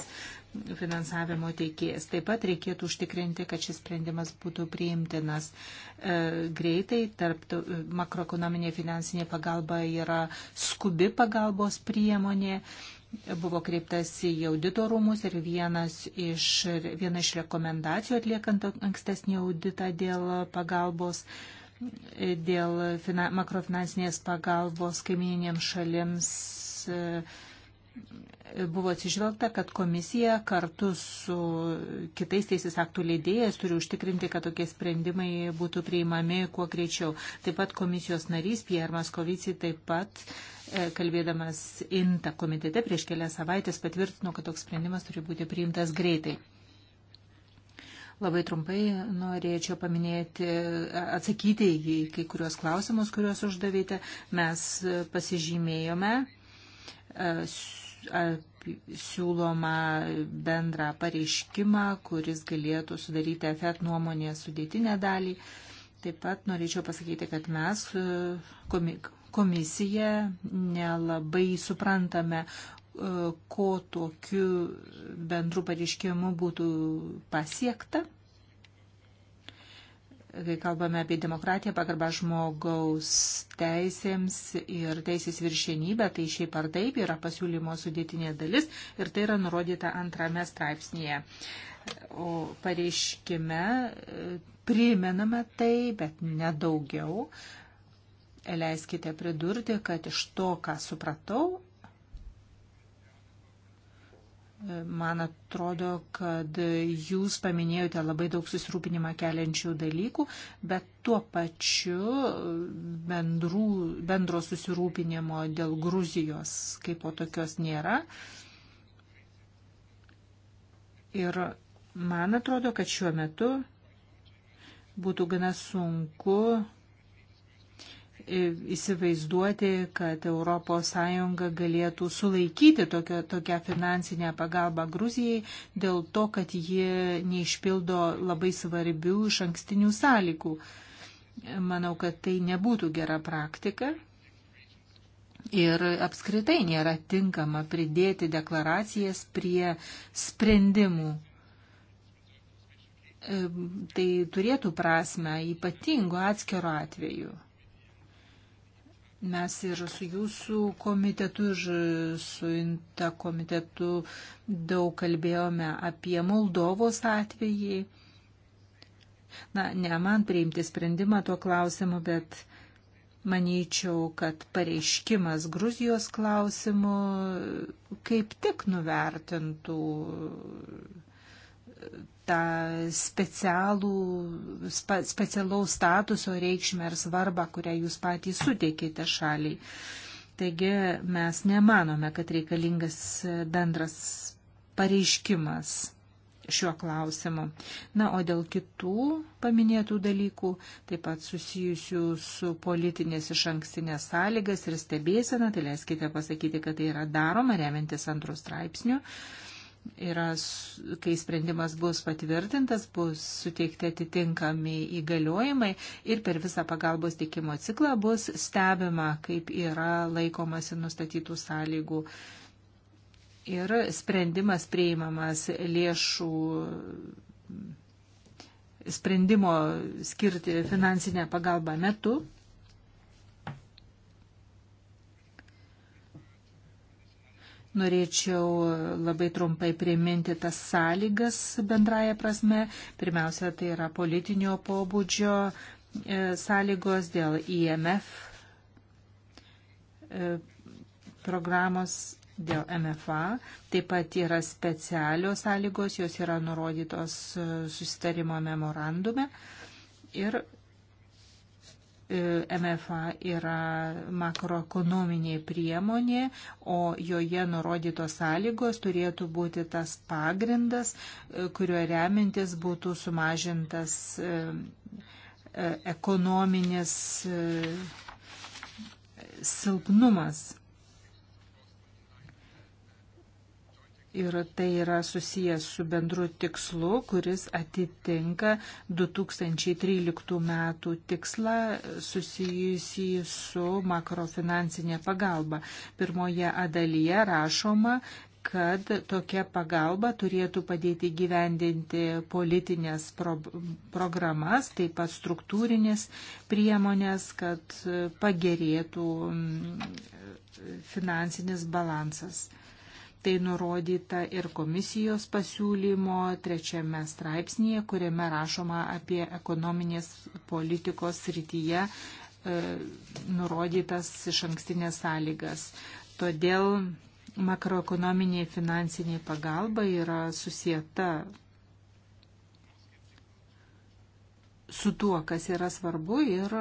B: finansavimo teikėjas. Taip pat reikėtų užtikrinti, kad šis sprendimas būtų priimtinas e, greitai. Tarp e, makroekonominė finansinė pagalba yra skubi pagalbos priemonė. Buvo kreiptasi į audito rūmus ir vienas iš, viena iš rekomendacijų atliekant ankstesnį auditą dėl pagalbos e, dėl fina, makrofinansinės pagalbos kaimininėms šalims e, buvo atsižvelgta, kad komisija kartu su kitais teisės aktų leidėjas turi užtikrinti, kad tokie sprendimai būtų priimami kuo greičiau. Taip pat komisijos narys Pierre Maskovici taip pat, e, kalbėdamas INTA komitete prieš kelias savaitės, patvirtino, kad toks sprendimas turi būti priimtas greitai. Labai trumpai norėčiau paminėti, atsakyti į kai kuriuos klausimus, kuriuos uždavėte. Mes e, pasižymėjome E, siūloma bendrą pareiškimą, kuris galėtų sudaryti efekt nuomonės sudėtinę dalį. Taip pat norėčiau pasakyti, kad mes e, komisija nelabai suprantame, e, ko tokiu bendru pareiškimu būtų pasiekta kai kalbame apie demokratiją, pagarbą žmogaus teisėms ir teisės viršienybę, tai šiaip ar taip yra pasiūlymo sudėtinė dalis ir tai yra nurodyta antrame straipsnėje. O pareiškime primename tai, bet nedaugiau. Leiskite pridurti, kad iš to, ką supratau, Man atrodo, kad jūs paminėjote labai daug susirūpinimą keliančių dalykų, bet tuo pačiu bendrų, bendro susirūpinimo dėl Gruzijos kaip po tokios nėra. Ir man atrodo, kad šiuo metu būtų gana sunku įsivaizduoti, kad ES galėtų sulaikyti tokio, tokią finansinę pagalbą Gruzijai dėl to, kad ji neišpildo labai svarbių iš ankstinių sąlygų. Manau, kad tai nebūtų gera praktika. Ir apskritai nėra tinkama pridėti deklaracijas prie sprendimų e, tai turėtų prasme ypatingo atskiro atveju. Mes ir su jūsų komitetu, ir su INTA komitetu daug kalbėjome apie Moldovos atvejį. Na, ne man priimti sprendimą tuo klausimu, bet manyčiau, kad pareiškimas Gruzijos klausimu kaip tik nuvertintų tą specialų, spe, specialaus statuso reikšmę ar svarbą, kurią jūs patys suteikėte šaliai. Taigi mes nemanome, kad reikalingas bendras pareiškimas šiuo klausimu. Na, o dėl kitų paminėtų dalykų, taip pat susijusių su politinės iš ankstinės sąlygas ir stebėsena, tai leiskite pasakyti, kad tai yra daroma remiantis antrų straipsnių. Uh, yra, kai sprendimas bus patvirtintas, bus suteikti atitinkami įgaliojimai ir per visą pagalbos teikimo ciklą bus stebima, kaip yra laikomasi nustatytų sąlygų. Ir sprendimas prieimamas lėšų sprendimo skirti finansinę pagalbą metu Norėčiau labai trumpai priminti tas sąlygas bendraja prasme. Pirmiausia, tai yra politinio pobūdžio e, sąlygos dėl IMF e, programos dėl MFA. Taip pat yra specialios sąlygos, jos yra nurodytos e, susitarimo memorandume. Ir MFA yra makroekonominė priemonė, o joje nurodytos sąlygos turėtų būti tas pagrindas, e, kuriuo remintis būtų sumažintas e, e, ekonominis silpnumas. Ir tai yra susijęs su bendru tikslu, kuris atitinka 2013 metų tikslą susijusi su makrofinansinė pagalba. Pirmoje adalyje rašoma, kad tokia pagalba turėtų padėti gyvendinti politinės pro programas, taip pat struktūrinės priemonės, kad pagerėtų mm, finansinis balansas. Tai nurodyta ir komisijos pasiūlymo trečiame straipsnėje, kuriame rašoma apie ekonominės politikos srityje e, nurodytas iš ankstinės sąlygas. Todėl makroekonominė finansinė pagalba yra susieta su tuo, kas yra svarbu ir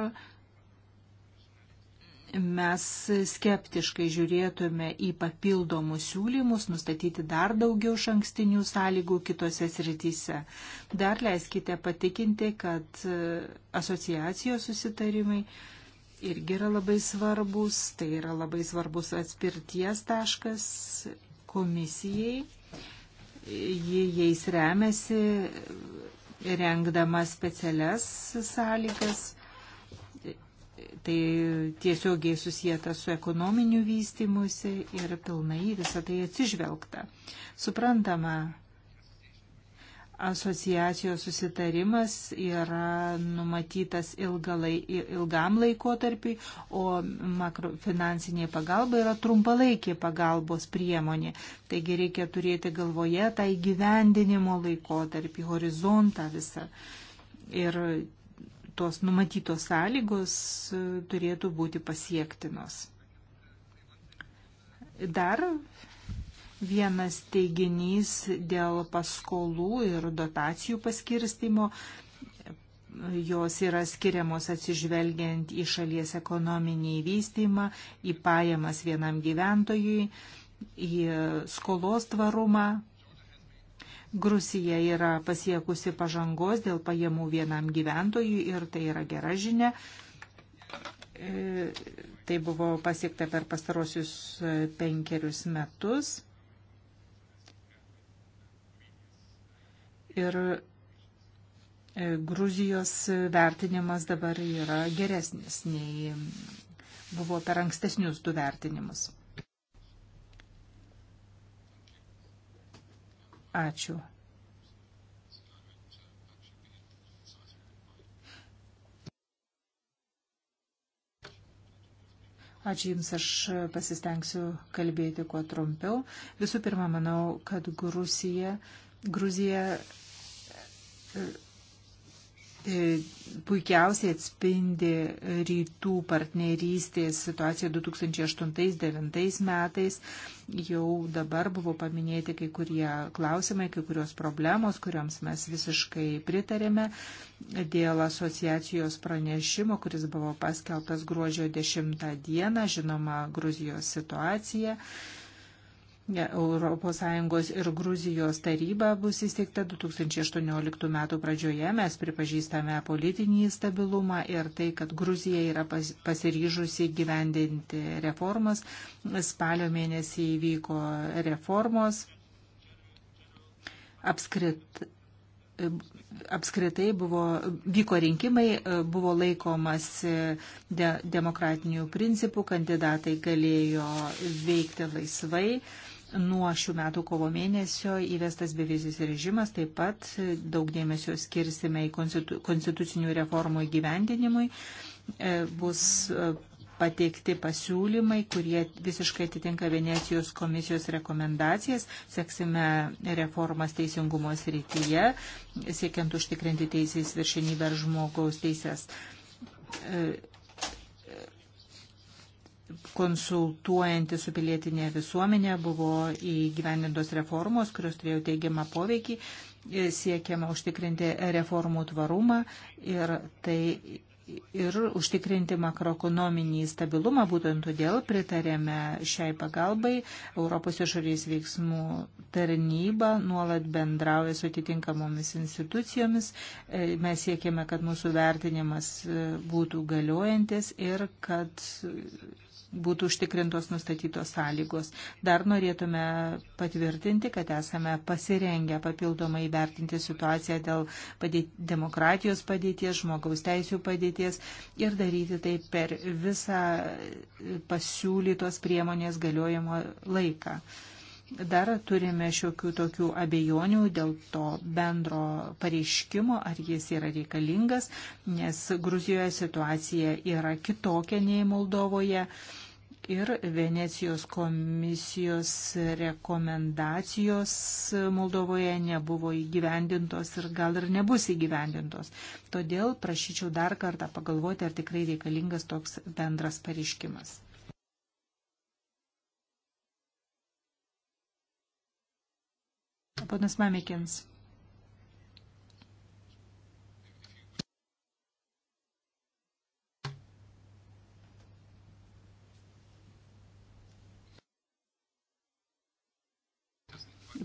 B: mes skeptiškai žiūrėtume į papildomus siūlymus, nustatyti dar daugiau šankstinių sąlygų kitose srityse. Dar leiskite patikinti, kad e, asociacijos susitarimai irgi yra labai svarbus, tai yra labai svarbus atspirties taškas komisijai. Ji jais remiasi, rengdama specialias sąlygas tai tiesiogiai susijęta su ekonominiu vystimusi ir pilnai visą tai atsižvelgta. Suprantama, asociacijos susitarimas yra numatytas ilgalai, ilgam laikotarpiui, o makrofinansinė pagalba yra trumpalaikė pagalbos priemonė. Taigi reikia turėti galvoje tą įgyvendinimo laikotarpį, horizontą visą. Ir tos numatytos sąlygos e, turėtų būti pasiektinos. Dar vienas teiginys dėl paskolų ir dotacijų paskirstimo. Jos yra skiriamos atsižvelgiant į šalies ekonominį įvystymą, į pajamas vienam gyventojui, į skolos tvarumą, Grusija yra pasiekusi pažangos dėl pajamų vienam gyventojui ir tai yra gera žinia. E, tai buvo pasiekta per pastarosius e, penkerius metus. Ir e, Gruzijos vertinimas dabar yra geresnis nei buvo per ankstesnius du vertinimus. Ačiū. Ačiū Jums, aš pasistengsiu kalbėti kuo trumpiau. Visų pirma, manau, kad Grusija, Gruzija E, puikiausiai atspindi rytų partnerystės situaciją 2008-2009 metais. Jau dabar buvo paminėti kai kurie klausimai, kai kurios problemos, kuriams mes visiškai pritarėme dėl asociacijos pranešimo, kuris buvo paskeltas gruodžio 10 dieną, žinoma, Gruzijos situacija. E, ES ir Gruzijos taryba bus įsteigta 2018 m. pradžioje. Mes pripažįstame politinį stabilumą ir tai, kad Gruzija yra pasiryžusi gyvendinti reformas. Spalio mėnesį įvyko reformos. Apskrit, apskritai buvo, vyko rinkimai, buvo laikomas de, demokratinių principų, kandidatai galėjo veikti laisvai, Nuo šių metų kovo mėnesio įvestas bevizis režimas, taip pat daug dėmesio skirsime į konstitu, konstitucinių reformų įgyvendinimui. E, bus e, pateikti pasiūlymai, kurie visiškai atitinka Venecijos komisijos rekomendacijas. Seksime reformas teisingumo srityje, siekiant užtikrinti teisės viršinybę ir žmogaus teisės e, konsultuojanti su pilietinė visuomenė buvo įgyvendintos reformos, kurios turėjo teigiamą poveikį, e, siekiama užtikrinti reformų tvarumą ir tai ir užtikrinti makroekonominį stabilumą, būtent todėl pritarėme šiai pagalbai. Europos išorės veiksmų tarnyba nuolat bendrauja su atitinkamomis institucijomis. E, mes siekėme, kad mūsų vertinimas e, būtų galiojantis ir kad būtų užtikrintos nustatytos sąlygos. Dar norėtume patvirtinti, kad esame pasirengę papildomai vertinti situaciją dėl padėt, demokratijos padėties, žmogaus teisų padėties ir daryti tai per visą e, pasiūlytos priemonės galiojimo laiką. Dar turime šiokių tokių abejonių dėl to bendro pareiškimo, ar jis yra reikalingas, nes Gruzijoje situacija yra kitokia nei Moldovoje. Uh, ir Venecijos komisijos rekomendacijos Moldovoje nebuvo įgyvendintos ir gal ir nebus įgyvendintos. Todėl prašyčiau dar kartą pagalvoti, ar tikrai reikalingas toks bendras pareiškimas. Ponas Mamikins.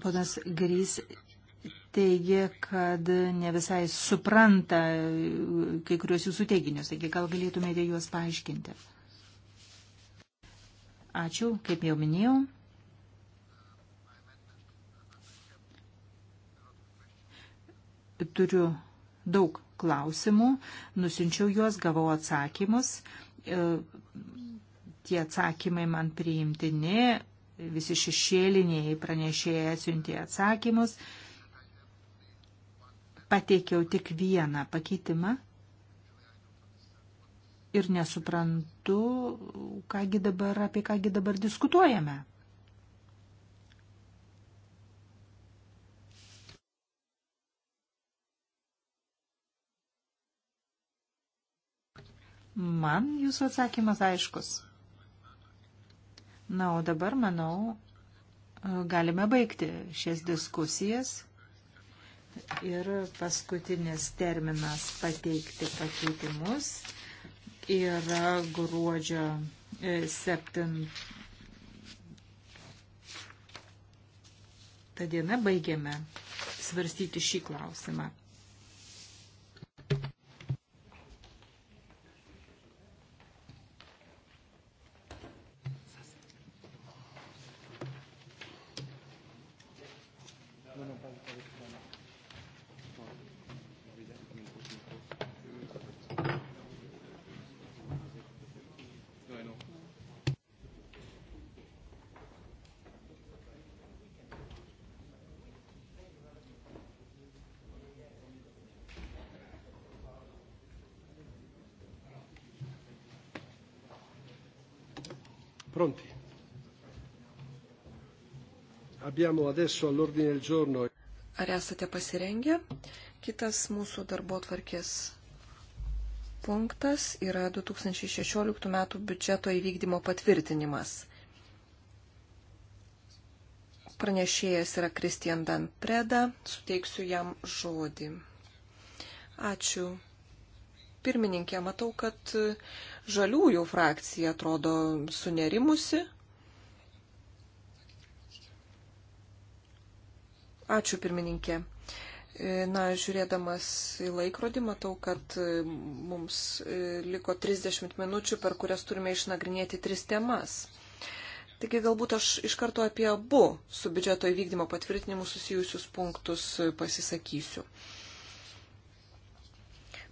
B: Ponas Grys teigia, kad ne visai supranta e, kai kurios jūsų teiginius, taigi gal galėtumėte juos paaiškinti. Ačiū, kaip jau minėjau. Turiu daug klausimų, nusinčiau juos, gavau atsakymus. E, tie atsakymai man priimtini, visi šešėliniai pranešėjai atsiuntė atsakymus. Pateikiau tik vieną pakeitimą ir nesuprantu, kągi dabar, apie kągi dabar diskutuojame. Man jūsų atsakymas aiškus. Na, o dabar, manau, e, galime baigti šias diskusijas. Ir paskutinis terminas pateikti pakeitimus yra gruodžio 7 e, Ta diena baigiame svarstyti šį klausimą.
A: Ar esate pasirengę? Kitas mūsų darbo tvarkės punktas yra 2016 m. biudžeto įvykdymo patvirtinimas. Pranešėjas yra Kristian Dan Preda, suteiksiu jam žodį. Ačiū. Pirmininkė, matau, kad žaliųjų frakcija atrodo sunerimusi. Ačiū pirmininkė. E, na, žiūrėdamas į laikrodį, matau, kad e, mums e, liko 30 minučių, per kurias turime išnagrinėti tris temas. Taigi galbūt aš iš karto apie abu su biudžeto įvykdymo patvirtinimu susijusius punktus pasisakysiu.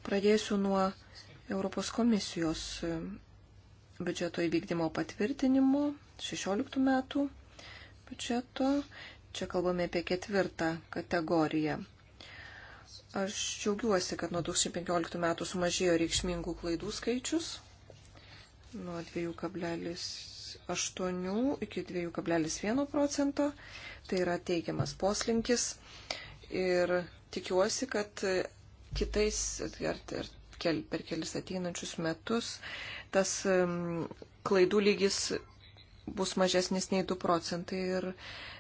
A: Pradėsiu nuo Europos komisijos biudžeto įvykdymo patvirtinimu 16 metų biudžeto. Čia kalbame apie ketvirtą kategoriją. Aš džiaugiuosi, kad nuo 2015 metų sumažėjo reikšmingų klaidų skaičius nuo 2,8 iki 2,1 procento. Tai yra teigiamas poslinkis. Ir tikiuosi, kad kitais ar, ar kel, per kelis ateinančius metus tas um, klaidų lygis bus mažesnis nei 2 procentai ir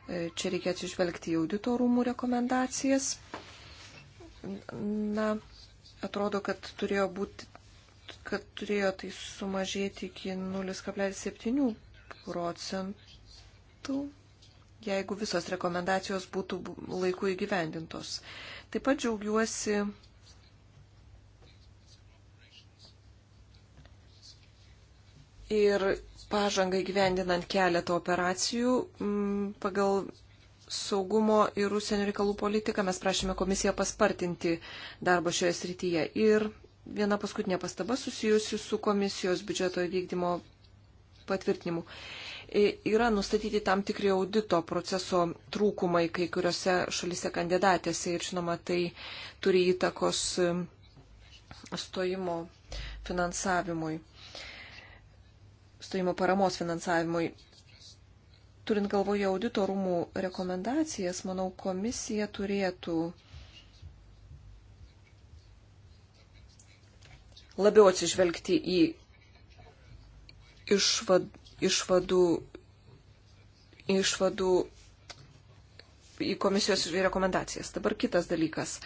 A: e, čia reikia atsižvelgti į auditorumų rekomendacijas. Na, atrodo, kad turėjo būti kad turėjo tai sumažėti iki 0,7 procentų, jeigu visos rekomendacijos būtų laiku įgyvendintos. Taip pat džiaugiuosi ir pažangą įgyvendinant keletą operacijų mm, pagal saugumo ir užsienio reikalų politiką. Mes prašėme komisiją paspartinti darbą šioje srityje. Ir viena paskutinė pastaba susijusi su komisijos biudžeto įvykdymo patvirtinimu. E, yra nustatyti tam tikri audito proceso trūkumai kai kuriuose šalise kandidatėse ir žinoma tai turi įtakos e, stojimo finansavimui stojimo paramos finansavimui. Turint galvoje audito rūmų rekomendacijas, manau, komisija turėtų labiau atsižvelgti į išvad, išvadų, išvadų į komisijos rekomendacijas. Dabar kitas dalykas.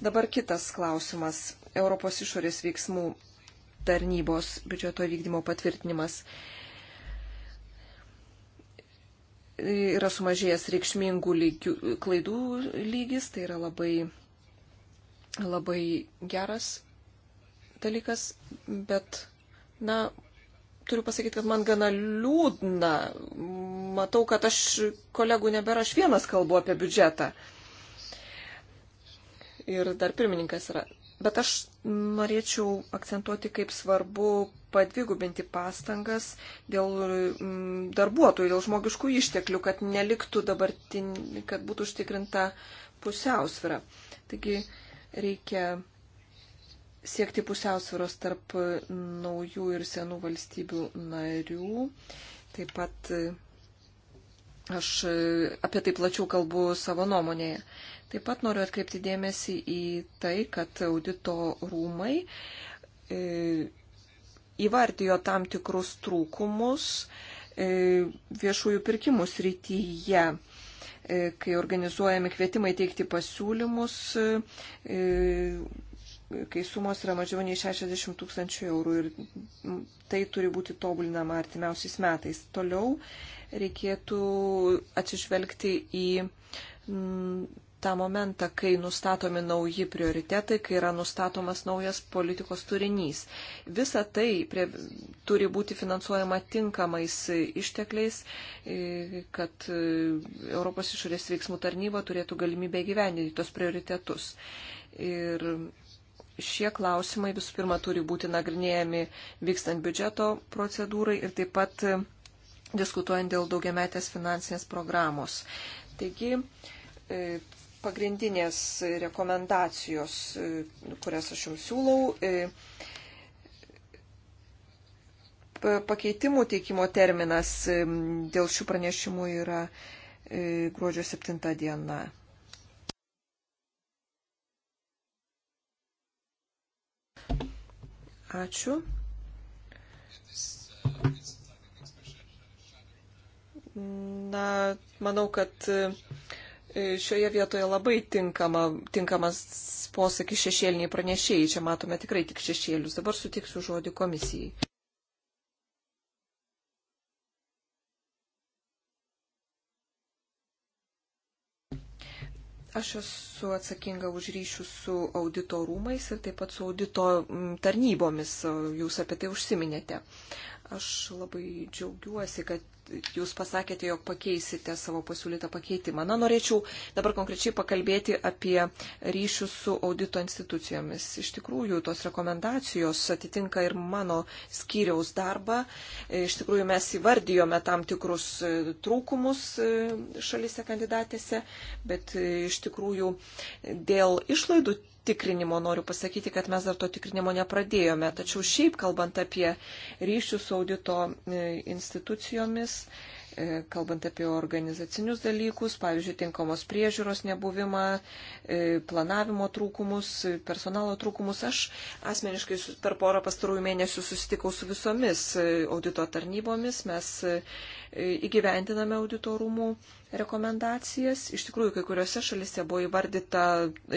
A: Dabar kitas klausimas. Europos išorės veiksmų tarnybos biudžeto vykdymo patvirtinimas yra sumažėjęs reikšmingų lygių, klaidų lygis, tai yra labai, labai geras dalykas, bet, na, turiu pasakyti, kad man gana liūdna. Matau, kad aš kolegų nebėra, aš vienas kalbu apie biudžetą. Uh, ir dar pirmininkas yra. Bet aš norėčiau akcentuoti, kaip svarbu padvigubinti pastangas dėl mm, darbuotojų, dėl žmogiškų išteklių, kad neliktų dabartin, kad būtų užtikrinta pusiausvyrą. Taigi reikia siekti pusiausvėros tarp naujų ir senų valstybių narių, taip pat Aš e, apie tai plačiau kalbu savo nuomonėje. Taip pat noriu atkreipti dėmesį į tai, kad audito rūmai e, įvardijo tam tikrus trūkumus e, viešųjų pirkimų srityje, kai organizuojami kvietimai teikti pasiūlymus, kai sumos yra mažiau nei 60 tūkstančių eurų ir tai turi būti tobulinama artimiausiais metais. Toliau reikėtų atsižvelgti į mm, tą momentą, kai nustatomi nauji prioritetai, kai yra nustatomas naujas politikos turinys. Visa tai prie, turi būti finansuojama tinkamais ištekliais, e, kad e, Europos išorės veiksmų tarnyba turėtų galimybę gyveninti tos prioritetus. Ir šie klausimai visų pirma turi būti nagrinėjami vykstant biudžeto procedūrai ir taip pat diskutuojant dėl daugiametės finansinės programos. Taigi, e, pagrindinės rekomendacijos, e, kurias aš jums siūlau, e, pakeitimų teikimo terminas dėl šių pranešimų yra gruodžio 7 diena. Ačiū. Na, manau, kad e, šioje vietoje labai tinkama, tinkamas posakis šešėliniai pranešėjai. Čia matome tikrai tik šešėlius. Dabar sutiksiu žodį komisijai. Aš esu atsakinga už ryšius su audito rūmais ir taip pat su audito tarnybomis. Jūs apie tai užsiminėte. Aš labai džiaugiuosi, kad jūs pasakėte, jog pakeisite savo pasiūlytą pakeitimą. Na, norėčiau dabar konkrečiai pakalbėti apie ryšius su audito institucijomis. Iš tikrųjų, tos rekomendacijos atitinka ir mano skyriaus darbą. Iš tikrųjų, mes įvardijome tam tikrus e, trūkumus e, šalise kandidatėse, bet e, iš tikrųjų dėl išlaidų tikrinimo. Noriu pasakyti, kad mes dar to tikrinimo nepradėjome. Tačiau šiaip kalbant apie ryšius su audito e, institucijomis, E, kalbant apie organizacinius dalykus, pavyzdžiui, tinkamos priežiūros nebuvimą, e, planavimo trūkumus, personalo trūkumus. Aš asmeniškai per porą pastarųjų mėnesių susitikau su visomis e, audito tarnybomis, mes įgyvendiname auditorumų rekomendacijas. Iš tikrųjų, kai kuriuose šalise buvo įvardyta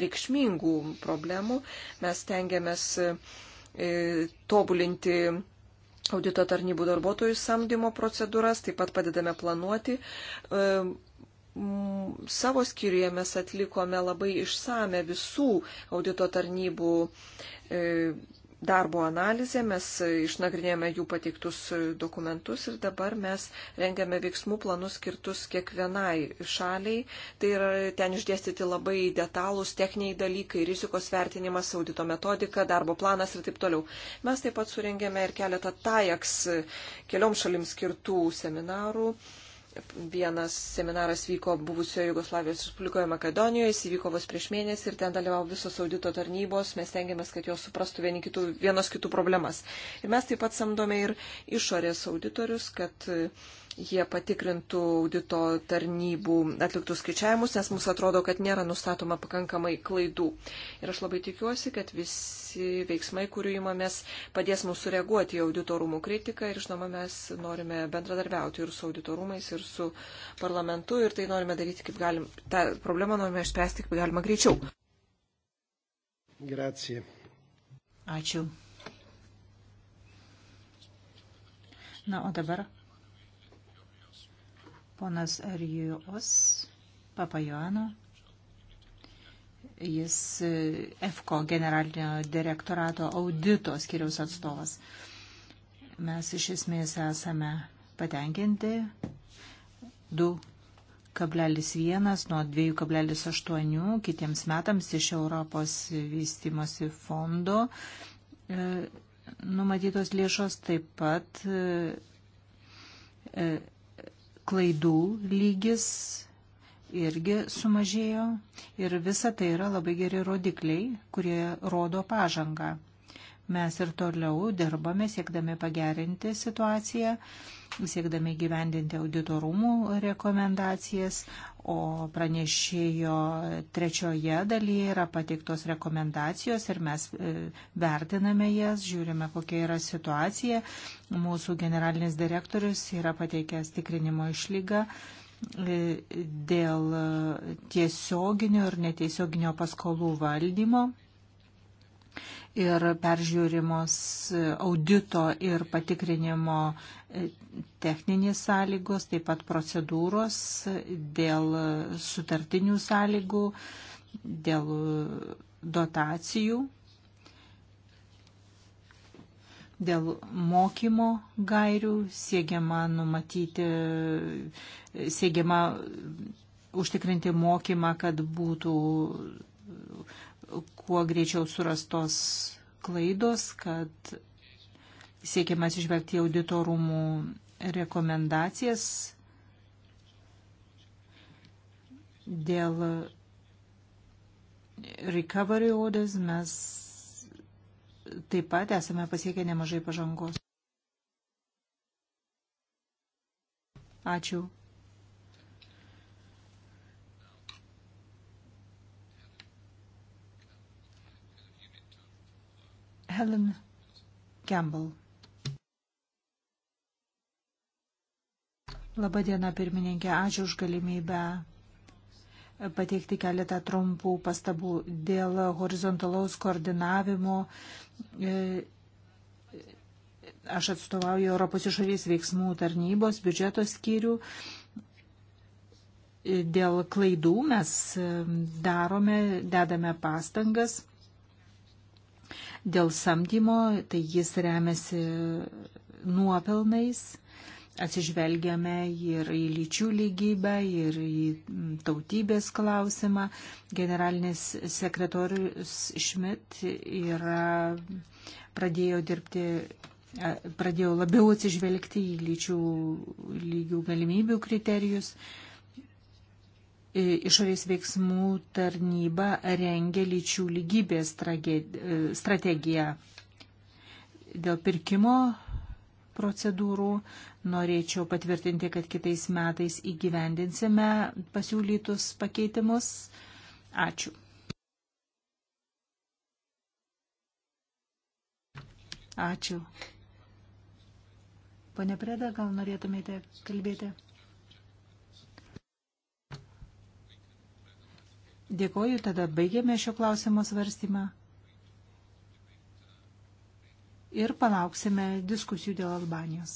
A: reikšmingų problemų. Mes tengiamės tobulinti audito tarnybų darbuotojų samdymo procedūras, taip pat padedame planuoti. E, savo skyriuje mes atlikome labai išsame visų audito tarnybų e, darbo analizė, mes išnagrinėjome jų pateiktus dokumentus ir dabar mes rengiame veiksmų planus skirtus kiekvienai šaliai. Tai yra ten išdėstyti labai detalūs techniniai dalykai, rizikos vertinimas, audito metodika, darbo planas ir taip toliau. Mes taip pat surengėme ir keletą TAJAX keliom šalim skirtų seminarų. Vienas seminaras vyko buvusioje Jugoslavijos Respublikoje Makedonijoje, jis įvyko vos prieš mėnesį ir ten dalyvavo visos audito tarnybos, mes tengiamės, kad jos suprastų vieni kitų, vienos kitų problemas. Ir mes taip pat samdome ir išorės auditorius, kad uh, jie patikrintų audito tarnybų atliktus skaičiavimus, nes mums atrodo, kad nėra nustatoma pakankamai klaidų. Ir aš labai tikiuosi, kad visi veiksmai, kurių įmamės, padės mums sureaguoti į auditorumų kritiką ir, žinoma, mes norime bendradarbiauti ir su auditorumais, ir su parlamentu ir tai norime daryti, kaip galim, tą problemą norime išspręsti, kaip galima greičiau. Grazie.
B: Ačiū. Na, o dabar ponas Arijos Papajoano. Jis EFKO generalinio direktorato audito skiriaus atstovas. Mes iš esmės esame patenkinti 2,1 nuo 2,8 kitiems metams iš Europos vystimosi fondo e, numatytos lėšos taip pat e, e, klaidų lygis irgi sumažėjo ir visa tai yra labai geri rodikliai, kurie rodo pažangą. Mes ir toliau dirbame siekdami pagerinti situaciją, siekdami gyvendinti auditorumų rekomendacijas, o pranešėjo trečioje dalyje yra pateiktos rekomendacijos ir mes e, vertiname jas, žiūrime, kokia yra situacija. Mūsų generalinis direktorius yra pateikęs tikrinimo išlygą e, dėl tiesioginio ir netiesioginio paskolų valdymo ir peržiūrimos audito ir patikrinimo e, techninės sąlygos, taip pat procedūros dėl sutartinių sąlygų, dėl dotacijų, dėl mokymo gairių siekiama numatyti, siekiama užtikrinti mokymą, kad būtų kuo greičiau surastos klaidos, kad siekiama atsižvelgti auditorumų rekomendacijas dėl recovery orders mes taip pat esame pasiekę nemažai pažangos. Ačiū. Helen Campbell. Labadiena, pirmininkė, ačiū už galimybę pateikti keletą trumpų pastabų dėl horizontalaus koordinavimo. E, aš atstovauju Europos išorės veiksmų tarnybos biudžeto skyrių. Dėl klaidų mes e, darome, dedame pastangas Dėl samdymo, tai jis remiasi nuopelnais, atsižvelgiame ir į lyčių lygybę, ir į tautybės klausimą. Generalinis sekretorius Šmit yra, pradėjo dirbti pradėjau labiau atsižvelgti į lyčių lygių galimybių kriterijus. Uh, išorės veiksmų tarnyba rengia lyčių lygybės e, strategiją. Dėl pirkimo procedūrų norėčiau patvirtinti, kad kitais metais įgyvendinsime pasiūlytus pakeitimus. Ačiū. Ačiū. Pane Preda, gal norėtumėte kalbėti? Dėkoju, tada baigėme šio klausimo svarstymą ir palauksime diskusijų dėl Albanijos.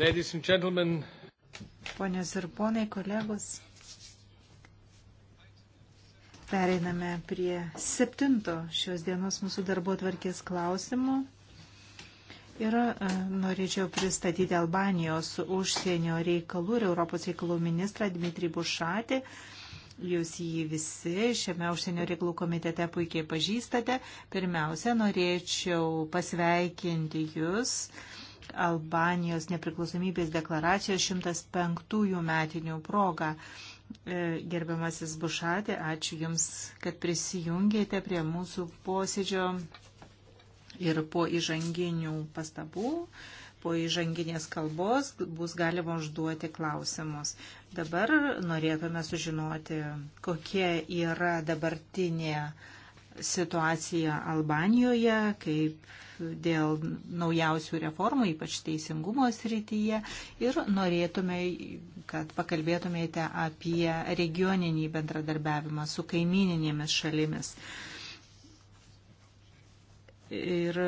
A: Ladies and gentlemen.
B: Ponios ir ponai, kolegos. Pereiname prie septinto šios dienos mūsų darbo tvarkės klausimų. Ir e, norėčiau pristatyti Albanijos užsienio reikalų ir Europos reikalų ministrą Dmitrį Bušatį. Jūs jį visi šiame užsienio reikalų komitete puikiai pažįstate. Pirmiausia, norėčiau pasveikinti Jūs Albanijos nepriklausomybės deklaracijos 105 metinių progą. E, gerbiamasis Bušatė, ačiū Jums, kad prisijungėte prie mūsų posėdžio ir po įžanginių pastabų, po įžanginės kalbos bus galima užduoti klausimus. Dabar norėtume sužinoti, kokia yra dabartinė uh, situaciją Albanijoje, kaip dėl naujausių reformų, ypač teisingumo srityje. Ir norėtume, kad pakalbėtumėte apie regioninį bendradarbiavimą su kaimininėmis šalimis. Ir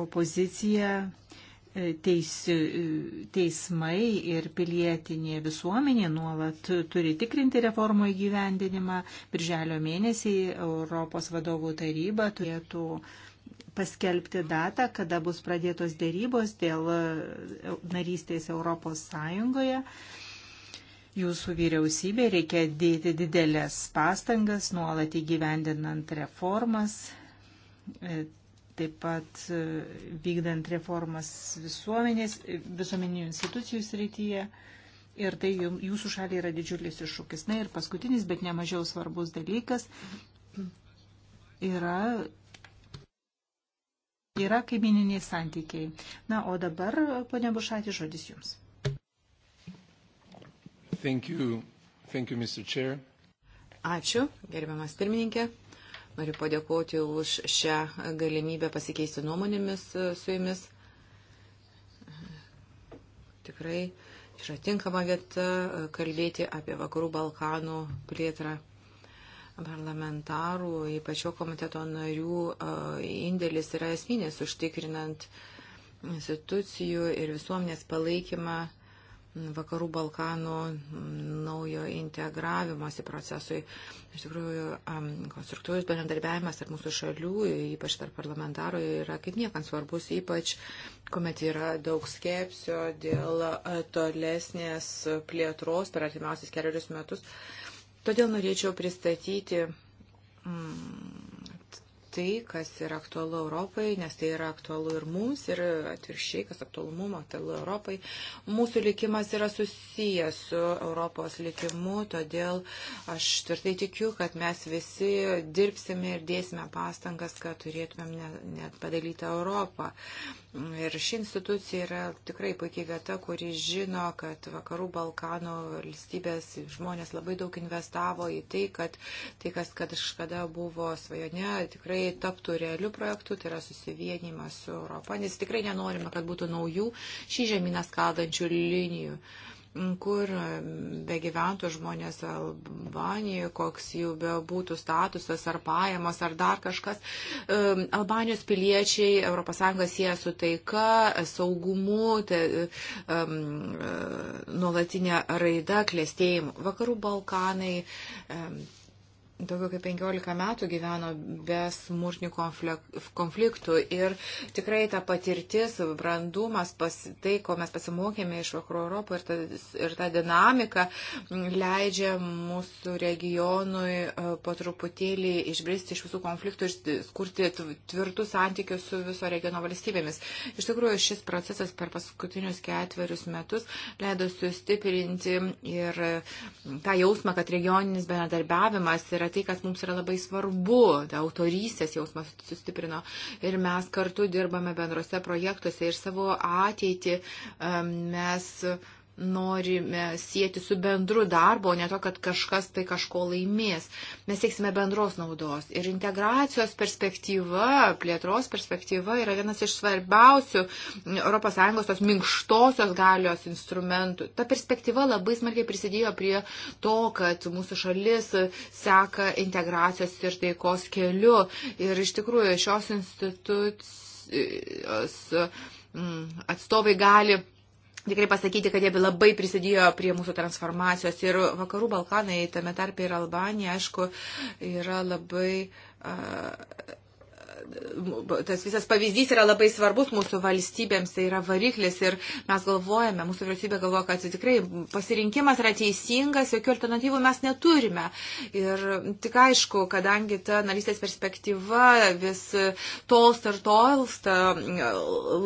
B: opozicija teisi, teismai ir pilietinė visuomenė nuolat turi tikrinti reformų įgyvendinimą. Birželio mėnesį Europos vadovų taryba turėtų paskelbti datą, kada bus pradėtos dėrybos dėl narystės Europos Sąjungoje. Jūsų vyriausybė reikia dėti didelės pastangas, nuolat įgyvendinant reformas taip pat e, vykdant reformas visuomenės, e, visuomeninių institucijų srityje. Ir tai jūsų šaliai yra didžiulis iššūkis. Na ir paskutinis, bet nemažiau svarbus dalykas yra, yra kaimininiai santykiai. Na, o dabar, ponia Bušatė, žodis jums. Thank you. Thank you,
C: Ačiū, gerbiamas pirmininkė. Noriu padėkoti už šią galimybę pasikeisti nuomonėmis e, su jumis. Tikrai yra tinkama vieta e, kalbėti apie Vakarų Balkanų plėtrą parlamentarų, ypač jo komiteto narių e, indėlis yra esminis užtikrinant institucijų ir visuomenės palaikymą vakarų Balkanų mm, naujo integravimosi procesui. Iš tikrųjų, konstruktyvus bendradarbiavimas tarp mūsų šalių, ypač tarp parlamentarų, yra kaip niekant svarbus, ypač kuomet yra daug skepsio dėl tolesnės plėtros per artimiausius keliarius metus. Todėl norėčiau pristatyti mm, tai, kas yra aktualu Europai, nes tai yra aktualu ir mums, ir atviršiai, kas aktualu mum, aktualu Europai. Mūsų likimas yra susijęs su Europos likimu, todėl aš tvirtai tikiu, kad mes visi dirbsime ir dėsime pastangas, kad turėtumėm net padalytą Europą. Ir ši institucija yra tikrai puikiai vieta, kuri žino, kad vakarų Balkanų valstybės žmonės labai daug investavo į tai, kad tai, kas kažkada buvo svajone, tikrai tikrai taptų realiu projektu, tai yra susivienimas su Europa, nes tikrai nenorime, kad būtų naujų šį žemyną skaldančių linijų kur be gyventų žmonės Albanijoje, koks jų be būtų statusas ar pajamos ar dar kažkas. Albanijos piliečiai ES sieja su taika, saugumu, te, um, nuolatinė raida, klėstėjimu. Vakarų Balkanai um, daugiau kaip 15 metų gyveno be smurtinių konfliktų ir tikrai ta patirtis, brandumas, pas, tai, ko mes pasimokėme iš vakarų Europų ir ta, ir ta dinamika leidžia mūsų regionui e, po truputėlį išbristi iš visų konfliktų ir skurti tvirtus santykius su viso regiono valstybėmis. Iš tikrųjų, šis procesas per paskutinius ketverius metus leido sustiprinti ir tą jausmą, kad regioninis bendradarbiavimas yra yra tai, kas mums yra labai svarbu, ta autorystės jausmas sustiprino ir mes kartu dirbame bendrose projektuose ir savo ateitį mes norime sieti su bendru darbu, o ne to, kad kažkas tai kažko laimės. Mes sieksime bendros naudos. Ir integracijos perspektyva, plėtros perspektyva yra vienas iš svarbiausių ES tos minkštosios galios instrumentų. Ta perspektyva labai smarkiai prisidėjo prie to, kad mūsų šalis seka integracijos ir taikos keliu. Ir iš tikrųjų šios institucijos mm, atstovai gali tikrai pasakyti, kad jie labai prisidėjo prie mūsų transformacijos ir vakarų Balkanai, tame tarpe ir Albanija, aišku, yra labai uh, tas visas pavyzdys yra labai svarbus mūsų valstybėms, tai yra variklis ir mes galvojame, mūsų vyriausybė galvoja, kad tikrai pasirinkimas yra teisingas, jokių alternatyvų mes neturime. Ir tik aišku, kadangi ta narystės perspektyva vis tolsta ir tolsta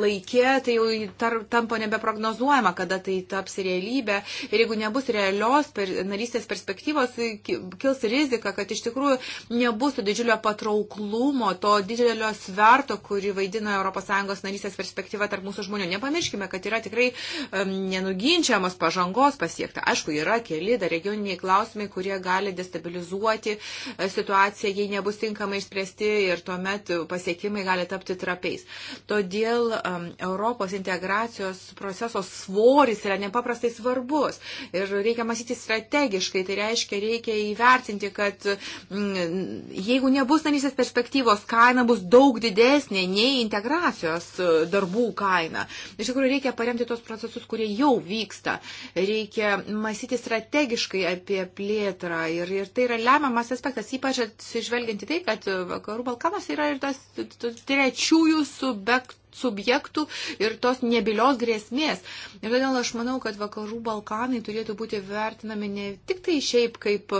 C: laikė, tai jau tar, tampa nebeprognozuojama, kada tai taps realybė. Ir jeigu nebus realios per, narystės perspektyvos, kils rizika, kad iš tikrųjų nebus to didžiulio patrauklumo, to didžiulio didelio sverto, kurį vaidina ES narysės perspektyva tarp mūsų žmonių. Nepamirškime, kad yra tikrai um, nenuginčiamas pažangos pasiekta. Aišku, yra keli dar regioniniai klausimai, kurie gali destabilizuoti e, situaciją, jei nebus tinkamai išspręsti ir tuomet pasiekimai gali tapti trapiais. Todėl um, Europos integracijos proceso svoris yra nepaprastai svarbus ir reikia mąstyti strategiškai. Tai reiškia, reikia įvertinti, kad mm, jeigu nebus narysės perspektyvos, kaina bus daug didesnė nei integracijos e, darbų kaina. Iš tikrųjų, reikia paremti tos procesus, kurie jau vyksta. Reikia mąstyti strategiškai apie plėtrą ir, ir tai yra lemiamas aspektas, ypač atsižvelgianti tai, kad e, Vakarų Balkanas yra ir tas trečiųjų subjektų subjektų ir tos nebilios grėsmės. Ir todėl aš manau, kad vakarų Balkanai turėtų būti vertinami ne tik tai šiaip kaip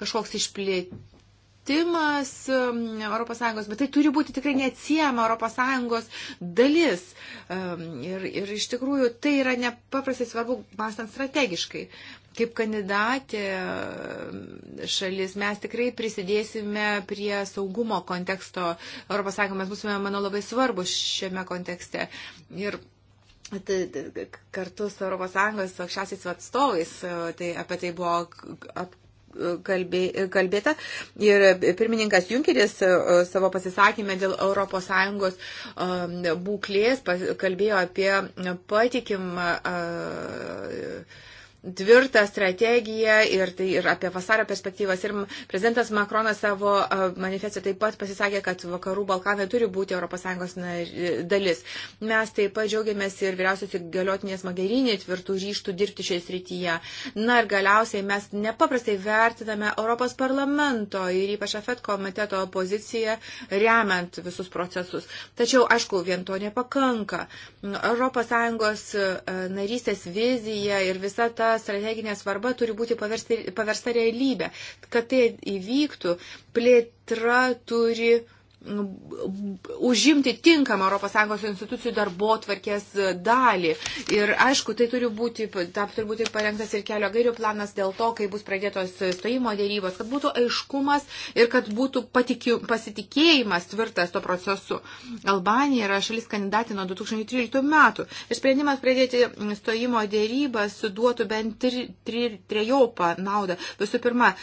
C: kažkoks išplėtimas, plėtimas ES, bet tai turi būti tikrai neatsiema ES dalis. Ir, ir iš tikrųjų tai yra nepaprastai svarbu, mąstant strategiškai. Kaip kandidatė šalis mes tikrai prisidėsime prie saugumo konteksto ES, mes būsime, manau, labai svarbus šiame kontekste. Ir kartu su ES aukščiausiais atstovais, tai apie tai buvo kalbėta. Ir pirmininkas Junkeris e, savo pasisakymę dėl ES um, būklės kalbėjo apie patikimą e, tvirtą strategiją ir, tai, ir apie vasario perspektyvas. Ir prezidentas Makronas savo manifestą taip pat pasisakė, kad vakarų Balkanai turi būti ES dalis. Mes taip pat džiaugiamės ir vyriausios įgaliotinės Magerinė tvirtų ryštų dirbti šioje srityje. Na ir galiausiai mes nepaprastai vertiname Europos parlamento ir ypač AFET komiteto poziciją remiant visus procesus. Tačiau, aišku, vien to nepakanka. ES narystės vizija ir visa ta ta strateginė svarba turi būti paversti, paversta realybė. Kad tai įvyktų, plėtra turi Nu, užimti tinkamą ES institucijų darbo tvarkės dalį. Ir aišku, tai turi būti, tam turi būti parengtas ir kelio gairių planas dėl to, kai bus pradėtos stojimo dėrybos, kad būtų aiškumas ir kad būtų patikiu, pasitikėjimas tvirtas to procesu. Albanija yra šalis kandidatė nuo 2013 metų. Ir sprendimas pradėti stojimo dėrybas duotų bent tri, tri, trejopą naudą. Visų pirma,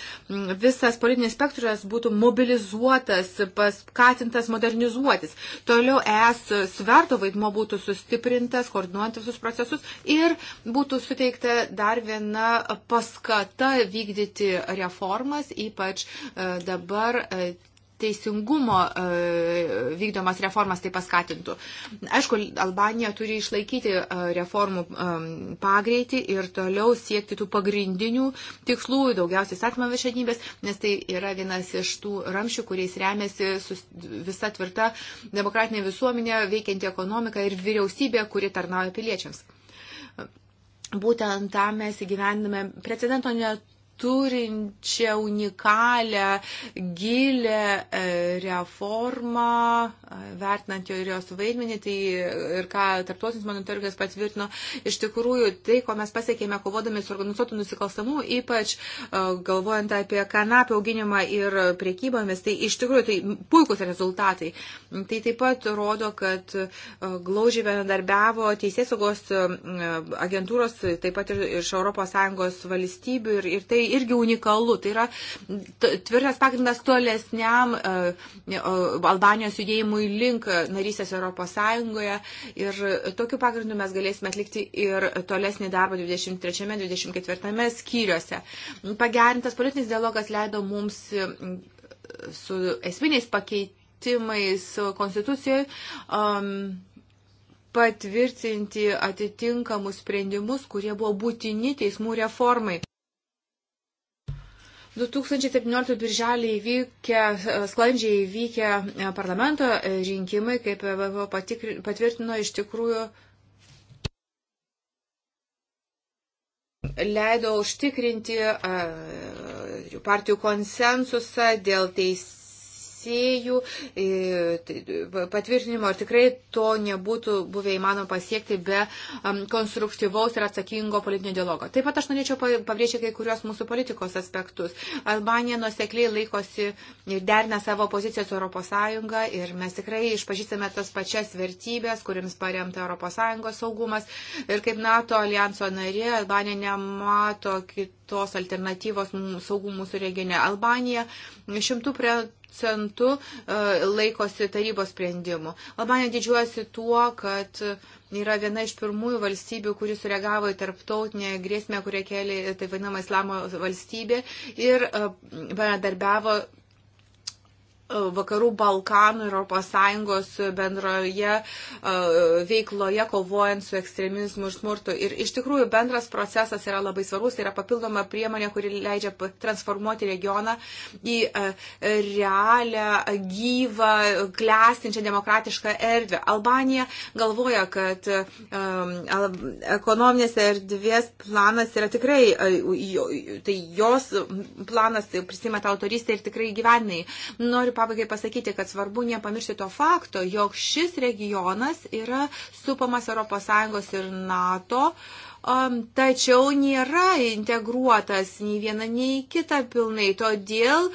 C: visas politinis spektras būtų mobilizuotas pas ką paskatintas modernizuotis. Toliau ES sverto vaidmo būtų sustiprintas, koordinuojant visus procesus ir būtų suteikta dar viena paskata vykdyti reformas, ypač e, dabar e, teisingumo e, vykdomas reformas tai paskatintų. Aišku, Albanija turi išlaikyti e, reformų e, pagreitį ir toliau siekti tų pagrindinių tikslų, daugiausiai sakymą viršenybės, nes tai yra vienas iš tų ramšių, kuriais remiasi visa tvirta demokratinė visuomenė, veikianti ekonomika ir vyriausybė, kuri tarnauja piliečiams. Būtent tą mes įgyvendame. Precedento net turinčią unikalią, gilę e, reformą, e, vertinant jo ir jos vaidmenį, tai ir ką tarptautinis monitoringas patvirtino, iš tikrųjų tai, ko mes pasiekėme kovodami su organizuotų nusikalstamų, ypač e, galvojant apie kanapio auginimą ir priekybomis, tai iš tikrųjų tai puikus rezultatai. Tai taip pat rodo, kad glaužiai bendarbiavo teisėsaugos agentūros, taip pat ir iš ES valstybių ir, ir tai tai irgi unikalu. Tai yra tvirtas pagrindas tolesniam e, e, Albanijos judėjimui link narysės Europos Sąjungoje. Ir tokiu pagrindu mes galėsime atlikti ir tolesnį darbą 23-24 skyriuose. Pagerintas politinis dialogas leido mums e, su esminiais pakeitimais konstitucijoje. Um, patvirtinti atitinkamus sprendimus, kurie buvo būtini teismų reformai. 2017 birželį įvykę, e, sklandžiai įvykę e, parlamento e, rinkimai, kaip patvirtino iš tikrųjų, leido užtikrinti partijų konsensusą dėl teis, teisėjų e, patvirtinimo ir tikrai to nebūtų buvę įmanoma pasiekti be konstruktyvaus ir atsakingo politinio dialogo. Taip pat aš norėčiau pabrėžti kai kuriuos mūsų politikos aspektus. Albanija nusekliai laikosi ir derina savo poziciją su ES ir mes tikrai išpažįstame tas pačias vertybės, kuriams paremta ES saugumas ir kaip NATO alijanso narė Albanija nemato kitų tos alternatyvos saugų mūsų regione. Albanija šimtų procentų e, laikosi tarybos sprendimų. Albanija didžiuojasi tuo, kad yra viena iš pirmųjų valstybių, kuri sureagavo į tarptautinę grėsmę, kurią kelia tai vadinama Islamo valstybė ir e, bendradarbiavo Vakarų Balkanų ir ES bendroje e, veikloje kovojant su ekstremizmu ir smurtu. Ir iš tikrųjų bendras procesas yra labai svarbus, tai yra papildoma priemonė, kuri leidžia transformuoti regioną į e, realią, gyvą, klestinčią demokratišką erdvę. Albanija galvoja, kad e, ekonominės erdvės planas yra tikrai, tai jos planas tai prisimeta autoristė ir tikrai gyvenai. Noriu pabaigai pasakyti, kad svarbu nepamiršti to fakto, jog šis regionas yra supamas ES ir NATO uh, tačiau nėra integruotas nei viena, nei kita pilnai. Todėl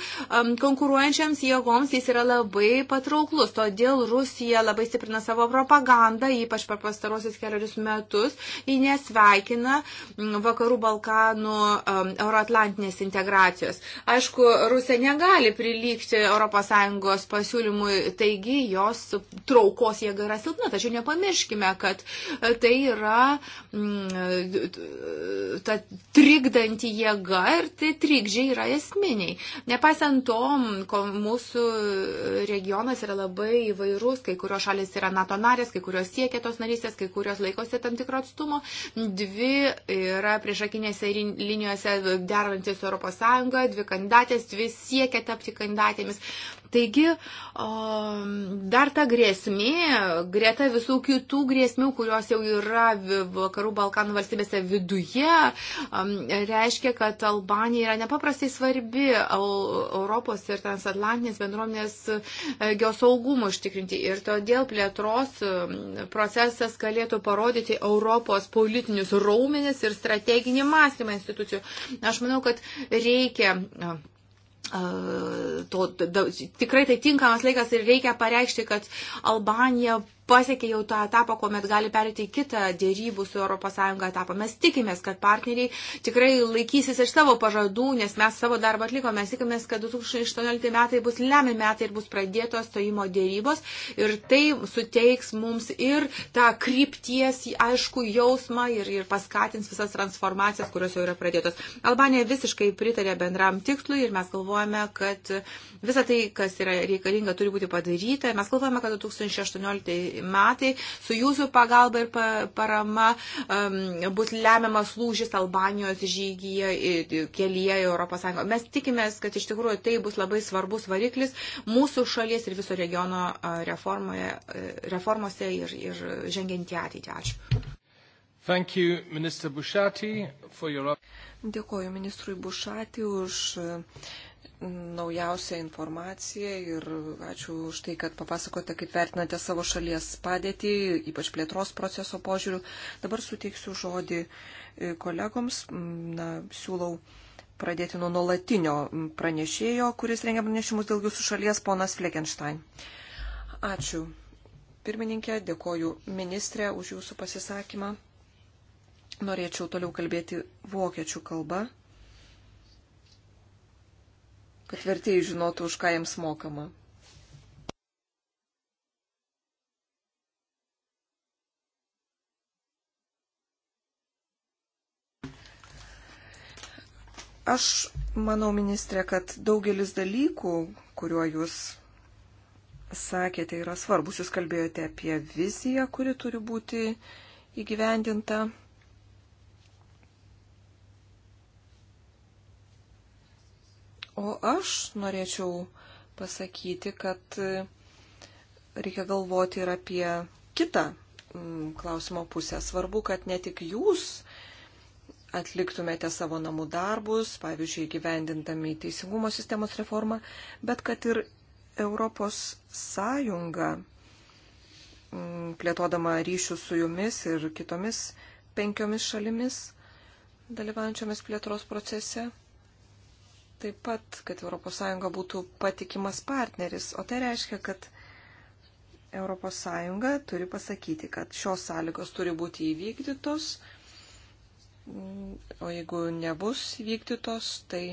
C: konkuruojančiams jėgoms jis yra labai patrauklus. Todėl Rusija labai stiprina savo propagandą, ypač per pastarosius keliarius metus. Ji nesveikina vakarų Balkanų euroatlantinės integracijos. Aišku, Rusija negali prilygti ES pasiūlymui, taigi jos traukos jėga yra silpna. Tačiau nepamirškime, kad tai yra. Mm, ta trikdanti jėga ir tai trikdžiai yra esminiai. Nepaisant to, mūsų regionas yra labai įvairus, kai kurios šalis yra NATO narės, kai kurios siekia tos narystės, kai kurios laikosi tam tikro atstumo, dvi yra priešakinėse linijose derantis Europos Sąjungoje, dvi kandidatės, dvi siekia tapti kandidatėmis. Taigi, dar ta grėsmė, greta visų kitų grėsmių, kurios jau yra vakarų Balkanų valstybėse viduje, reiškia, kad Albanija yra nepaprastai svarbi Europos ir transatlantinės bendruomenės e, geosaugumų ištikrinti. Ir todėl plėtros e, procesas galėtų parodyti Europos politinius raumenis ir strateginį mąstymą institucijų. Aš manau, kad reikia to, da, tikrai tai tinkamas laikas ir reikia pareikšti, kad Albanija pasiekė jau tą etapą, kuomet gali perėti į kitą dėrybų su ES etapą. Mes tikimės, kad partneriai tikrai laikysis iš savo pažadų, nes mes savo darbą atlikome. Mes tikimės, kad 2018 metai bus lemi metai ir bus pradėtos stojimo dėrybos. Ir tai suteiks mums ir tą krypties aišku jausmą ir, ir paskatins visas transformacijas, kurios jau yra pradėtos. Albanija visiškai pritarė bendram tikslui ir mes galvojame, kad visa tai, kas yra reikalinga, turi būti padaryta. Mes galvojame, kad 2018 metai. Su jūsų pagalba ir parama um, bus lemiamas lūžis Albanijos žygyje, kelyje į ES. Mes tikimės, kad iš tikrųjų tai bus labai svarbus variklis mūsų šalies ir viso regiono reformoje, e, reformose ir, ir
A: žengiant į ateitį. Ačiū. Thank you, Minister Bushati, for your... Dėkoju ministrui Bušati už uh, naujausią informaciją ir ačiū už tai, kad papasakote, kaip vertinate savo šalies padėtį, ypač plėtros proceso požiūrių. Dabar suteiksiu žodį e, kolegoms. Na, siūlau pradėti nuo nuolatinio pranešėjo, kuris rengia pranešimus dėl jūsų šalies, ponas Fleckenstein. Ačiū. Pirmininkė, dėkoju ministrė už jūsų pasisakymą. Norėčiau toliau kalbėti vokiečių kalba kad vertėjai žinotų, už ką jiems mokama. Aš manau, ministrė, kad daugelis dalykų, kuriuo jūs sakėte, yra svarbus. Jūs kalbėjote apie viziją, kuri turi būti įgyvendinta. O aš norėčiau pasakyti, kad e, reikia galvoti ir apie kitą klausimo pusę. Svarbu, kad ne tik jūs atliktumėte savo namų darbus, pavyzdžiui, gyvendindami teisingumo sistemos reformą, bet kad ir Europos Sąjunga, plėtodama ryšius su jumis ir kitomis penkiomis šalimis dalyvaujančiomis plėtros procese, taip pat, kad ES būtų patikimas partneris, o tai reiškia, kad ES turi pasakyti, kad šios sąlygos turi būti įvykdytos, o jeigu nebus įvykdytos, tai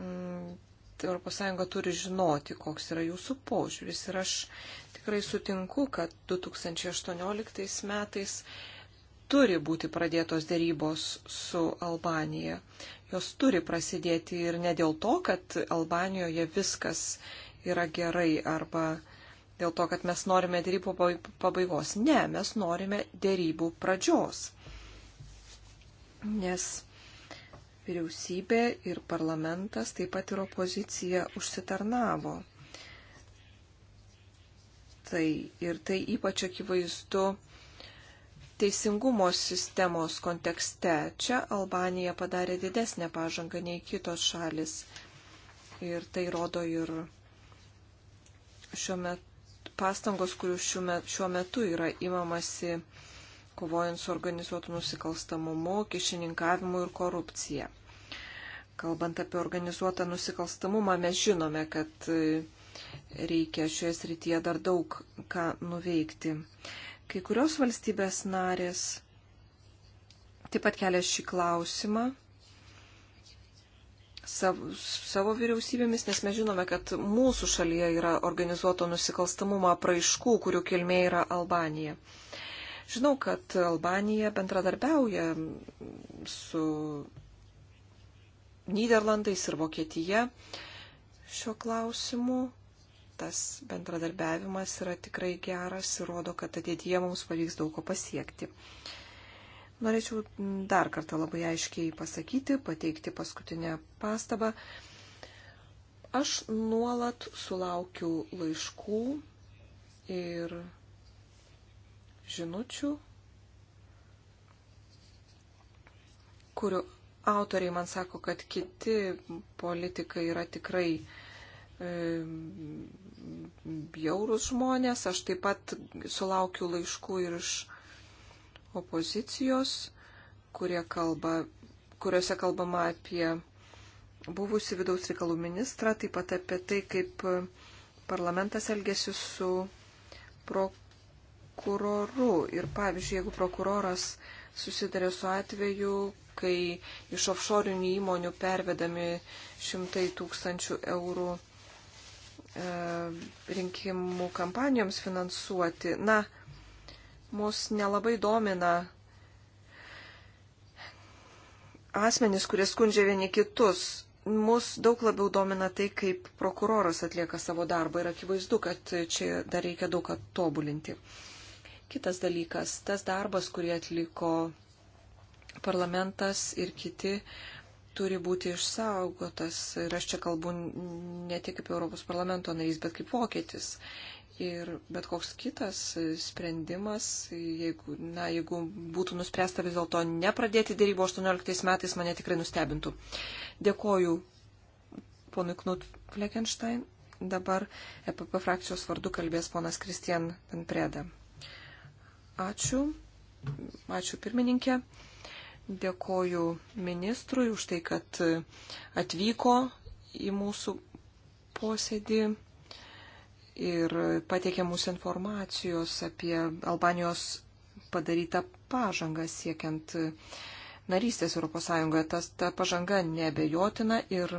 A: mm, tai ES turi žinoti, koks yra jūsų požiūris. Ir aš tikrai sutinku, kad 2018 metais turi būti pradėtos dėrybos su Albanija. Jos turi prasidėti ir ne dėl to, kad Albanijoje viskas yra gerai arba dėl to, kad mes norime dėrybų pabaigos. Ne, mes norime dėrybų pradžios. Nes vyriausybė ir parlamentas, taip pat ir opozicija užsitarnavo. Tai ir tai ypač akivaizdu teisingumo sistemos kontekste. Čia Albanija padarė didesnę pažangą nei kitos šalis. Ir tai rodo ir šiuo metu pastangos, kurių šiuo metu yra imamasi kovojant su organizuotu nusikalstamumu, kišininkavimu ir korupcija. Kalbant apie organizuotą nusikalstamumą, mes žinome, kad reikia šioje srityje dar daug ką nuveikti. Kai kurios valstybės narės taip pat kelia šį klausimą savo, savo vyriausybėmis, nes mes žinome, kad mūsų šalyje yra organizuoto nusikalstamumo praaiškų, kurių kilmė yra Albanija. Žinau, kad Albanija bendradarbiauja su Niderlandais ir Vokietija šiuo klausimu tas bendradarbiavimas yra tikrai geras ir rodo, kad ateityje mums pavyks daug ko pasiekti. Norėčiau dar kartą labai aiškiai pasakyti, pateikti paskutinę pastabą. Aš nuolat sulaukiu laiškų ir žinučių, kurių autoriai man sako, kad kiti politikai yra tikrai e, bjaurus žmonės. Aš taip pat sulaukiu laiškų ir iš opozicijos, kalba, kuriuose kalbama apie buvusi vidaus reikalų ministrą, taip pat apie tai, kaip parlamentas elgesi su prokuroru. Ir pavyzdžiui, jeigu prokuroras susidarė su atveju, kai iš offshore įmonių pervedami šimtai tūkstančių eurų E, rinkimų kampanijoms finansuoti. Na, mus nelabai domina asmenys, kurie skundžia vieni kitus. Mus daug labiau domina tai, kaip prokuroras atlieka savo darbą ir akivaizdu, kad čia dar reikia daug ką tobulinti. Kitas dalykas, tas darbas, kurį atliko parlamentas ir kiti uh, turi būti išsaugotas. Ir aš čia kalbu ne tik kaip Europos parlamento narys, bet kaip vokietis. Ir bet koks kitas sprendimas, jeigu, na, jeigu būtų nuspręsta vis dėlto nepradėti dėrybų 18 metais, mane tikrai nustebintų. Dėkoju ponui Knut Fleckenstein. Dabar EPP frakcijos vardu kalbės ponas Kristian Penpreda. Ačiū. Ačiū pirmininkė. Dėkoju ministrui už tai, kad atvyko į mūsų posėdį ir pateikė mūsų informacijos apie Albanijos padarytą pažangą siekiant narystės ES. Tas ta pažanga nebejotina ir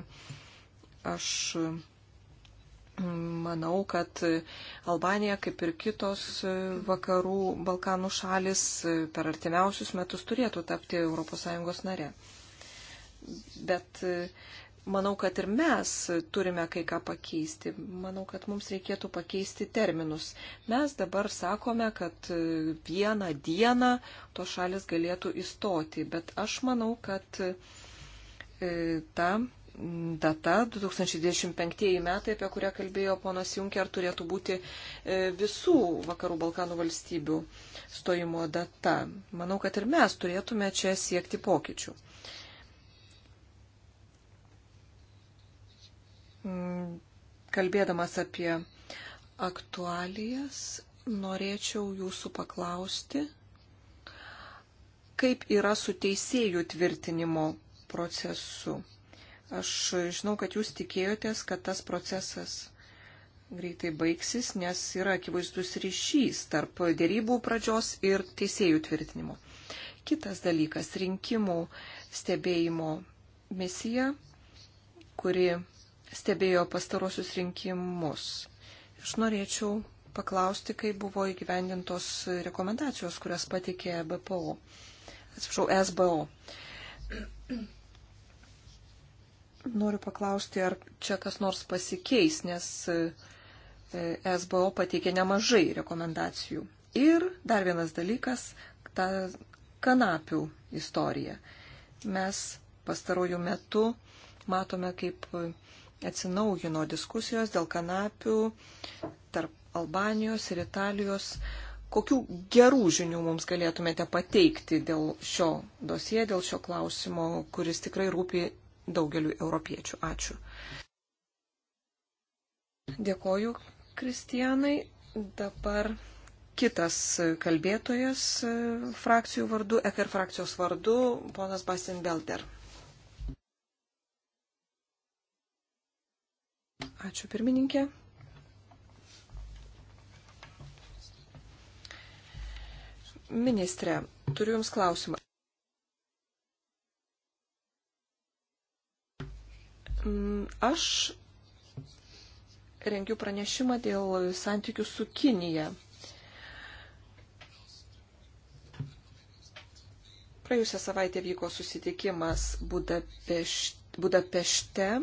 A: aš Manau, kad Albanija, kaip ir kitos vakarų Balkanų šalis, per artimiausius metus turėtų tapti ES nare. Bet manau, kad ir mes turime kai ką pakeisti. Manau, kad mums reikėtų pakeisti terminus. Mes dabar sakome, kad vieną dieną to šalis galėtų įstoti, bet aš manau, kad e, ta data, 2025 metai, apie kurią kalbėjo ponas Junker, turėtų būti e, visų Vakarų Balkanų valstybių stojimo data. Manau, kad ir mes turėtume čia siekti pokyčių. Mm, kalbėdamas apie aktualijas, norėčiau jūsų paklausti, kaip yra su teisėjų tvirtinimo procesu. Aš žinau, kad jūs tikėjotės, kad tas procesas greitai baigsis, nes yra akivaizdus ryšys tarp dėrybų pradžios ir teisėjų tvirtinimo. Kitas dalykas - rinkimų stebėjimo misija, kuri stebėjo pastarosius rinkimus. Aš norėčiau paklausti, kaip buvo įgyvendintos rekomendacijos, kurias patikė BPO. Atsiprašau, SBO. Noriu paklausti, ar čia kas nors pasikeis, nes e, SBO pateikė nemažai rekomendacijų. Ir dar vienas dalykas - ta kanapių istorija. Mes pastarojų metų matome, kaip atsinaujino diskusijos dėl kanapių tarp Albanijos ir Italijos. Kokių gerų žinių mums galėtumėte pateikti dėl šio dosie, dėl šio klausimo, kuris tikrai rūpi daugeliu europiečių. Ačiū. Dėkoju, Kristijanai. Dabar kitas kalbėtojas e, frakcijų vardu, EKR frakcijos vardu, ponas Basin Belder. Ačiū pirmininkė. Ministrė, turiu Jums klausimą. Mm, aš rengiu pranešimą dėl santykių su Kinija. Praėjusią savaitę vyko susitikimas Budapešt, Budapešte. E,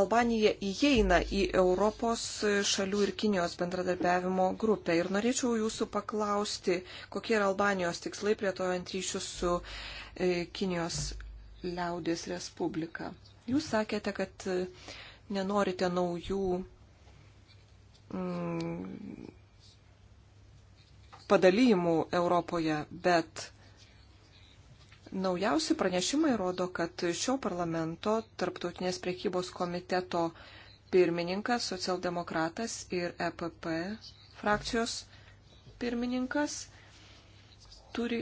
A: Albanija įeina į Europos šalių ir Kinijos bendradarbiavimo grupę. Ir norėčiau jūsų paklausti, kokie yra Albanijos tikslai plėtojant ryšius su e, Kinijos liaudės Respublika. Jūs sakėte, kad e, nenorite naujų mm, padalymų Europoje, bet naujausi pranešimai rodo, kad šio parlamento tarptautinės priekybos komiteto pirmininkas, socialdemokratas ir EPP frakcijos pirmininkas turi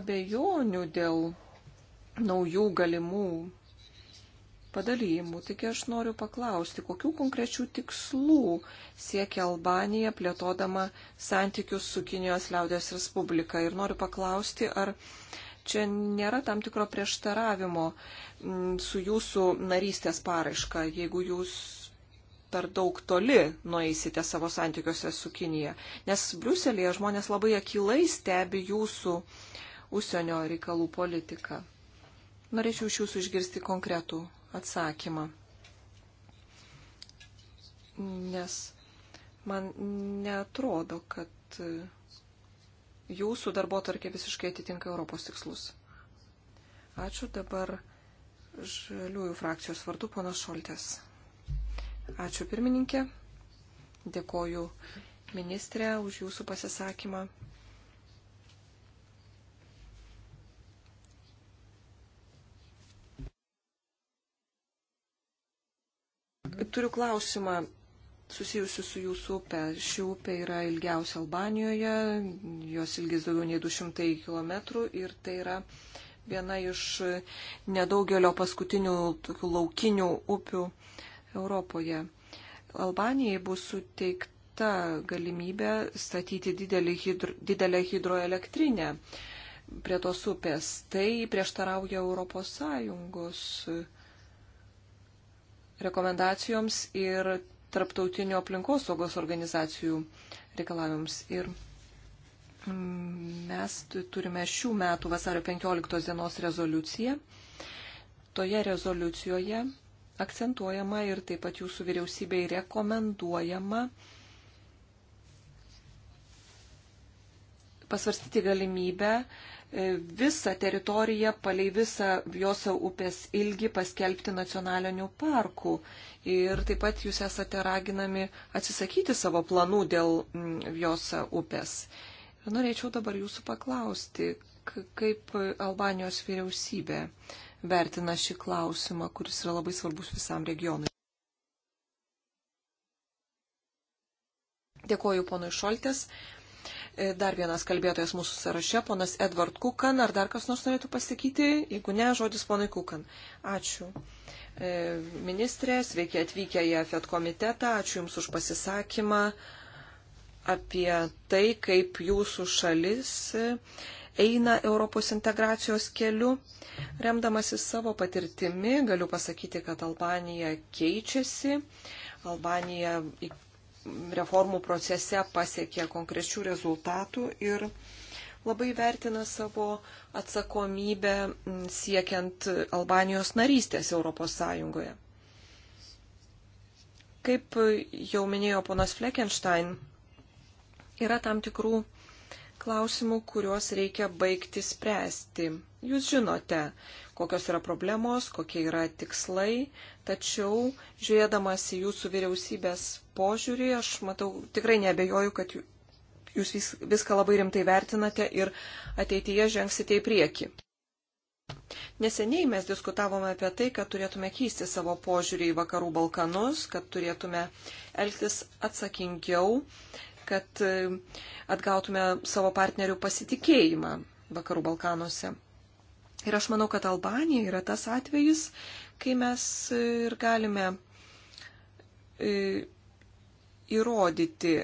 A: abejonių dėl naujų galimų padalyjimų. Tik aš noriu paklausti, kokių konkrečių tikslų siekia Albanija plėtodama santykius su Kinijos liaudės Respublika. Ir noriu paklausti, ar čia nėra tam tikro prieštaravimo mm, su jūsų narystės paraiška, jeigu jūs per daug toli nueisite savo santykiuose su Kinija. Nes Briuselėje žmonės labai akilai stebi jūsų užsienio reikalų politiką. Norėčiau iš jūsų išgirsti konkretų atsakymą. Nes man netrodo, kad jūsų darbo tarkė visiškai atitinka Europos tikslus. Ačiū dabar žaliųjų frakcijos vardu, ponas Šoltės. Ačiū pirmininkė, dėkoju ministrė už jūsų pasisakymą. Turiu klausimą susijusi su jūsų upe. Ši upė yra ilgiausia Albanijoje, jos ilgis daugiau nei 200 km ir tai yra viena iš nedaugelio paskutinių tokių laukinių upių Europoje. Albanijai bus suteikta galimybė statyti hidro, didelę hidroelektrinę prie tos upės. Tai prieštarauja Europos Sąjungos rekomendacijoms ir tarptautinių aplinkosaugos organizacijų reikalavimams. Ir mm, mes turime šių metų vasario 15 dienos rezoliuciją. Toje rezoliucijoje akcentuojama ir taip pat jūsų vyriausybei rekomenduojama pasvarstyti galimybę visą teritoriją palei visą Vjoso upės ilgį paskelbti nacionaliniu parku. Ir taip pat jūs esate raginami atsisakyti savo planų dėl Vjosa mm, upės. Ir norėčiau dabar jūsų paklausti, kaip Albanijos vyriausybė vertina šį klausimą, kuris yra labai svarbus visam regionui. Dėkoju ponui Šoltės. E, dar vienas kalbėtojas mūsų sąraše, ponas Edvard Kukan. Ar dar kas nors norėtų pasakyti? Jeigu ne, žodis ponai Kukan. Ačiū. E, ministrė, sveiki atvykę į AFET komitetą. Ačiū Jums už pasisakymą apie tai, kaip Jūsų šalis eina Europos integracijos keliu. Remdamasi savo patirtimi, galiu pasakyti, kad Albanija keičiasi. Albanija reformų procese pasiekė konkrečių rezultatų ir labai vertina savo atsakomybę siekiant Albanijos narystės Europos Sąjungoje. Kaip jau minėjo ponas Fleckenstein, yra tam tikrų klausimų, kuriuos reikia baigti spręsti. Jūs žinote, kokios yra problemos, kokie yra tikslai, tačiau žiūrėdamas į jūsų vyriausybės požiūrį, aš matau, tikrai nebejoju, kad jūs vis, viską labai rimtai vertinate ir ateityje žengsite į priekį. Neseniai mes diskutavome apie tai, kad turėtume keisti savo požiūrį į vakarų Balkanus, kad turėtume elgtis atsakingiau, kad e, atgautume savo partnerių pasitikėjimą vakarų Balkanuose. Ir aš manau, kad Albanija yra tas atvejis, kai mes e, ir galime e, įrodyti,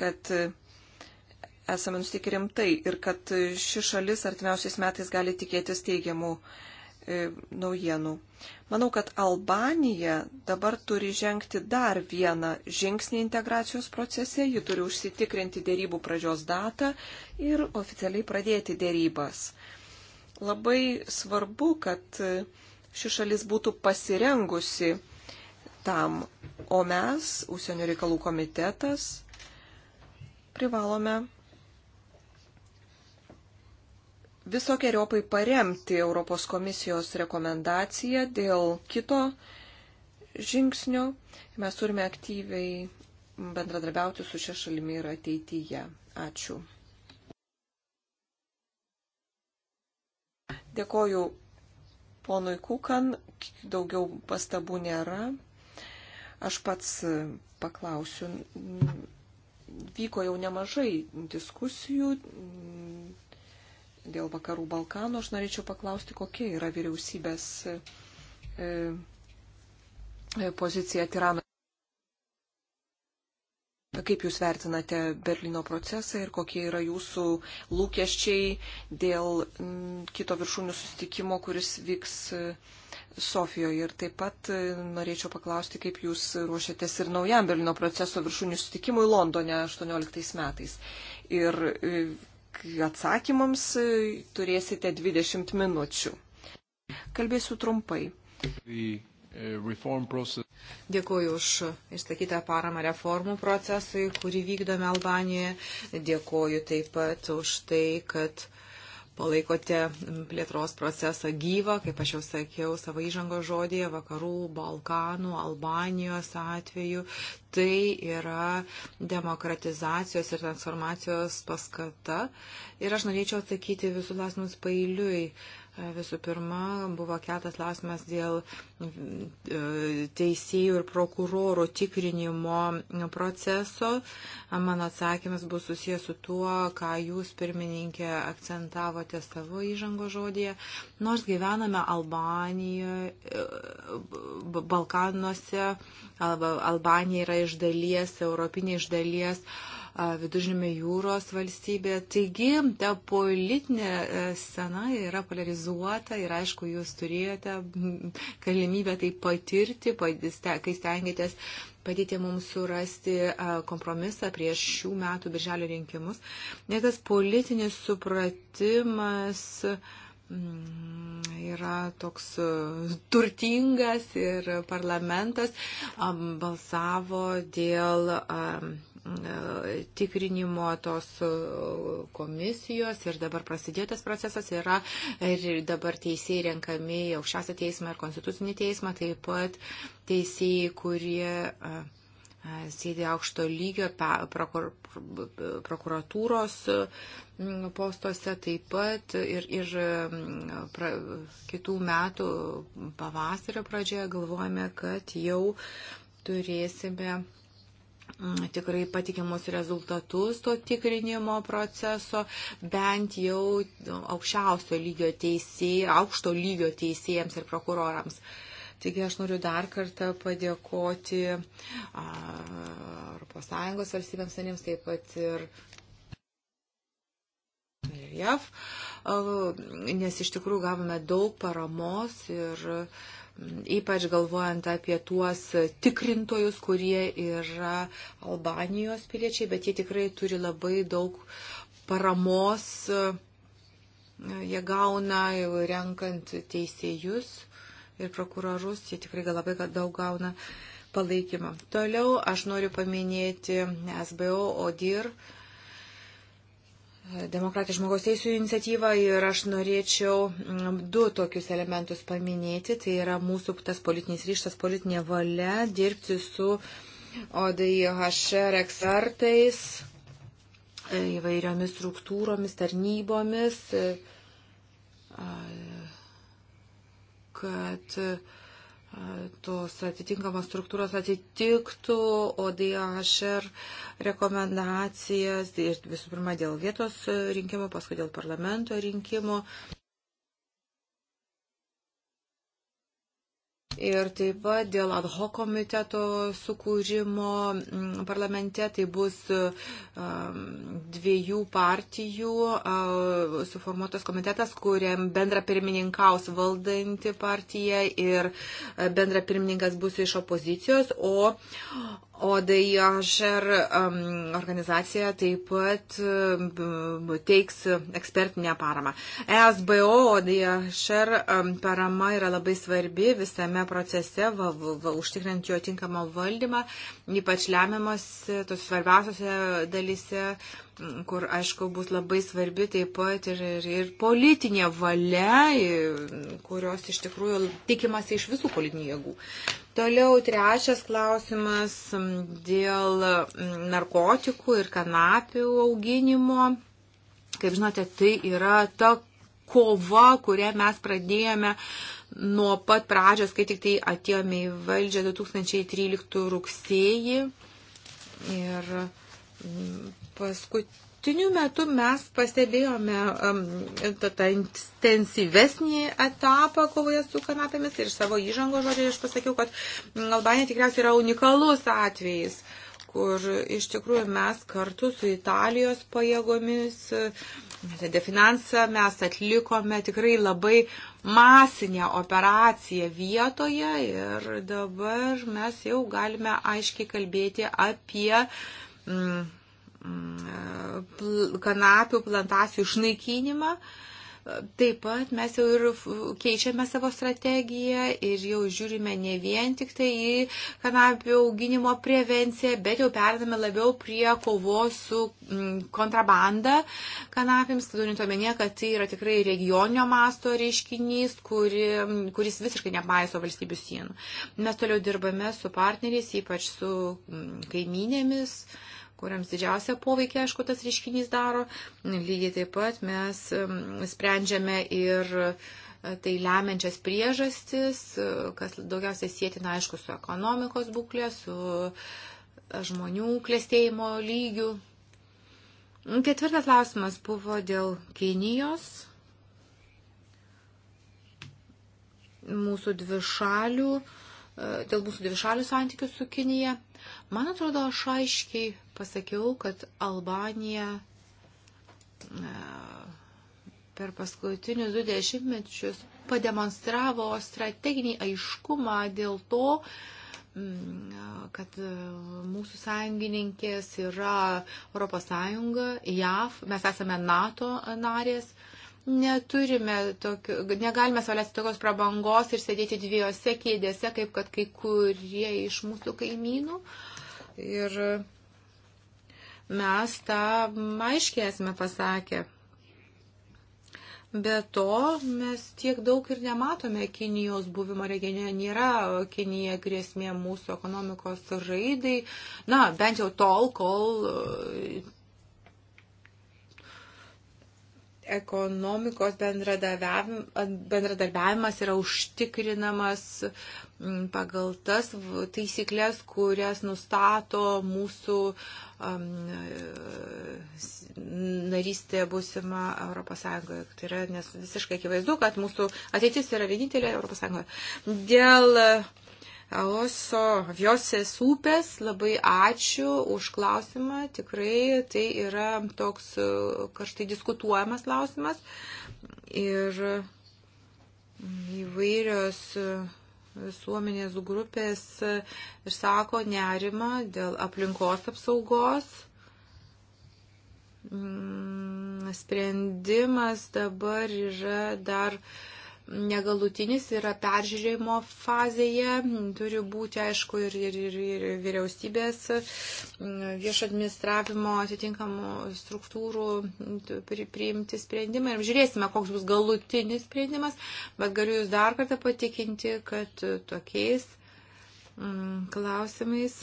A: kad e, esame nustikė rimtai ir kad ši šalis artimiausiais metais gali tikėtis teigiamų naujienų. Manau, kad Albanija dabar turi žengti dar vieną žingsnį integracijos procese, ji turi užsitikrinti dėrybų pradžios datą ir oficialiai pradėti dėrybas. Labai svarbu, kad ši šalis būtų pasirengusi tam, o mes, Užsienio reikalų komitetas, privalome visokiojopai paremti Europos komisijos rekomendaciją dėl kito žingsnio. Mes turime aktyviai bendradarbiauti su šia šalimi ir ateityje. Ačiū. Dėkoju ponui Kukan, daugiau pastabų nėra. Aš pats paklausiu. Vyko jau nemažai diskusijų dėl vakarų Balkanų. Aš norėčiau paklausti, kokia yra vyriausybės e, e, pozicija Tirano. Kaip Jūs vertinate Berlyno procesą ir kokie yra Jūsų lūkesčiai dėl kito viršūnių susitikimo, kuris vyks e, Sofijoje? Ir taip pat e, norėčiau paklausti, kaip Jūs ruošiatės ir naujam Berlyno proceso viršūnių susitikimui Londone 18 metais. Ir e, atsakymams turėsite 20 minučių. Kalbėsiu trumpai. The, uh, Dėkuoju už
C: išsakytą paramą reformų procesui, kurį vykdome Albanijoje. Dėkuoju taip pat už tai, kad palaikote plėtros procesą gyvą, kaip aš jau sakiau savo įžango žodėje, vakarų, Balkanų, Albanijos atveju. Tai yra demokratizacijos ir transformacijos paskata. Ir aš norėčiau atsakyti visų klausimus pailiui. Uh, Visų pirma, buvo keltas klausimas dėl e, teisėjų ir prokurorų tikrinimo proceso. Mano atsakymas bus susijęs su tuo, ką jūs, pirmininkė, akcentavote savo įžango žodėje. Nors gyvename Albanijoje, e, Balkanuose, Albanija yra iš dalies, Europinė iš dalies. Uh, viduržinėme jūros valstybė. Taigi ta politinė e, scena yra polarizuota ir aišku, jūs turėjote galimybę tai patirti, kai stengiatės padėti mums surasti kompromisą prieš šių metų birželio rinkimus. Nes tas politinis supratimas yra toks e, turtingas ir parlamentas balsavo dėl E, tikrinimo tos e, komisijos ir dabar prasidėjo tas procesas yra ir dabar teisėjai renkami į aukščiausią teismą ir konstitucinį teismą, taip pat teisėjai, kurie e, sėdė aukšto lygio prokur, prokuratūros postuose taip pat ir, ir pra, kitų metų pavasario pradžioje galvojame, kad jau turėsime Mm, tikrai patikimus rezultatus to tikrinimo proceso, bent jau aukščiausio lygio teisėjai, aukšto lygio teisėjams ir prokurorams. Taigi aš noriu dar kartą padėkoti ES valstybėms narėms, taip pat ir JAV, nes iš tikrųjų gavome daug paramos ir uh, ypač galvojant apie tuos tikrintojus, kurie yra Albanijos piliečiai, bet jie tikrai turi labai daug paramos, jie gauna renkant teisėjus ir prokurorus, jie tikrai labai daug gauna palaikymą. Toliau aš noriu paminėti SBO ODIR demokratijos žmogaus teisų iniciatyvą ir aš norėčiau mm, du tokius elementus paminėti. Tai yra mūsų tas politinis ryštas, politinė valia dirbti su ODIHR ekspertais, e, įvairiomis struktūromis, tarnybomis, e, kad tos atitinkamos struktūros atitiktų ODHR rekomendacijas ir visų pirma dėl vietos rinkimų, paskui dėl parlamento rinkimų. ir taip pat dėl ad hoc komiteto sukūrimo mm, parlamente. Tai bus dviejų partijų suformuotas komitetas, kuriam bendra pirmininkaus valdanti partija ir e, bendra pirmininkas bus iš opozicijos, o O DIHR e um, organizacija taip pat um, teiks ekspertinę paramą. ESBO, o DIHR e um, parama yra labai svarbi visame procese, va, va, va, užtikrint jo tinkamą valdymą. Um, ypač lemiamas e, tos svarbiausiose dalise, kur, aišku, bus labai svarbi taip pat ir, ir, ir politinė valia, kurios iš tikrųjų tikimasi iš visų politinių jėgų. Toliau trečias klausimas dėl narkotikų ir kanapių auginimo. Kaip žinote, tai yra ta kova, kurią mes pradėjome uh, nuo pat pradžios, kai tik tai atėjome į valdžią 2013 rugsėjį. Ir mm, paskutiniu metu mes pastebėjome um, tą intensyvesnį etapą kovoje su kanapėmis ir savo įžango žodžiu aš pasakiau, kad Albanija tikriausiai yra unikalus atvejis. Uh, kur iš tikrųjų mes kartu su Italijos pajėgomis, de finansą mes atlikome tikrai labai masinę operaciją vietoje ir dabar mes jau galime aiškiai kalbėti apie mm, mm kanapių plantacijų išnaikinimą. Mm, Taip pat mes jau ir keičiame savo strategiją ir jau žiūrime ne vien tik tai į kanapių auginimo prevenciją, bet jau perdame labiau prie kovos su mm, kontrabanda kanapiams, turint omenyje, kad tai yra tikrai regioninio masto reiškinys, kuri, mm, kuris visiškai nepaiso valstybių sienų. Mes toliau dirbame su partneriais, ypač su kaiminėmis. Mm, kuriams didžiausia poveikia, aišku, tas reiškinys daro. Lygiai taip pat mes sprendžiame ir e, tai lemiančias priežastis, e, kas daugiausiai sėtina, aišku, su ekonomikos būklė, su e, žmonių klėstėjimo lygiu. Ketvirtas klausimas buvo dėl Kinijos. Mūsų dvišalių, dėl mūsų dvišalių santykių su Kinija. Man atrodo, aš aiškiai pasakiau, kad Albanija e, per paskutinius du dešimtmečius pademonstravo strateginį aiškumą dėl to, mm, e, kad e, mūsų sąjungininkės yra ES, JAV, mes esame NATO narės neturime tokio, negalime savęs tokios prabangos ir sėdėti dviejose kėdėse, kaip kad kai kurie iš mūsų kaimynų. Ir mes tą aiškiai esame pasakę. Be to, mes tiek daug ir nematome Kinijos buvimo regione, nėra Kinija grėsmė mūsų ekonomikos raidai, na, bent jau tol, kol ekonomikos bendradarbiavimas yra užtikrinamas mm, pagal tas taisyklės, kurias nustato mūsų um, narystė būsima ES. Tai yra nes visiškai akivaizdu, kad mūsų ateitis yra vienintelė ES. Dėl uh, Aoso Viosės upės. Labai ačiū už klausimą. Tikrai tai yra toks e, kažtai diskutuojamas klausimas. Ir įvairios e, visuomenės grupės e, išsako nerimą dėl aplinkos apsaugos. Mm, sprendimas dabar yra dar uh, negalutinis yra peržiūrėjimo fazėje, turi būti, aišku, ir, ir, ir, ir vyriausybės viešo administravimo atitinkamų struktūrų priimti sprendimą ir žiūrėsime, koks bus galutinis sprendimas, bet galiu Jūs dar kartą patikinti, kad tokiais mm, klausimais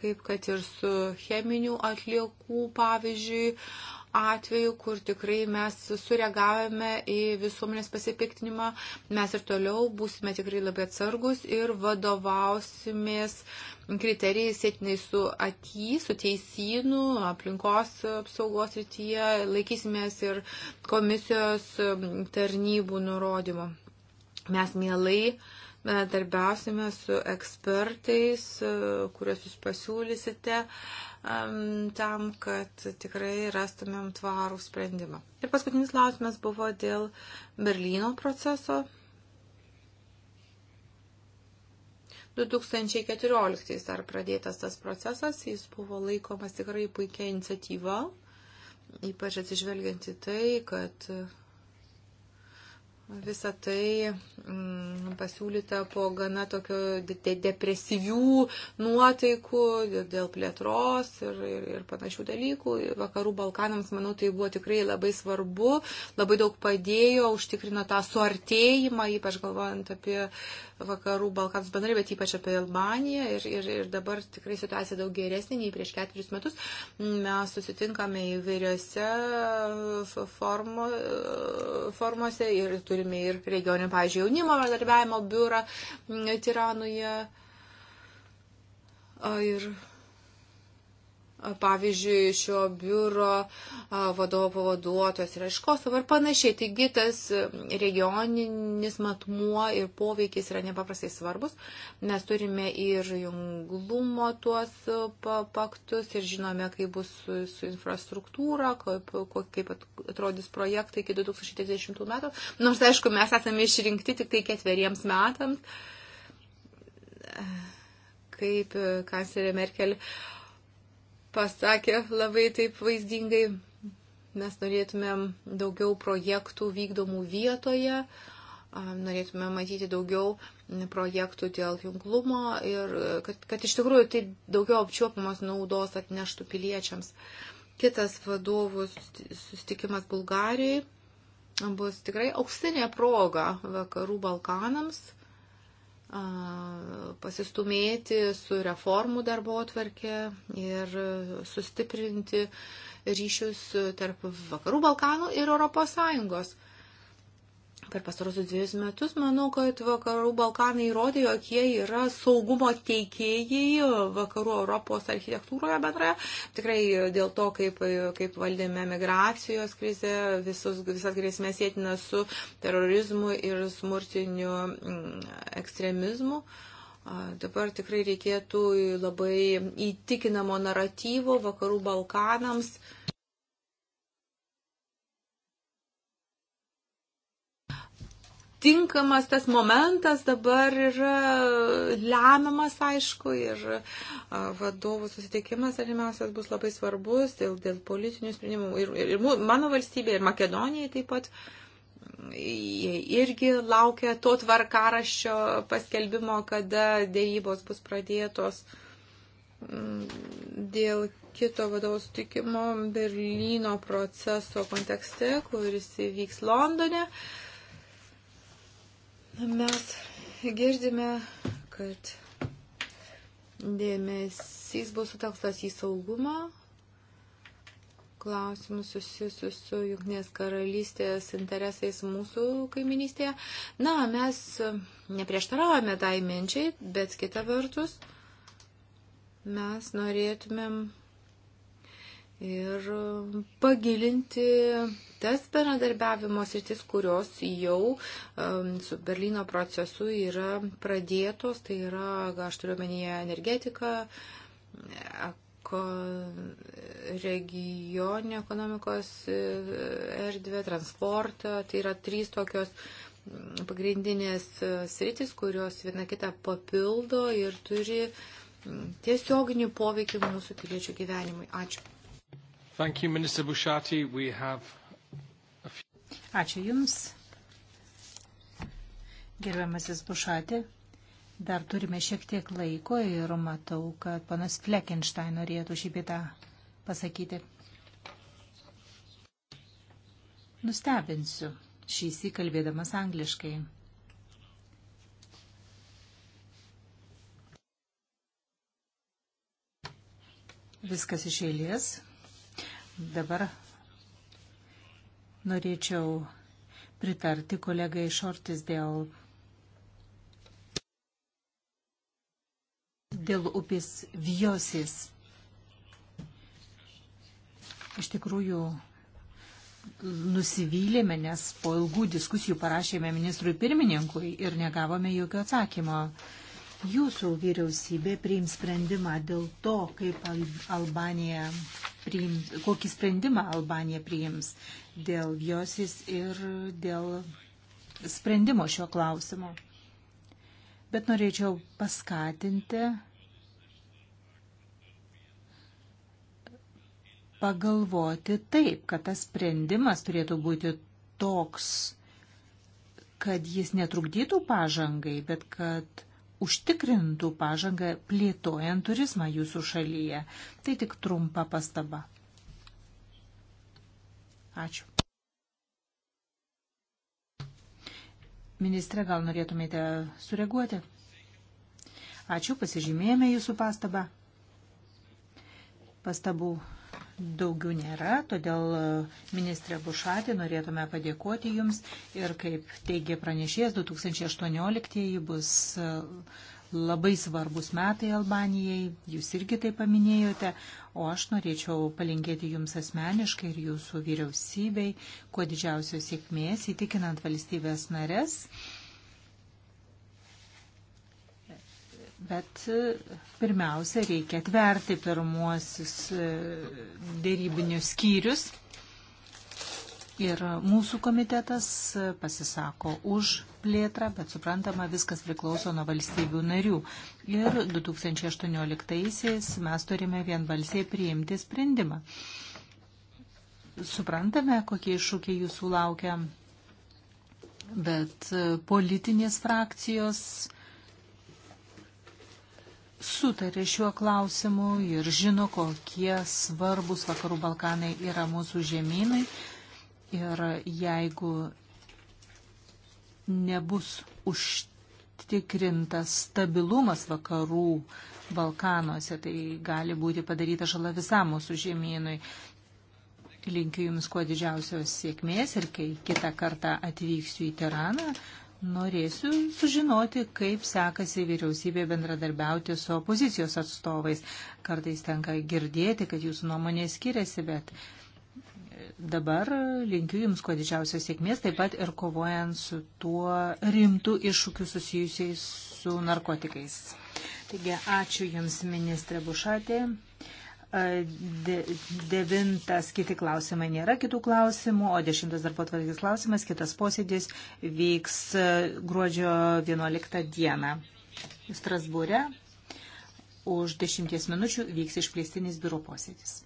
C: kaip kad ir su cheminių atliekų, pavyzdžiui, atvejų, kur tikrai mes sureagavome į visuomenės pasipiktinimą. Mes ir toliau būsime tikrai labai atsargus ir vadovausimės kriterijais sėtinai su aky, su teisynu, aplinkos apsaugos rytyje, laikysimės ir komisijos tarnybų nurodymų. Mes mielai uh, darbiausime su ekspertais, e, kuriuos jūs pasiūlysite tam, kad tikrai rastumėm tvarų sprendimą. Ir paskutinis klausimas buvo dėl Berlyno proceso. 2014 dar pradėtas tas procesas, jis buvo laikomas tikrai puikia iniciatyva, ypač atsižvelgiant į tai, kad Visą tai mm, pasiūlyta po gana tokio de depresyvių nuotaikų dėl plėtros ir, ir, ir panašių dalykų. Vakarų Balkanams, manau, tai buvo tikrai labai svarbu, labai daug padėjo, užtikrino tą suartėjimą, ypač galvojant apie Vakarų Balkanus bendrai, bet ypač apie Albaniją. Ir, ir, ir dabar tikrai situacija daug geresnė nei prieš ketverius metus. Mes susitinkame įvairiose formo, formose ir turime turime ir regioninį, pavyzdžiui, jaunimo bendradarbiavimo biurą mm, Tiranoje. Ir pavyzdžiui, šio biuro vadovo pavaduotojas yra iš Kosovo ir panašiai. Taigi tas e, regioninis matmuo ir poveikis yra nepaprastai svarbus. Mes turime ir junglumo tuos e, paktus ir žinome, kaip bus su, su infrastruktūra, kaip, kaip atrodys projektai iki 2030 metų. Nors, aišku, mes esame išrinkti tik tai ketveriems metams. Kaip e, kanclerė Merkel uh, pasakė labai taip vaizdingai. Mes norėtumėm daugiau projektų vykdomų vietoje, norėtume matyti daugiau projektų dėl junglumo ir kad, kad iš tikrųjų tai daugiau apčiuopamos naudos atneštų piliečiams. Kitas vadovų sustikimas Bulgarijai bus tikrai auksinė proga vakarų Balkanams pasistumėti su reformų darbo atvarkė ir sustiprinti ryšius tarp Vakarų Balkanų ir Europos Sąjungos. Per pastarosius dviejus metus manau, kad vakarų Balkanai įrodė, jog jie yra saugumo teikėjai vakarų Europos architektūroje bendroje. Tikrai dėl to, kaip, kaip valdėme migracijos krizę, visus, visas grėsmės sėtina su terorizmu ir smurtiniu mm, ekstremizmu. Dabar tikrai reikėtų labai įtikinamo naratyvo vakarų Balkanams. tinkamas tas momentas dabar yra lemiamas, aišku, ir vadovų susitikimas artimiausias bus labai svarbus dėl, dėl politinių sprendimų. Ir, ir, ir mano valstybė, ir Makedonija taip pat mm, jie irgi laukia to tvarkaraščio paskelbimo, kada dėrybos bus pradėtos mm, dėl kito vadovo sutikimo Berlyno proceso kontekste, kuris įvyks Londone. Uh, Mes girdime, kad dėmesys bus sutelktas į saugumą, klausimus susijusius su Junknės karalystės interesais mūsų kaiminystėje. Na, mes neprieštaravome tai minčiai, bet kita vertus mes norėtumėm ir pagilinti tas bendradarbiavimo sritis, kurios jau um, su Berlyno procesu yra pradėtos, tai yra, aš turiu menyje, energetika, eko, regioninė ekonomikos e, erdvė, transportą, tai yra trys tokios mm, pagrindinės e, sritis, kurios viena kitą papildo ir turi mm, tiesioginį poveikį mūsų piliečių gyvenimui. Ačiū.
A: Thank you, Minister Bushati. We have
B: a few... Ačiū Jums. Gerbiamasis Bušatė, dar turime šiek tiek laiko ir matau, kad panas Fleckenstein norėtų šį bitą pasakyti. Nustebinsiu šį įsikalbėdamas angliškai. Viskas iš eilės. Dabar norėčiau pritarti kolegai Šortis dėl, dėl upės Viosis. Iš tikrųjų, nusivylėme, nes po ilgų diskusijų parašėme ministrui pirmininkui ir negavome jokio atsakymo jūsų vyriausybė priims sprendimą dėl to, kaip Albanija priims, kokį sprendimą Albanija priims dėl Vjosis ir dėl sprendimo šio klausimo. Bet norėčiau paskatinti pagalvoti taip, kad tas sprendimas turėtų būti toks, kad jis netrukdytų pažangai, bet kad užtikrintų pažangą plėtojant turizmą jūsų šalyje. Tai tik trumpa pastaba. Ačiū. Ministre, gal norėtumėte sureaguoti? Ačiū, pasižymėjome jūsų pastabą. Pastabų daugiau nėra, todėl e, ministrė Bušatė norėtume padėkoti Jums ir kaip teigia pranešėjas, 2018 bus e, labai svarbus metai Albanijai, Jūs irgi tai paminėjote, o aš norėčiau palinkėti Jums asmeniškai ir Jūsų vyriausybei kuo didžiausios sėkmės įtikinant valstybės nares Bet e, pirmiausia, reikia atverti pirmuosius e, dėrybinius skyrius. Ir mūsų komitetas e, pasisako už plėtrą, bet suprantama, viskas priklauso nuo valstybių narių. Ir 2018-aisiais mes turime vienbalsiai priimti sprendimą. Suprantame, kokie iššūkiai jūsų laukia, bet politinės frakcijos sutarė šiuo klausimu ir žino, kokie svarbus Vakarų Balkanai yra mūsų žemynai. Ir jeigu nebus užtikrintas stabilumas Vakarų Balkanuose, tai gali būti padaryta žala visam mūsų žemynui. Linkiu Jums kuo didžiausios sėkmės ir kai kitą kartą atvyksiu į Tiraną, Norėsiu sužinoti, kaip sekasi vyriausybė bendradarbiauti su opozicijos atstovais. Kartais tenka girdėti, kad jūsų nuomonė skiriasi, bet e, dabar linkiu Jums kuo didžiausios sėkmės, taip pat ir kovojant su tuo rimtu iššūkiu susijusiais su narkotikais. Taigi, ačiū Jums, ministrė Bušatė. De, devintas kiti klausimai nėra kitų klausimų, o dešimtas darbo tvarkės klausimas, kitas posėdis vyks gruodžio 11 dieną Strasbūre. Už dešimties minučių vyks išplėstinis biuro posėdis.